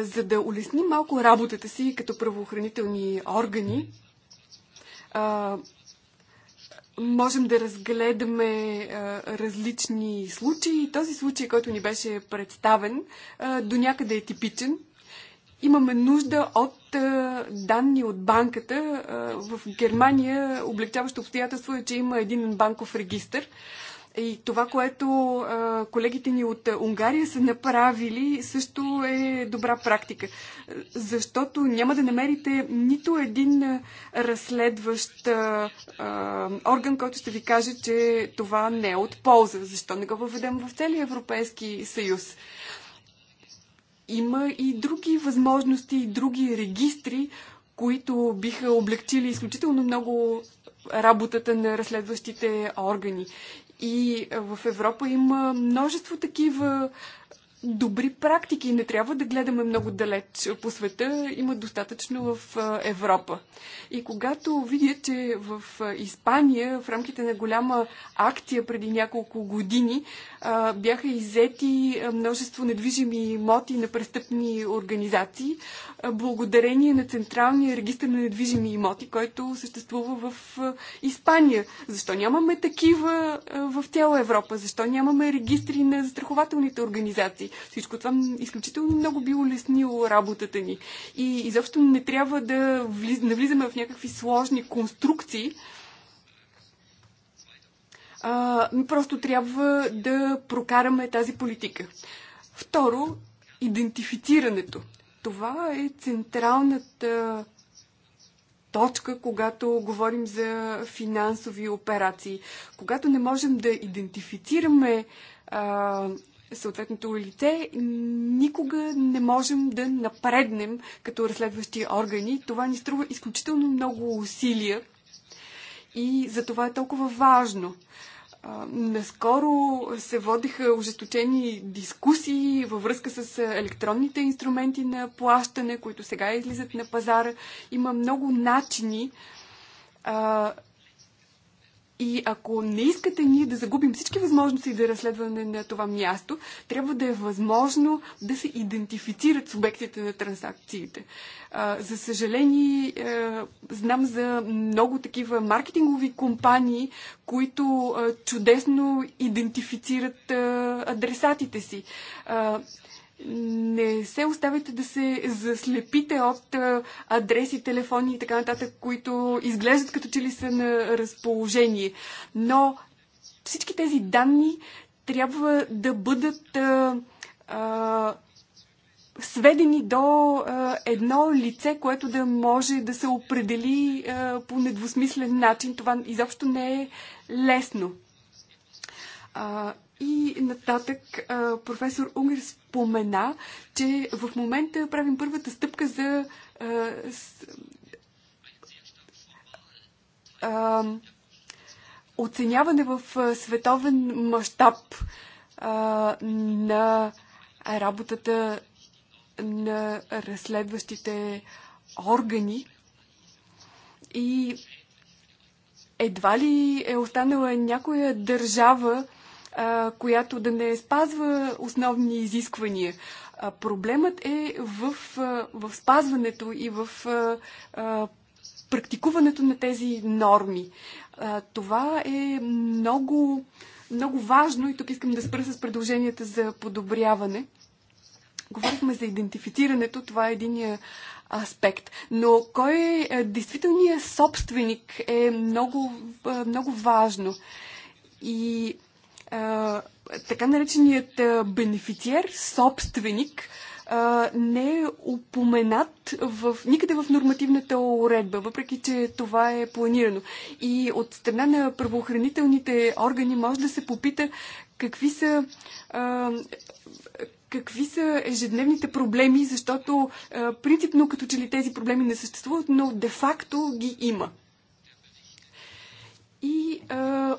За да улесним малко работата си като правоохранителни органи, можем да разгледаме а, различни случаи. Този случай, който ни беше представен, а, до някъде е типичен. Имаме нужда от а, данни от банката. А, в Германия облегчаващо обстоятелство е, че има един банков регистр. И това, което а, колегите ни от Унгария са направили, също е добра практика. Защото няма да намерите нито един разследващ а, орган, който ще ви каже, че това не е от полза. Защо не го въведем в целия Европейски съюз? Има и други възможности, и други регистри, които биха облегчили изключително много работата на разследващите органи. И в Европа има множество такива добри практики. Не трябва да гледаме много далеч по света. Има достатъчно в Европа. И когато видя, че в Испания, в рамките на голяма акция преди няколко години, бяха иззети множество недвижими имоти на престъпни организации, благодарение на Централния регистр на недвижими имоти, който съществува в Испания. Защо нямаме такива в цяла Европа? Защо нямаме регистри на застрахователните организации? Всичко това изключително много би улеснило работата ни. И изобщо не трябва да навлизаме в някакви сложни конструкции, а, просто трябва да прокараме тази политика. Второ, идентифицирането. Това е централната точка, когато говорим за финансови операции. Когато не можем да идентифицираме а, съответното лице, никога не можем да напреднем като разследващи органи. Това ни струва изключително много усилия и за това е толкова важно. Наскоро се водиха ожесточени дискусии във връзка с електронните инструменти на плащане, които сега излизат на пазара. Има много начини и ако не искате ние да загубим всички възможности да разследване на това място, трябва да е възможно да се идентифицират субектите на транзакциите. За съжаление, знам за много такива маркетингови компании, които чудесно идентифицират адресатите си не се оставяйте да се заслепите от адреси, телефони и така нататък, които изглеждат като че ли са на разположение. Но всички тези данни трябва да бъдат а, а, сведени до а, едно лице, което да може да се определи а, по недвусмислен начин. Това изобщо не е лесно. А, и нататък а, професор Унгер спомена, че в момента правим първата стъпка за а, с, а, оценяване в световен мащаб на работата на разследващите органи и едва ли е останала някоя държава, която да не спазва основни изисквания. Проблемът е в, в спазването и в практикуването на тези норми. Това е много, много важно и тук искам да спра с предложенията за подобряване. Говорихме за идентифицирането, това е единия аспект. Но кой е, е действителният собственик е много, е, много важно. И така нареченият бенефициер, собственик, не е упоменат в, никъде в нормативната уредба, въпреки че това е планирано. И от страна на правоохранителните органи може да се попита какви са. какви са ежедневните проблеми, защото а, принципно като че ли тези проблеми не съществуват, но де-факто ги има. И а,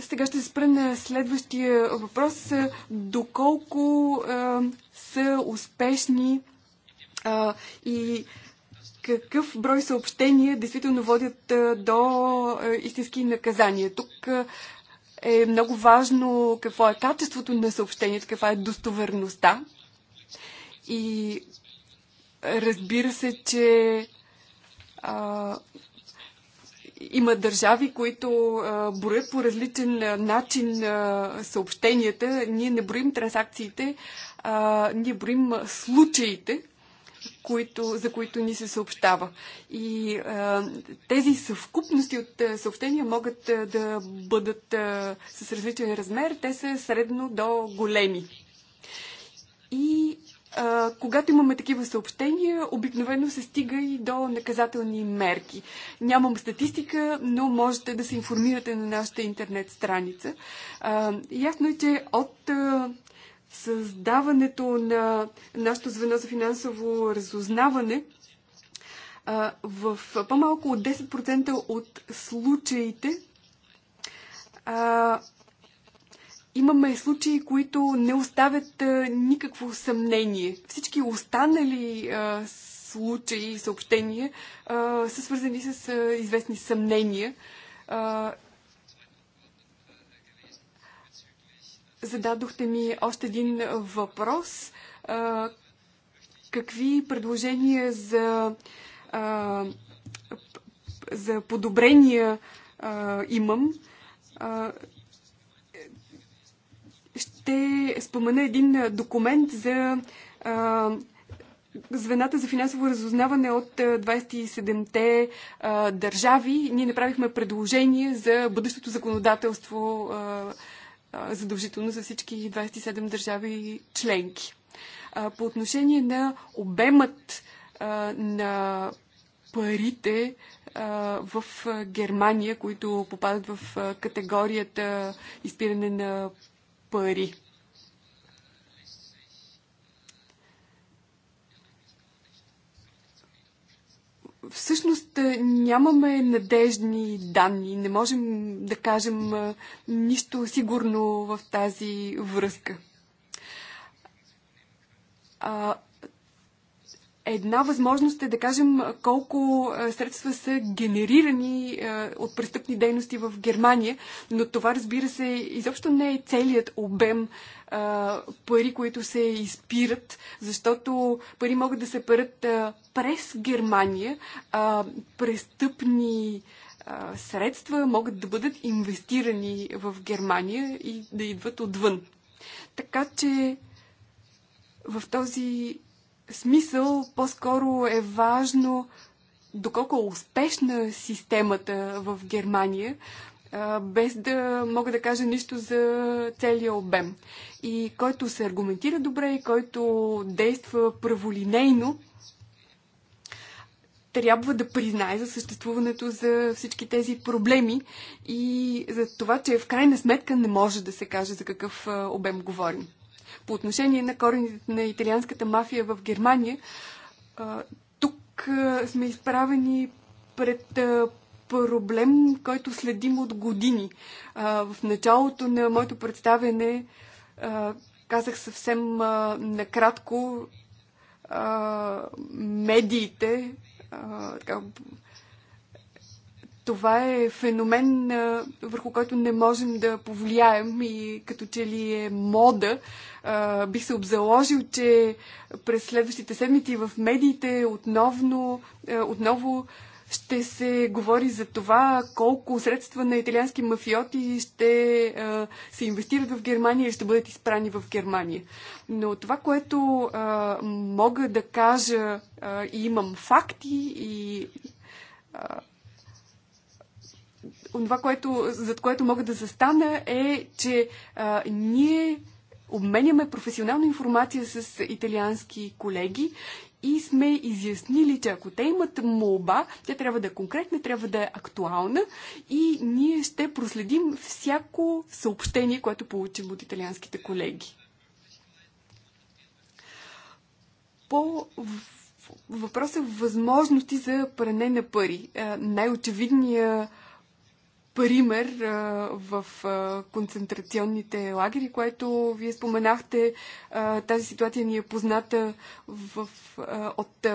сега ще спрем спра на следващия въпрос. Доколко а, са успешни а, и какъв брой съобщения действително водят а, до а, истински наказания? Тук а, е много важно какво е качеството на съобщението, каква е достоверността. И разбира се, че а, има държави, които а, броят по различен начин а, съобщенията. Ние не броим транзакциите, а, ние броим случаите, които, за които ни се съобщава. И а, тези съвкупности от а, съобщения могат а, да бъдат а, с различен размер. Те са средно до големи. И когато имаме такива съобщения, обикновено се стига и до наказателни мерки. Нямам статистика, но можете да се информирате на нашата интернет страница. ясно е, че от създаването на нашото звено за финансово разузнаване, в по-малко от 10% от случаите Имаме случаи, които не оставят никакво съмнение. Всички останали случаи и съобщения са свързани с известни съмнения. зададохте ми още един въпрос. Какви предложения за, за подобрения имам? ще спомена един документ за а, звената за финансово разузнаване от 27-те държави. Ние направихме предложение за бъдещото законодателство а, задължително за всички 27 държави членки. А, по отношение на обемът а, на парите а, в Германия, които попадат в категорията изпиране на пари. всъщност е, нямаме надежни данни, не можем да кажем е, нищо сигурно в тази връзка. Една възможност е да кажем колко средства са генерирани от престъпни дейности в Германия, но това разбира се изобщо не е целият обем пари, които се изпират, защото пари могат да се парат през Германия, а престъпни средства могат да бъдат инвестирани в Германия и да идват отвън. Така че в този смисъл по-скоро е важно доколко е успешна системата в Германия, без да мога да кажа нищо за целия обем. И който се аргументира добре и който действа праволинейно, трябва да признае за съществуването за всички тези проблеми и за това, че в крайна сметка не може да се каже за какъв обем говорим. По отношение на корените на италианската мафия в Германия, тук сме изправени пред проблем, който следим от години. В началото на моето представене казах съвсем накратко медиите, това е феномен, върху който не можем да повлияем и като че ли е мода. Бих се обзаложил, че през следващите седмици в медиите отново, отново ще се говори за това колко средства на италиански мафиоти ще се инвестират в Германия или ще бъдат изпрани в Германия. Но това, което мога да кажа и имам факти и това, което, зад което мога да застана е, че а, ние обменяме професионална информация с италиански колеги и сме изяснили, че ако те имат молба, тя трябва да е конкретна, трябва да е актуална и ние ще проследим всяко съобщение, което получим от италианските колеги. По въпроса възможности за пране на пари. Най-очевидният пример в концентрационните лагери, което вие споменахте. Тази ситуация ни е позната в, от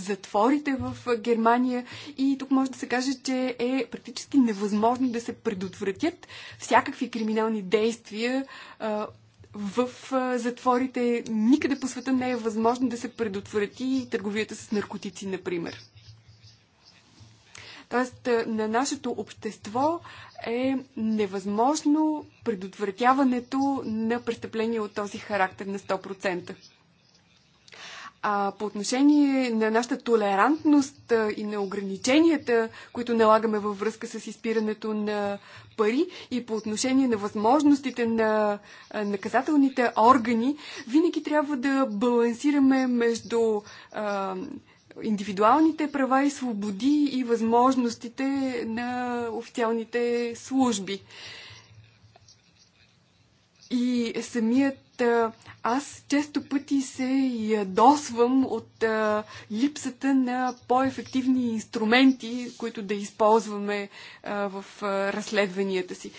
затворите в Германия и тук може да се каже, че е практически невъзможно да се предотвратят всякакви криминални действия в затворите никъде по света не е възможно да се предотврати търговията с наркотици, например. Тоест, е, на нашето общество е невъзможно предотвратяването на престъпления от този характер на 100%. А по отношение на нашата толерантност е, и на ограниченията, които налагаме във връзка с изпирането на пари и по отношение на възможностите на е, наказателните органи, винаги трябва да балансираме между а, индивидуалните права и свободи и възможностите на официалните служби. И самият аз често пъти се ядосвам от а, липсата на по-ефективни инструменти, които да използваме а, в а, разследванията си.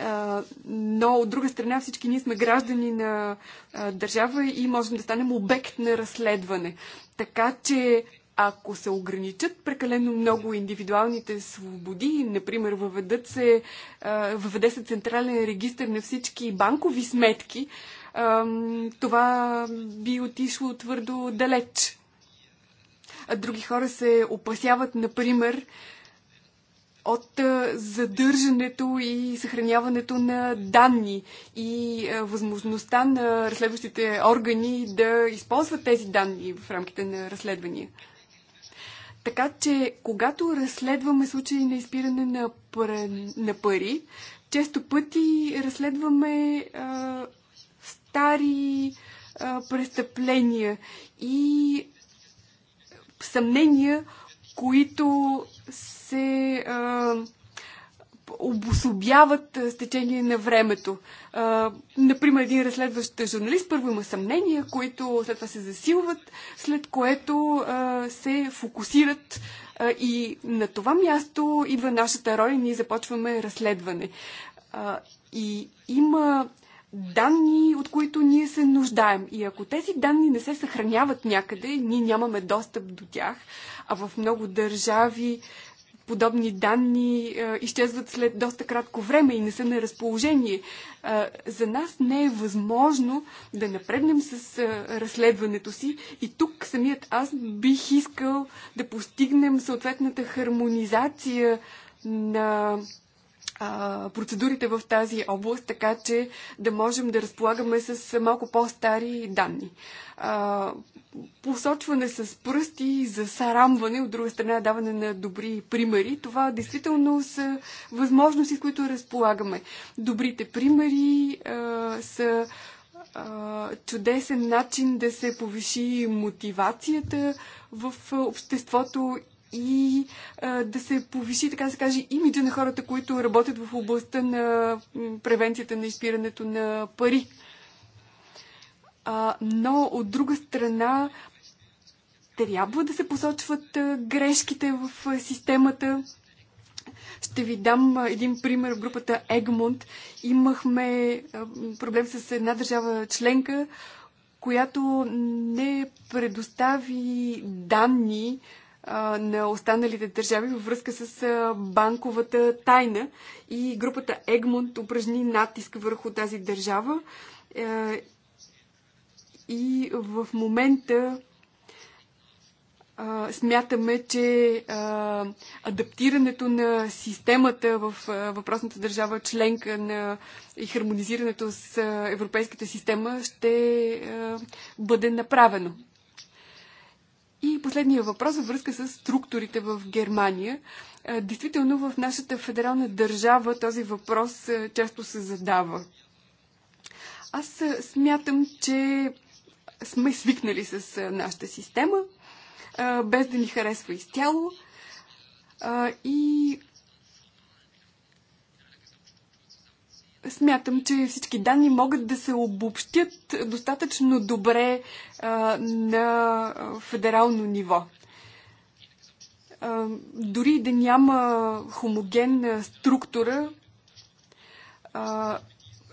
А, но от друга страна всички ние сме граждани на а, държава и можем да станем обект на разследване. Така че ако се ограничат прекалено много индивидуалните свободи, например, въведат се, въведе се централен регистр на всички банкови сметки, това би отишло твърдо далеч. А други хора се опасяват, например, от задържането и съхраняването на данни и възможността на разследващите органи да използват тези данни в рамките на разследвания. Така че, когато разследваме случаи на изпиране на, пар... на пари, често пъти разследваме а, стари а, престъпления и съмнения, които се а, обособяват с течение на времето. А, например, един разследващ журналист първо има съмнения, които след това се засилват, след което а, се фокусират а, и на това място идва нашата роля и ние започваме разследване. А, и има данни, от които ние се нуждаем. И ако тези данни не се съхраняват някъде, ние нямаме достъп до тях, а в много държави подобни данни изчезват след доста кратко време и не са на разположение. За нас не е възможно да напреднем с разследването си и тук самият аз бих искал да постигнем съответната хармонизация на а, процедурите в тази област, така че да можем да разполагаме с малко по-стари данни. А, посочване с пръсти, сарамване, от друга страна даване на добри примери, това действително са възможности, с които разполагаме. Добрите примери а, са чудесен начин да се повиши мотивацията в обществото и а, да се повиши, така да се каже, имиджа на хората, които работят в областта на превенцията на изпирането на пари. А, но от друга страна, трябва да се посочват грешките в системата. Ще ви дам един пример. В групата Егмонт. имахме проблем с една държава членка, която не предостави данни на останалите държави във връзка с банковата тайна и групата Егмонт упражни натиск върху тази държава е, и в момента смятаме, че адаптирането на системата в въпросната държава членка на и хармонизирането с европейската система ще бъде направено. И последния въпрос във връзка с структурите в Германия. Действително в нашата федерална държава този въпрос често се задава. Аз смятам, че сме свикнали с нашата система, без да ни харесва изцяло. И Смятам, че всички данни могат да се обобщят достатъчно добре а, на федерално ниво. А, дори да няма хомогенна структура, а,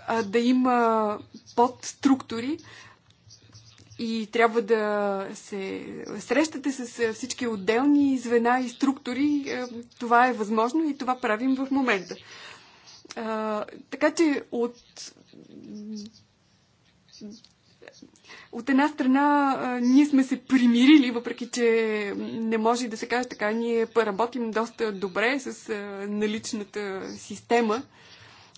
а да има подструктури, и трябва да се срещате с всички отделни звена и структури. Това е възможно и това правим в момента така че от от една страна а, ние сме се примирили, въпреки че не може да се каже така, ние работим доста добре с а, наличната система,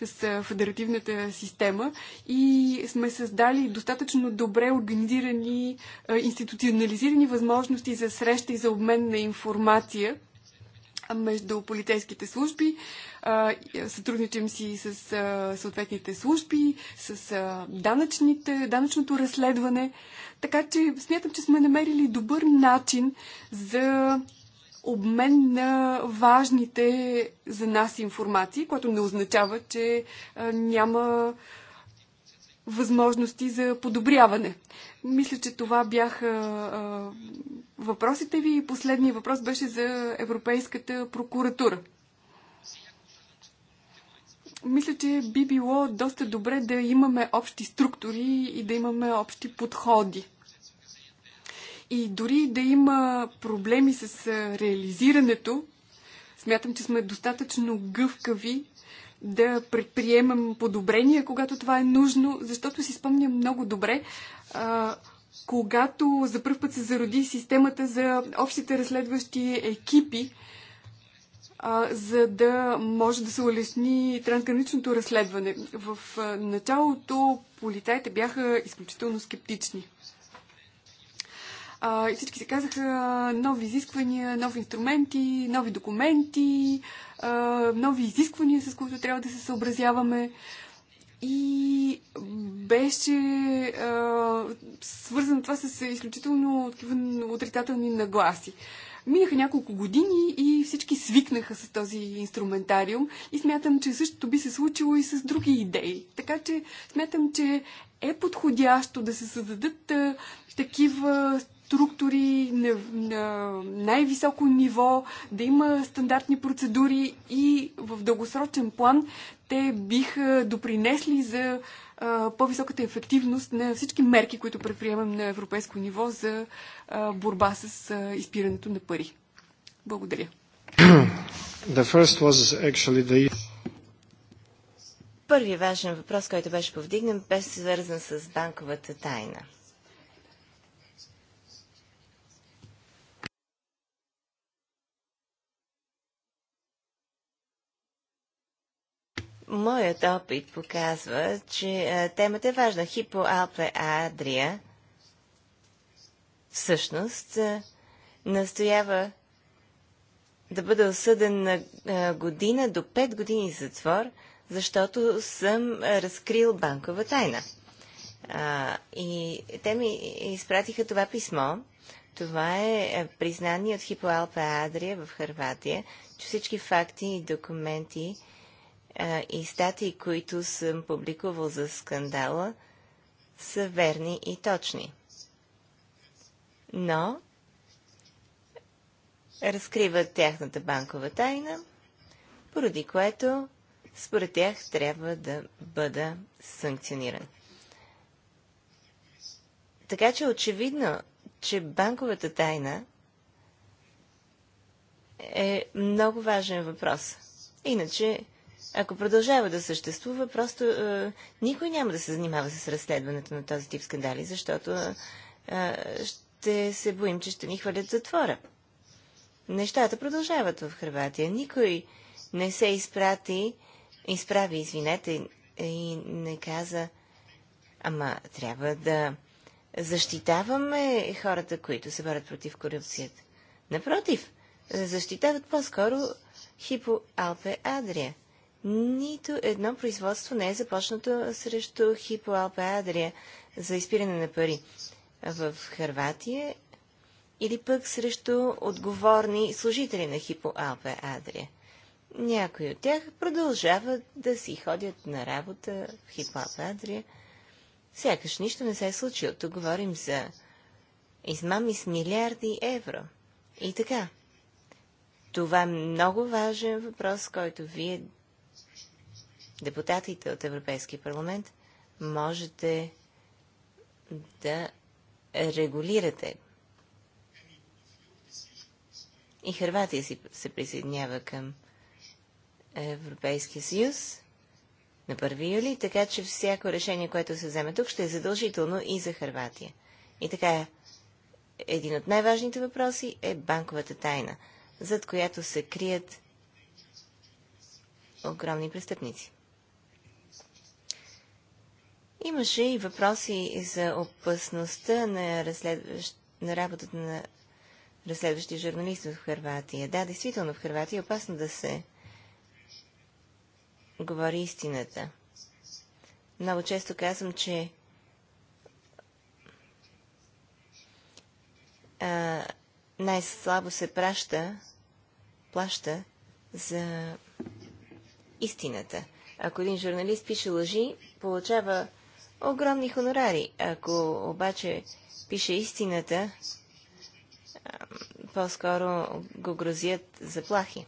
с а, федеративната система и сме създали достатъчно добре организирани, а, институционализирани възможности за среща и за обмен на информация между полицейските служби. Сътрудничим си с съответните служби, с данъчните, данъчното разследване. Така че смятам, че сме намерили добър начин за обмен на важните за нас информации, което не означава, че няма възможности за подобряване. Мисля, че това бяха а, въпросите ви и последният въпрос беше за Европейската прокуратура. Мисля, че би било доста добре да имаме общи структури и да имаме общи подходи. И дори да има проблеми с реализирането, смятам, че сме достатъчно гъвкави да предприемам подобрения, когато това е нужно, защото си спомням много добре, а, когато за първ път се зароди системата за общите разследващи екипи, а, за да може да се улесни трансграничното разследване. В началото полицаите бяха изключително скептични. А, и всички се казаха нови изисквания, нови инструменти, нови документи, а, нови изисквания, с които трябва да се съобразяваме. И беше а, свързано това с изключително отрицателни нагласи. Минаха няколко години и всички свикнаха с този инструментариум и смятам, че същото би се случило и с други идеи. Така че смятам, че е подходящо да се създадат а, такива структури на, на най-високо ниво, да има стандартни процедури и в дългосрочен план те биха допринесли за по-високата ефективност на всички мерки, които предприемам на европейско ниво за борба с изпирането на пари. Благодаря. The first was actually the... Първият важен въпрос, който беше повдигнен, беше свързан с банковата тайна. Моят опит показва, че е, темата е важна. Хипо Алпе Адрия всъщност е, настоява да бъде осъден на е, година до 5 години затвор, защото съм разкрил банкова тайна. и те ми изпратиха това писмо. Това е признание от Хипоалпа Адрия в Харватия, че всички факти и документи, и статии, които съм публикувал за скандала, са верни и точни. Но разкриват тяхната банкова тайна, поради което според тях трябва да бъда санкциониран. Така че е очевидно, че банковата тайна е много важен въпрос. Иначе ако продължава да съществува, просто е, никой няма да се занимава с разследването на този тип скандали, защото е, е ще се боим, че ще ни хвалят затвора. Нещата продължават в Хрватия. Никой не се изпрати, изправи, извинете, и не каза, ама трябва да защитаваме хората, които се борят против корупцията. Напротив, защитават по-скоро Хипо Алпе Адрия. Нито едно производство не е започнато срещу Хипоалпа Адрия за изпиране на пари в Харватия или пък срещу отговорни служители на Алпе Адрия. Някои от тях продължават да си ходят на работа в Алпе Адрия. Сякаш нищо не се е случило. Тук говорим за измами с милиарди евро. И така. Това е много важен въпрос, който вие депутатите от Европейския парламент, можете да регулирате. И Харватия си се присъединява към Европейския съюз на 1 юли, така че всяко решение, което се вземе тук, ще е задължително и за Харватия. И така, един от най-важните въпроси е банковата тайна, зад която се крият огромни престъпници. Имаше и въпроси за опасността на, разследващ... на работата на разследващи журналисти в Харватия. Да, действително в Харватия е опасно да се говори истината. Много често казвам, че най-слабо се праща, плаща за истината. Ако един журналист пише лъжи, получава огромни хонорари. Ако обаче пише истината, по-скоро го грозят заплахи.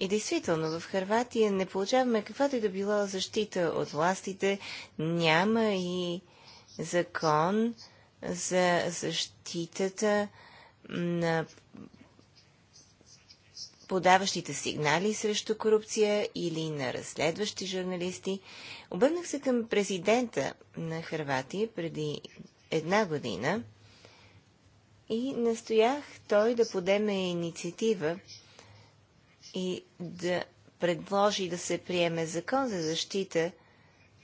И действително, в Харватия не получаваме каквато и да било защита от властите. Няма и закон за защитата на подаващите сигнали срещу корупция или на разследващи журналисти. Обърнах се към президента на Харватия преди една година и настоях той да подеме инициатива и да предложи да се приеме закон за защита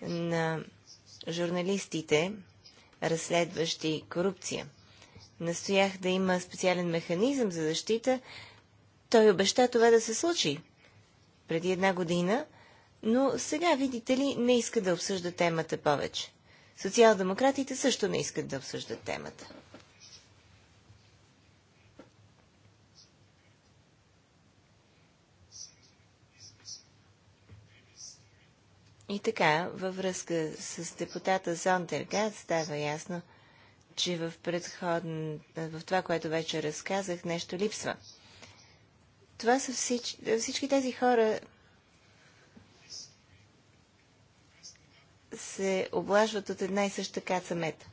на журналистите, разследващи корупция. Настоях да има специален механизъм за защита той обеща това да се случи преди една година, но сега, видите ли, не иска да обсъжда темата повече. Социал-демократите също не искат да обсъждат темата. И така, във връзка с депутата Зонтергат става ясно, че в предходно, в това, което вече разказах, нещо липсва. Това са всич... всички тези хора се облажват от една и съща каца мета.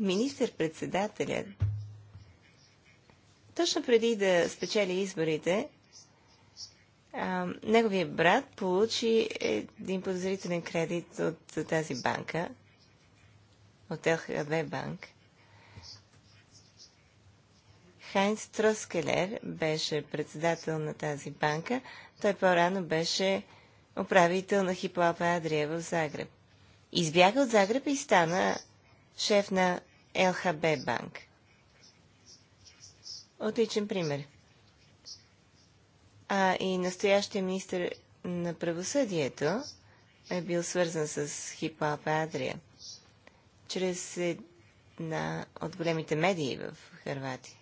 Министър-председателят точно преди да спечели изборите, а, неговия брат получи един подозрителен кредит от тази банка, от ЛХВ банк. Хайнц Троскелер беше председател на тази банка. Той по-рано беше управител на Хипоапа Адрия в Загреб. Избяга от Загреб и стана шеф на ЛХБ банк. Отличен пример. А и настоящия министр на правосъдието е бил свързан с Хипоапа Адрия чрез една от големите медии в Харватия.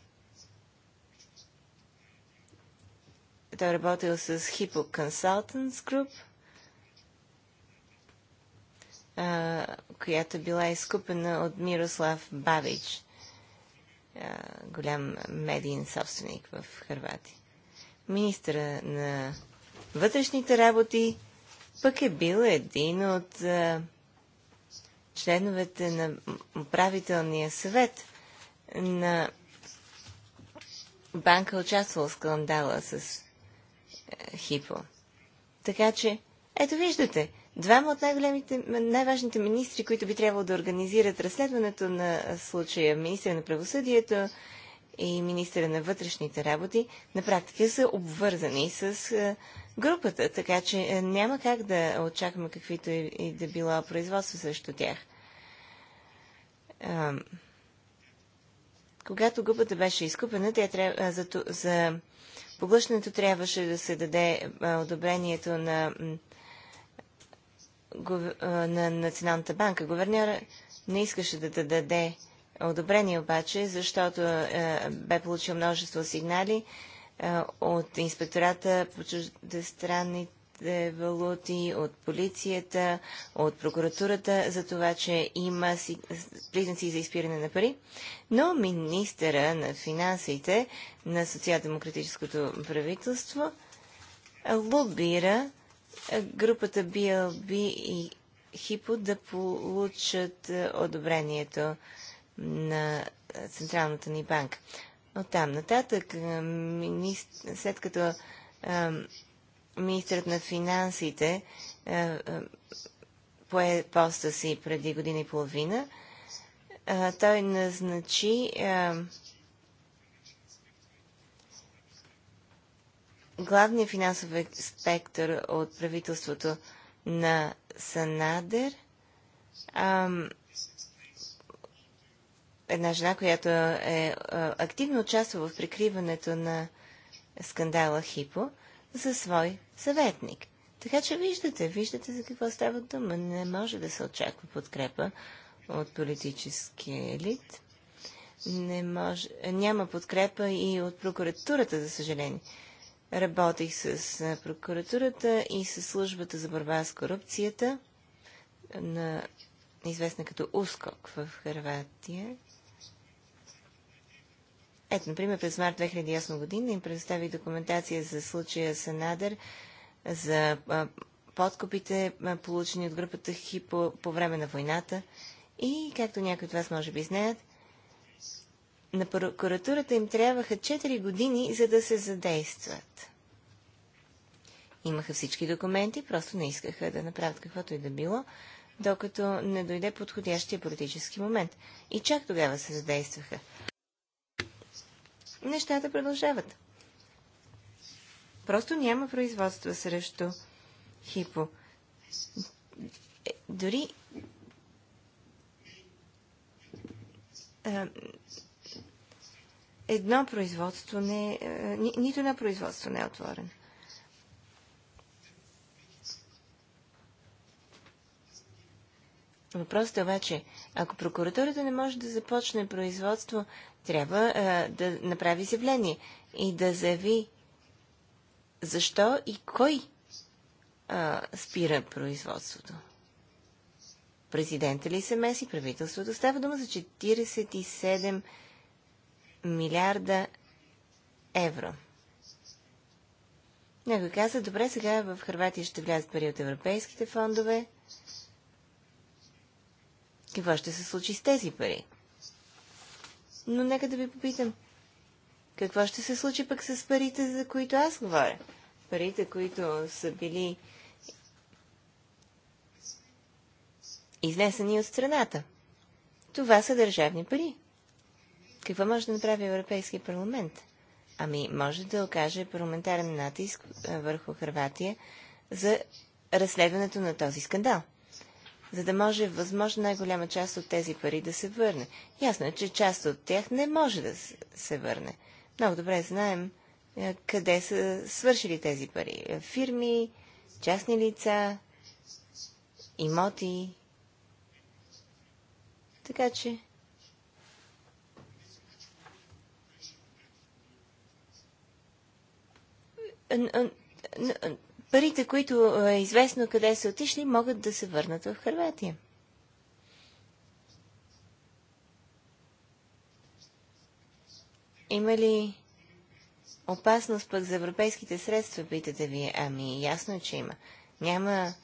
Той е работил с Hippo Consultants Group, която е била изкупена от Мирослав Бабич, голям медиен собственик в Харватия. Министра на вътрешните работи пък е бил един от членовете на управителния съвет на банка, участвал в скандала с е, Хипо. Така че, ето виждате, двама от най-големите, най-важните министри, които би трябвало да организират разследването на случая, министър на правосъдието и министър на вътрешните работи, на практика са обвързани с е, групата, така че е, няма как да очакваме каквито и да било производство срещу тях. Когато групата беше изкупена, тя трябва, за, за поглъщането трябваше да се даде одобрението на, на Националната банка. Говернера не искаше да даде одобрение обаче, защото бе получил множество сигнали от инспектората по чуждестранните валути, от полицията, от прокуратурата за това, че има признаци за изпиране на пари. Но министъра на финансите на социал-демократическото правителство лобира групата BLB и Хипо да получат одобрението на Централната ни банка. От там нататък, след като министърът на финансите е, е, пое поста си преди година и половина, е, той назначи главният финансов инспектор от правителството на Санадер, една жена, която е активно участва в прикриването на скандала Хипо за свой съветник. Така че виждате, виждате за какво става дума. Не може да се очаква подкрепа от политическия елит. Не може, няма подкрепа и от прокуратурата, за съжаление. Работих с прокуратурата и с службата за борба с корупцията, на, известна като УСКОК в Харватия. Ето, например, през март 2008 година им предостави документация за случая Санадър за подкопите, получени от групата Хипо по време на войната. И, както някои от вас може би знаят, на прокуратурата им трябваха 4 години, за да се задействат. Имаха всички документи, просто не искаха да направят каквото и да било, докато не дойде подходящия политически момент. И чак тогава се задействаха нещата продължават. Просто няма производство срещу хипо. Е, дори едно производство не е, ни, нито едно производство не е отворено. Въпросът е обаче, ако прокуратурата не може да започне производство, трябва а, да направи заявление и да заяви защо и кой а, спира производството. Президента ли се меси, правителството? Става дума за 47 милиарда евро. Някой каза, добре, сега в Харватия ще влязат пари от европейските фондове какво ще се случи с тези пари. Но нека да ви попитам, какво ще се случи пък с парите, за които аз говоря? Парите, които са били изнесени от страната. Това са държавни пари. Какво може да направи Европейския парламент? Ами, може да окаже парламентарен натиск върху Хрватия за разследването на този скандал за да може възможно най-голяма част от тези пари да се върне. Ясно е, че част от тях не може да се върне. Много добре знаем е, къде са свършили тези пари. Е, фирми, частни лица, имоти. Така че парите, които е известно къде са отишли, могат да се върнат в Харватия. Има ли опасност пък за европейските средства, питате ви? Ами, ясно е, че има. Няма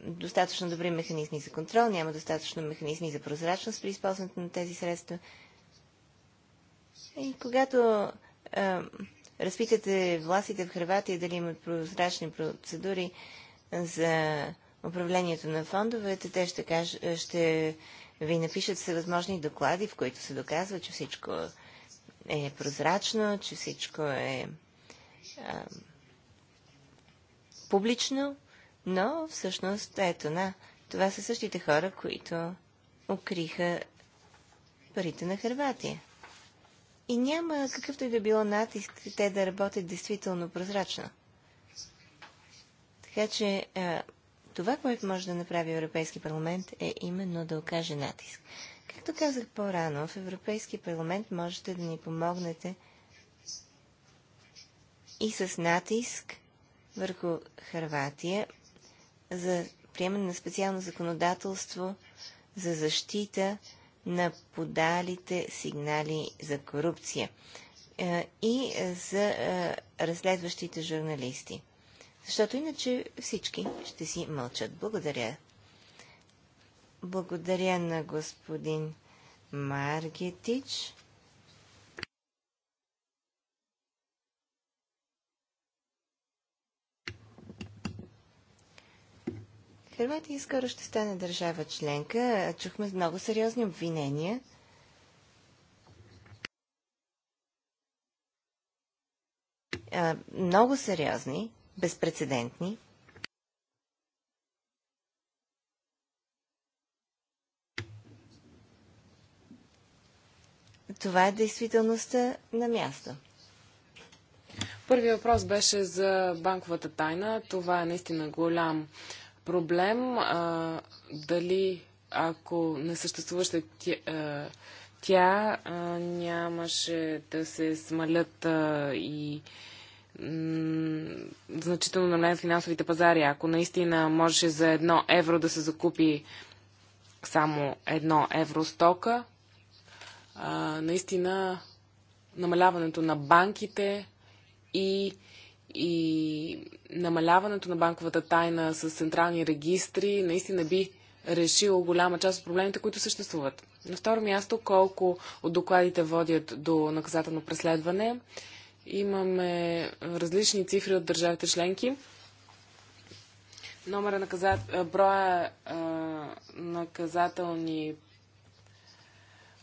достатъчно добри механизми за контрол, няма достатъчно механизми за прозрачност при използването на тези средства. И когато е, разпитате властите в Хрватия дали имат прозрачни процедури за управлението на фондовете, те ще, каж... ще ви напишат всевъзможни доклади, в които се доказва, че всичко е прозрачно, че всичко е а, публично, но всъщност ето на. Това са същите хора, които укриха парите на Хрватия. И няма какъвто и да било натиск те да работят действително прозрачно. Така че това, което може да направи Европейски парламент е именно да окаже натиск. Както казах по-рано, в Европейски парламент можете да ни помогнете и с натиск върху Харватия за приемане на специално законодателство за защита на подалите сигнали за корупция е, и за е, разследващите журналисти. Защото иначе всички ще си мълчат. Благодаря. Благодаря на господин Маргетич. Хърватия скоро ще стане държава членка. Чухме много сериозни обвинения. Много сериозни, безпредседентни. Това е действителността на място. Първият въпрос беше за банковата тайна. Това е наистина голям проблем а, дали ако не съществуваше тя, а, тя а, нямаше да се смалят а, и значително намалят финансовите пазари. Ако наистина можеше за едно евро да се закупи само едно евро стока, а, наистина намаляването на банките и и намаляването на банковата тайна с централни регистри наистина би решило голяма част от проблемите, които съществуват. На второ място, колко от докладите водят до наказателно преследване. Имаме различни цифри от държавите членки. Номера наказат... броя а, наказателни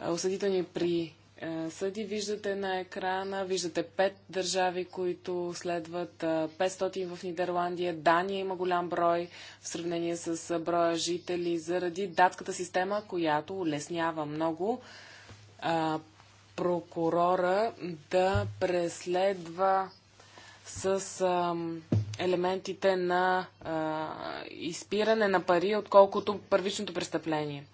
осъдителни при е, съди виждате на екрана. Виждате пет държави, които следват 500 е, в Нидерландия. Дания има голям брой в сравнение с е, броя жители заради датската система, която улеснява много прокурора да преследва с елементите на изпиране на пари, отколкото първичното престъпление.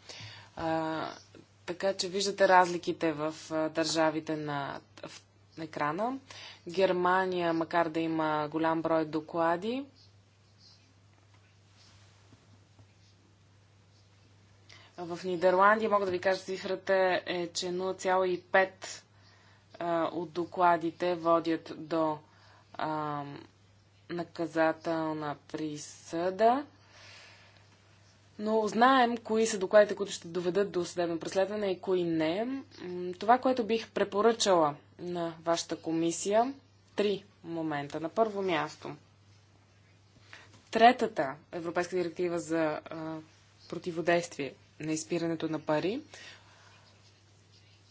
Така че виждате разликите в държавите на в екрана. Германия, макар да има голям брой доклади, В Нидерландия, мога да ви кажа цифрата, е, че 0,5 от докладите водят до а, наказателна присъда. Но знаем кои са докладите, които ще доведат до съдебно преследване и кои не. Това, което бих препоръчала на вашата комисия, три момента. На първо място, третата Европейска директива за а, противодействие на изпирането на пари.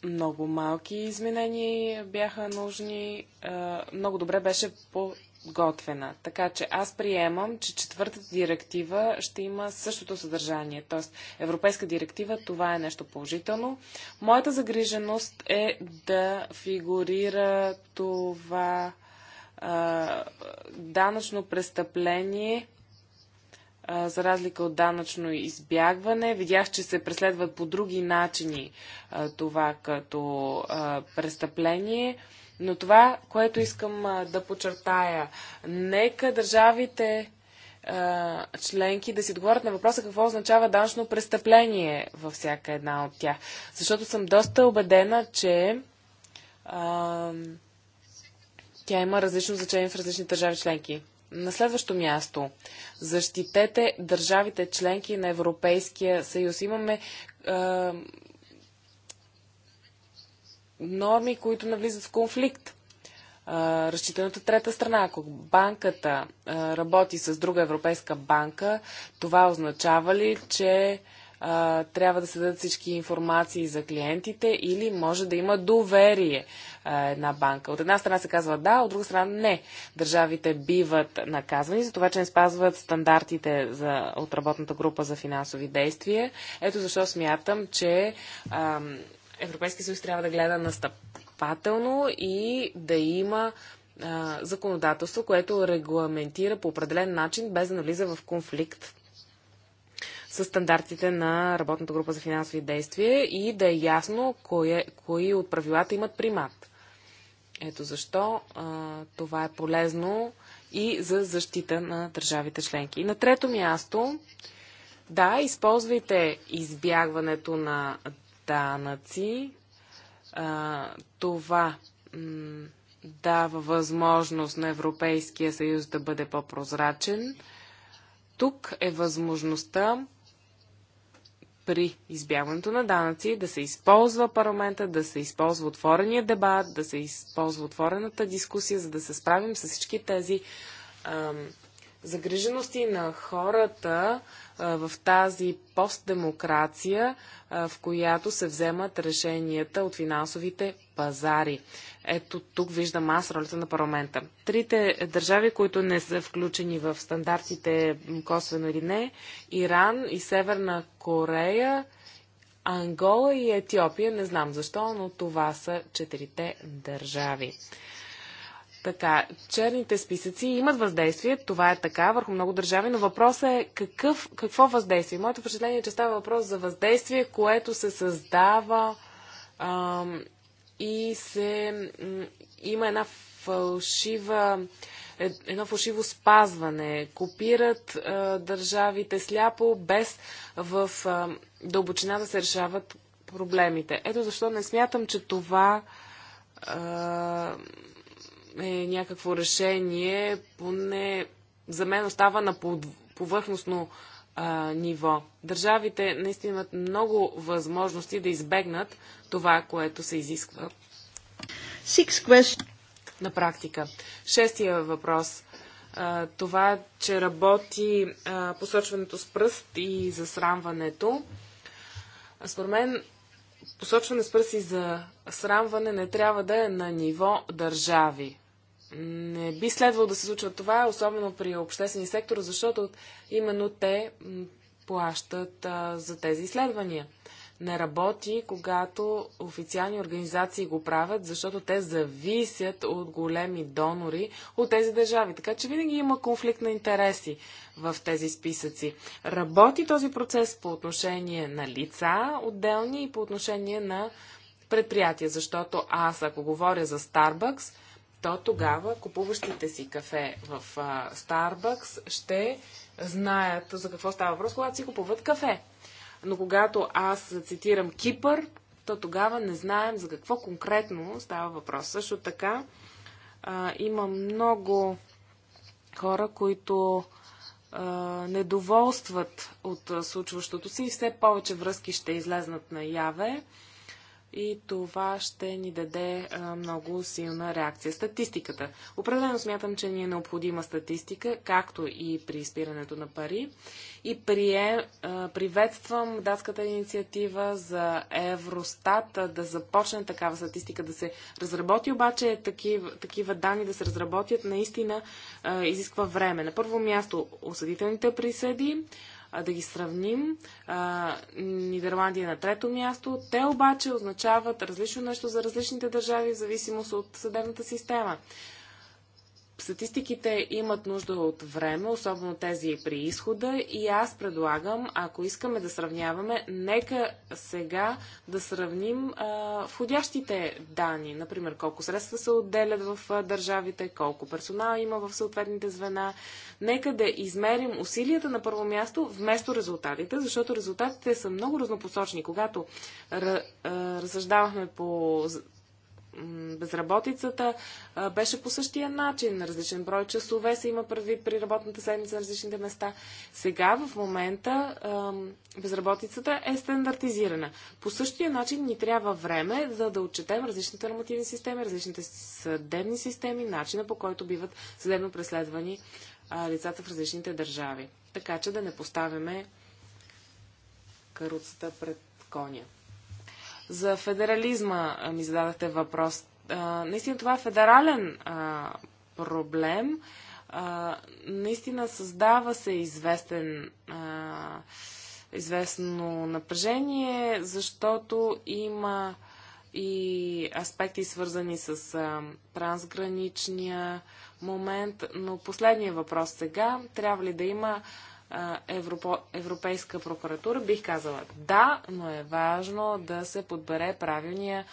Много малки изменения бяха нужни. А, много добре беше по подготвена. Така че аз приемам, че четвъртата директива ще има същото съдържание. Тоест, Европейска директива, това е нещо положително. Моята загриженост е да фигурира това а, данъчно престъпление, за разлика от данъчно избягване. Видях, че се преследват по други начини това като престъпление. Но това, което искам да подчертая, нека държавите членки да си отговорят на въпроса какво означава данъчно престъпление във всяка една от тях. Защото съм доста убедена, че а, тя има различно значение в различни държави членки. На следващо място, защитете държавите членки на Европейския съюз. Имаме норми, които навлизат в конфликт. Uh, трета страна. Ако банката работи с друга европейска банка, това означава ли, че трябва да се дадат всички информации за клиентите или може да има доверие една банка. От една страна се казва да, от друга страна не. Държавите биват наказвани за това, че не спазват стандартите за, от работната група за финансови действия. Ето защо смятам, че ам, Европейския съюз трябва да гледа настъпателно и да има а, законодателство, което регламентира по определен начин, без да навлиза в конфликт с стандартите на работната група за финансови действия и да е ясно кое, кои от правилата имат примат. Ето защо а, това е полезно и за защита на държавите членки. И на трето място, да, използвайте избягването на данъци. А, това дава възможност на Европейския съюз да бъде по-прозрачен. Тук е възможността при избягването на данъци да се използва парламента, да се използва отворения дебат, да се използва отворената дискусия, за да се справим с всички тези загрижености на хората в тази постдемокрация, в която се вземат решенията от финансовите пазари. Ето тук виждам аз ролята на парламента. Трите държави, които не са включени в стандартите, косвено или не, Иран и Северна Корея, Ангола и Етиопия, не знам защо, но това са четирите държави. Така, черните списъци имат въздействие, това е така върху много държави, но въпросът е какъв, какво въздействие. Моето впечатление е, че става въпрос за въздействие, което се създава ам, и се, м, има една фалшива, е, едно фалшиво спазване. Копират а, държавите сляпо, без в а, дълбочина да се решават проблемите. Ето защо не смятам, че това. А, е някакво решение, поне за мен остава на повърхностно а, ниво. Държавите наистина имат много възможности да избегнат това, което се изисква. На практика. Шестия въпрос. А, това, че работи а, посочването с пръст и засрамването. Според мен посочване с пръст и засрамване не трябва да е на ниво държави. Не би следвало да се случва това, особено при обществени сектор, защото именно те плащат а, за тези изследвания. Не работи, когато официални организации го правят, защото те зависят от големи донори от тези държави. Така че винаги има конфликт на интереси в тези списъци. Работи този процес по отношение на лица отделни и по отношение на предприятия, защото аз, ако говоря за Starbucks, то тогава купуващите си кафе в Старбакс Starbucks ще знаят за какво става въпрос, когато си купуват кафе. Но когато аз цитирам Кипър, то тогава не знаем за какво конкретно става въпрос. Също така а, има много хора, които а, недоволстват от случващото си и все повече връзки ще излезнат наяве. яве и това ще ни даде а, много силна реакция. Статистиката. Определено смятам, че ни е необходима статистика, както и при изпирането на пари. И прие, а, приветствам датската инициатива за Евростат да започне такава статистика да се разработи, обаче такива, такива данни да се разработят наистина а, изисква време. На първо място осъдителните присъди да ги сравним. Нидерландия е на трето място. Те обаче означават различно нещо за различните държави в зависимост от съдебната система. Статистиките имат нужда от време, особено тези при изхода и аз предлагам, ако искаме да сравняваме, нека сега да сравним а, входящите данни, например колко средства се отделят в а, държавите, колко персонал има в съответните звена. Нека да измерим усилията на първо място вместо резултатите, защото резултатите са много разнопосочни. Когато разсъждавахме по безработицата беше по същия начин. Различен брой часове се има първи при работната седмица на различните места. Сега в момента безработицата е стандартизирана. По същия начин ни трябва време, за да отчетем различните нормативни системи, различните съдебни системи, начина по който биват съдебно преследвани лицата в различните държави. Така че да не поставяме каруцата пред коня. За федерализма ми зададахте въпрос. наистина това е федерален проблем. наистина създава се известен, известно напрежение, защото има и аспекти свързани с а, трансграничния момент. Но последния въпрос сега. Трябва ли да има Европо, Европейска прокуратура, бих казала да, но е важно да се подбере правилния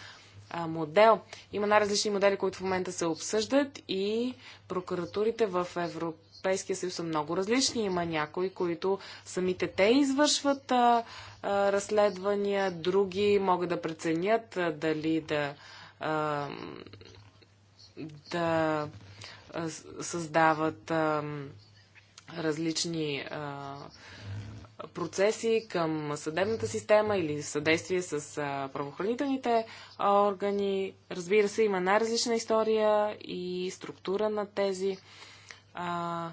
а, модел. Има най-различни модели, които в момента се обсъждат и прокуратурите в Европейския съюз са много различни. Има някои, които самите те извършват а, а, разследвания, други могат да преценят а, дали да. А, да създават. А, различни а, процеси към съдебната система или съдействие с а, правоохранителните органи. Разбира се, има най-различна история и структура на тези а,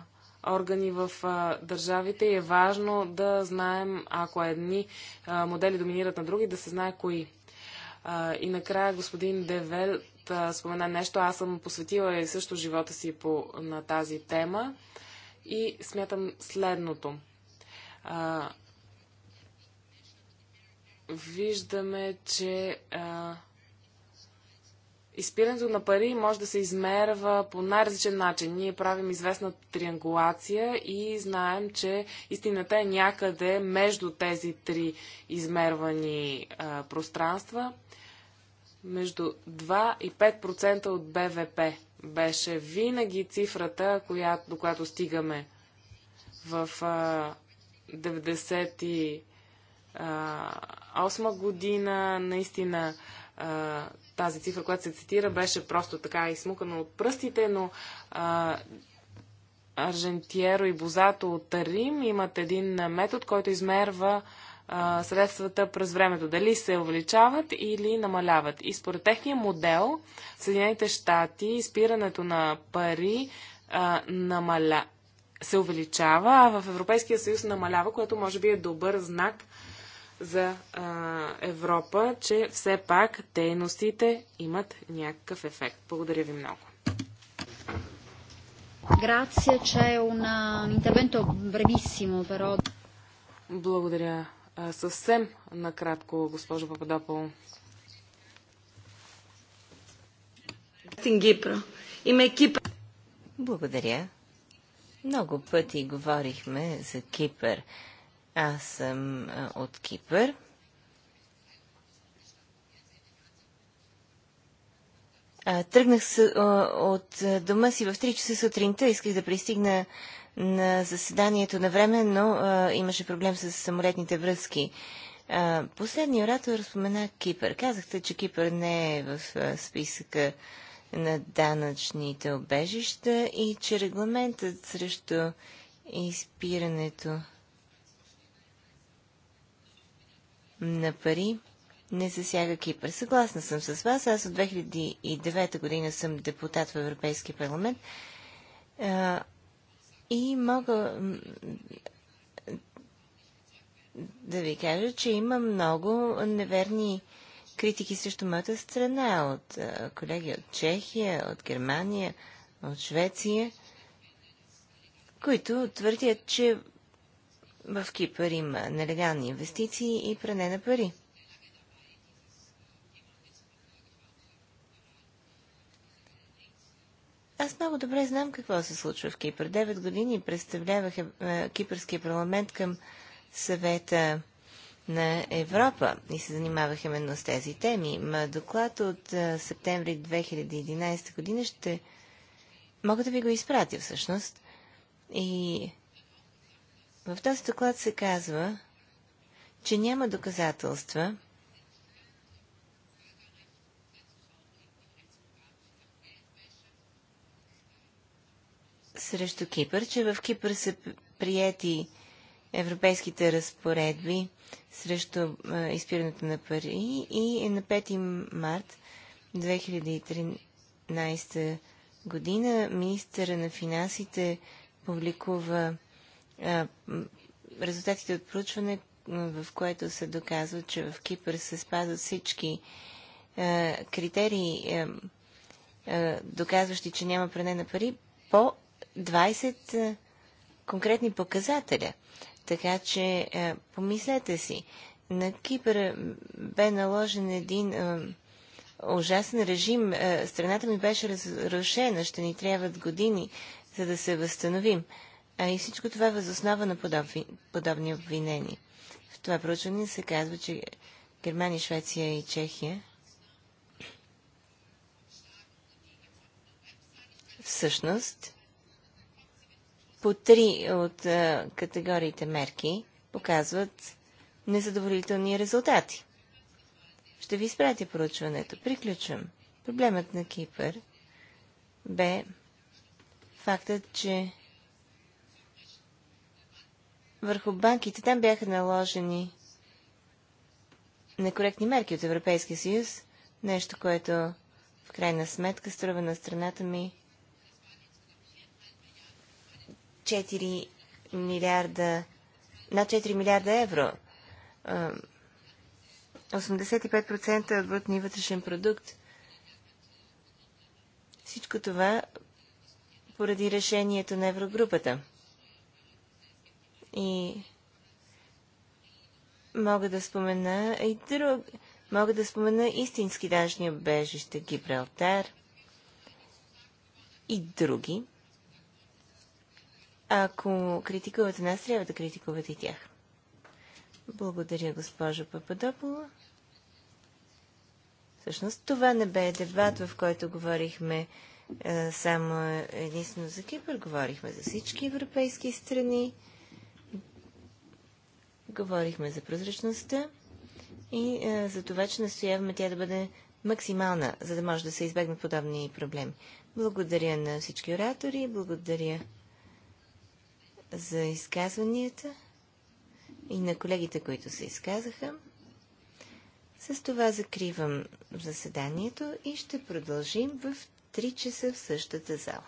органи в а, държавите и е важно да знаем, ако едни а, модели доминират на други, да се знае кои. А, и накрая господин Девелт спомена нещо, аз съм посветила и също живота си по, на тази тема и смятам следното. А, виждаме, че а, изпирането на пари може да се измерва по най-различен начин. Ние правим известна триангулация и знаем, че истината е някъде между тези три измервани а, пространства, между 2 и 5% от БВП беше винаги цифрата, която, до която стигаме в 1998 98 година. Наистина тази цифра, която се цитира, беше просто така измукана от пръстите, но Аржентиеро и Бозато от Рим имат един метод, който измерва а, средствата през времето. Дали се увеличават или намаляват. И според техния модел, Съединените щати, изпирането на пари а, намаля... се увеличава, а в Европейския съюз намалява, което може би е добър знак за а, Европа, че все пак дейностите имат някакъв ефект. Благодаря ви много. Grazie, c'è un intervento brevissimo però. Благодаря Съвсем накратко, госпожо Пападопол. Благодаря. Много пъти говорихме за Кипър. Аз съм от Кипър. тръгнах от дома си в 3 часа сутринта, исках да пристигна на заседанието на време, но а, имаше проблем с самолетните връзки. А, последният оратор спомена Кипър. Казахте, че Кипър не е в а, списъка на данъчните обежища и че регламентът срещу изпирането на пари не засяга Кипър. Съгласна съм с вас. Аз от 2009 година съм депутат в Европейския парламент. И мога да ви кажа, че има много неверни критики срещу моята страна от колеги от Чехия, от Германия, от Швеция, които твърдят, че в Кипър има нелегални инвестиции и пране на пари. Аз много добре знам какво се случва в Кипър. Девет години представлявах е, Кипърския парламент към съвета на Европа и се занимавах именно с тези теми. Ма доклад от е, септември 2011 година ще... Мога да ви го изпратя всъщност. И в този доклад се казва, че няма доказателства, срещу Кипър, че в Кипър са приети европейските разпоредби срещу изпирането на пари и е на 5 март 2013 година министъра на финансите публикува резултатите от проучване, в което се доказва, че в Кипър се спазват всички критерии, доказващи, че няма пране на пари по 20 е, конкретни показателя. Така че е, помислете си. На Кипър е, бе наложен един ужасен режим. страната ми беше разрушена. Ще ни трябват години, за да се възстановим. А и всичко това е възоснова на подобни, подобни обвинения. В това проучване се казва, че Германия, Швеция и Чехия всъщност по три от е, категориите мерки показват незадоволителни резултати. Ще ви изпратя проучването. Приключвам. Проблемът на Кипър бе фактът, че върху банките там бяха наложени некоректни мерки от Европейския съюз, нещо, което в крайна сметка струва на страната ми 4 милиарда, над 4 милиарда евро. 85% от брутния вътрешен продукт. Всичко това поради решението на Еврогрупата. И мога да спомена и друг. Мога да спомена истински дажни обежища, Гибралтар и други. Ако критикуват нас, трябва да критикуват и тях. Благодаря, госпожо Пападопола. Всъщност това не бе дебат, в който говорихме е, само единствено за Кипър, говорихме за всички европейски страни, говорихме за прозрачността и е, за това, че настояваме тя да бъде максимална, за да може да се избегнат подобни проблеми. Благодаря на всички оратори, благодаря за изказванията и на колегите, които се изказаха. С това закривам заседанието и ще продължим в 3 часа в същата зала.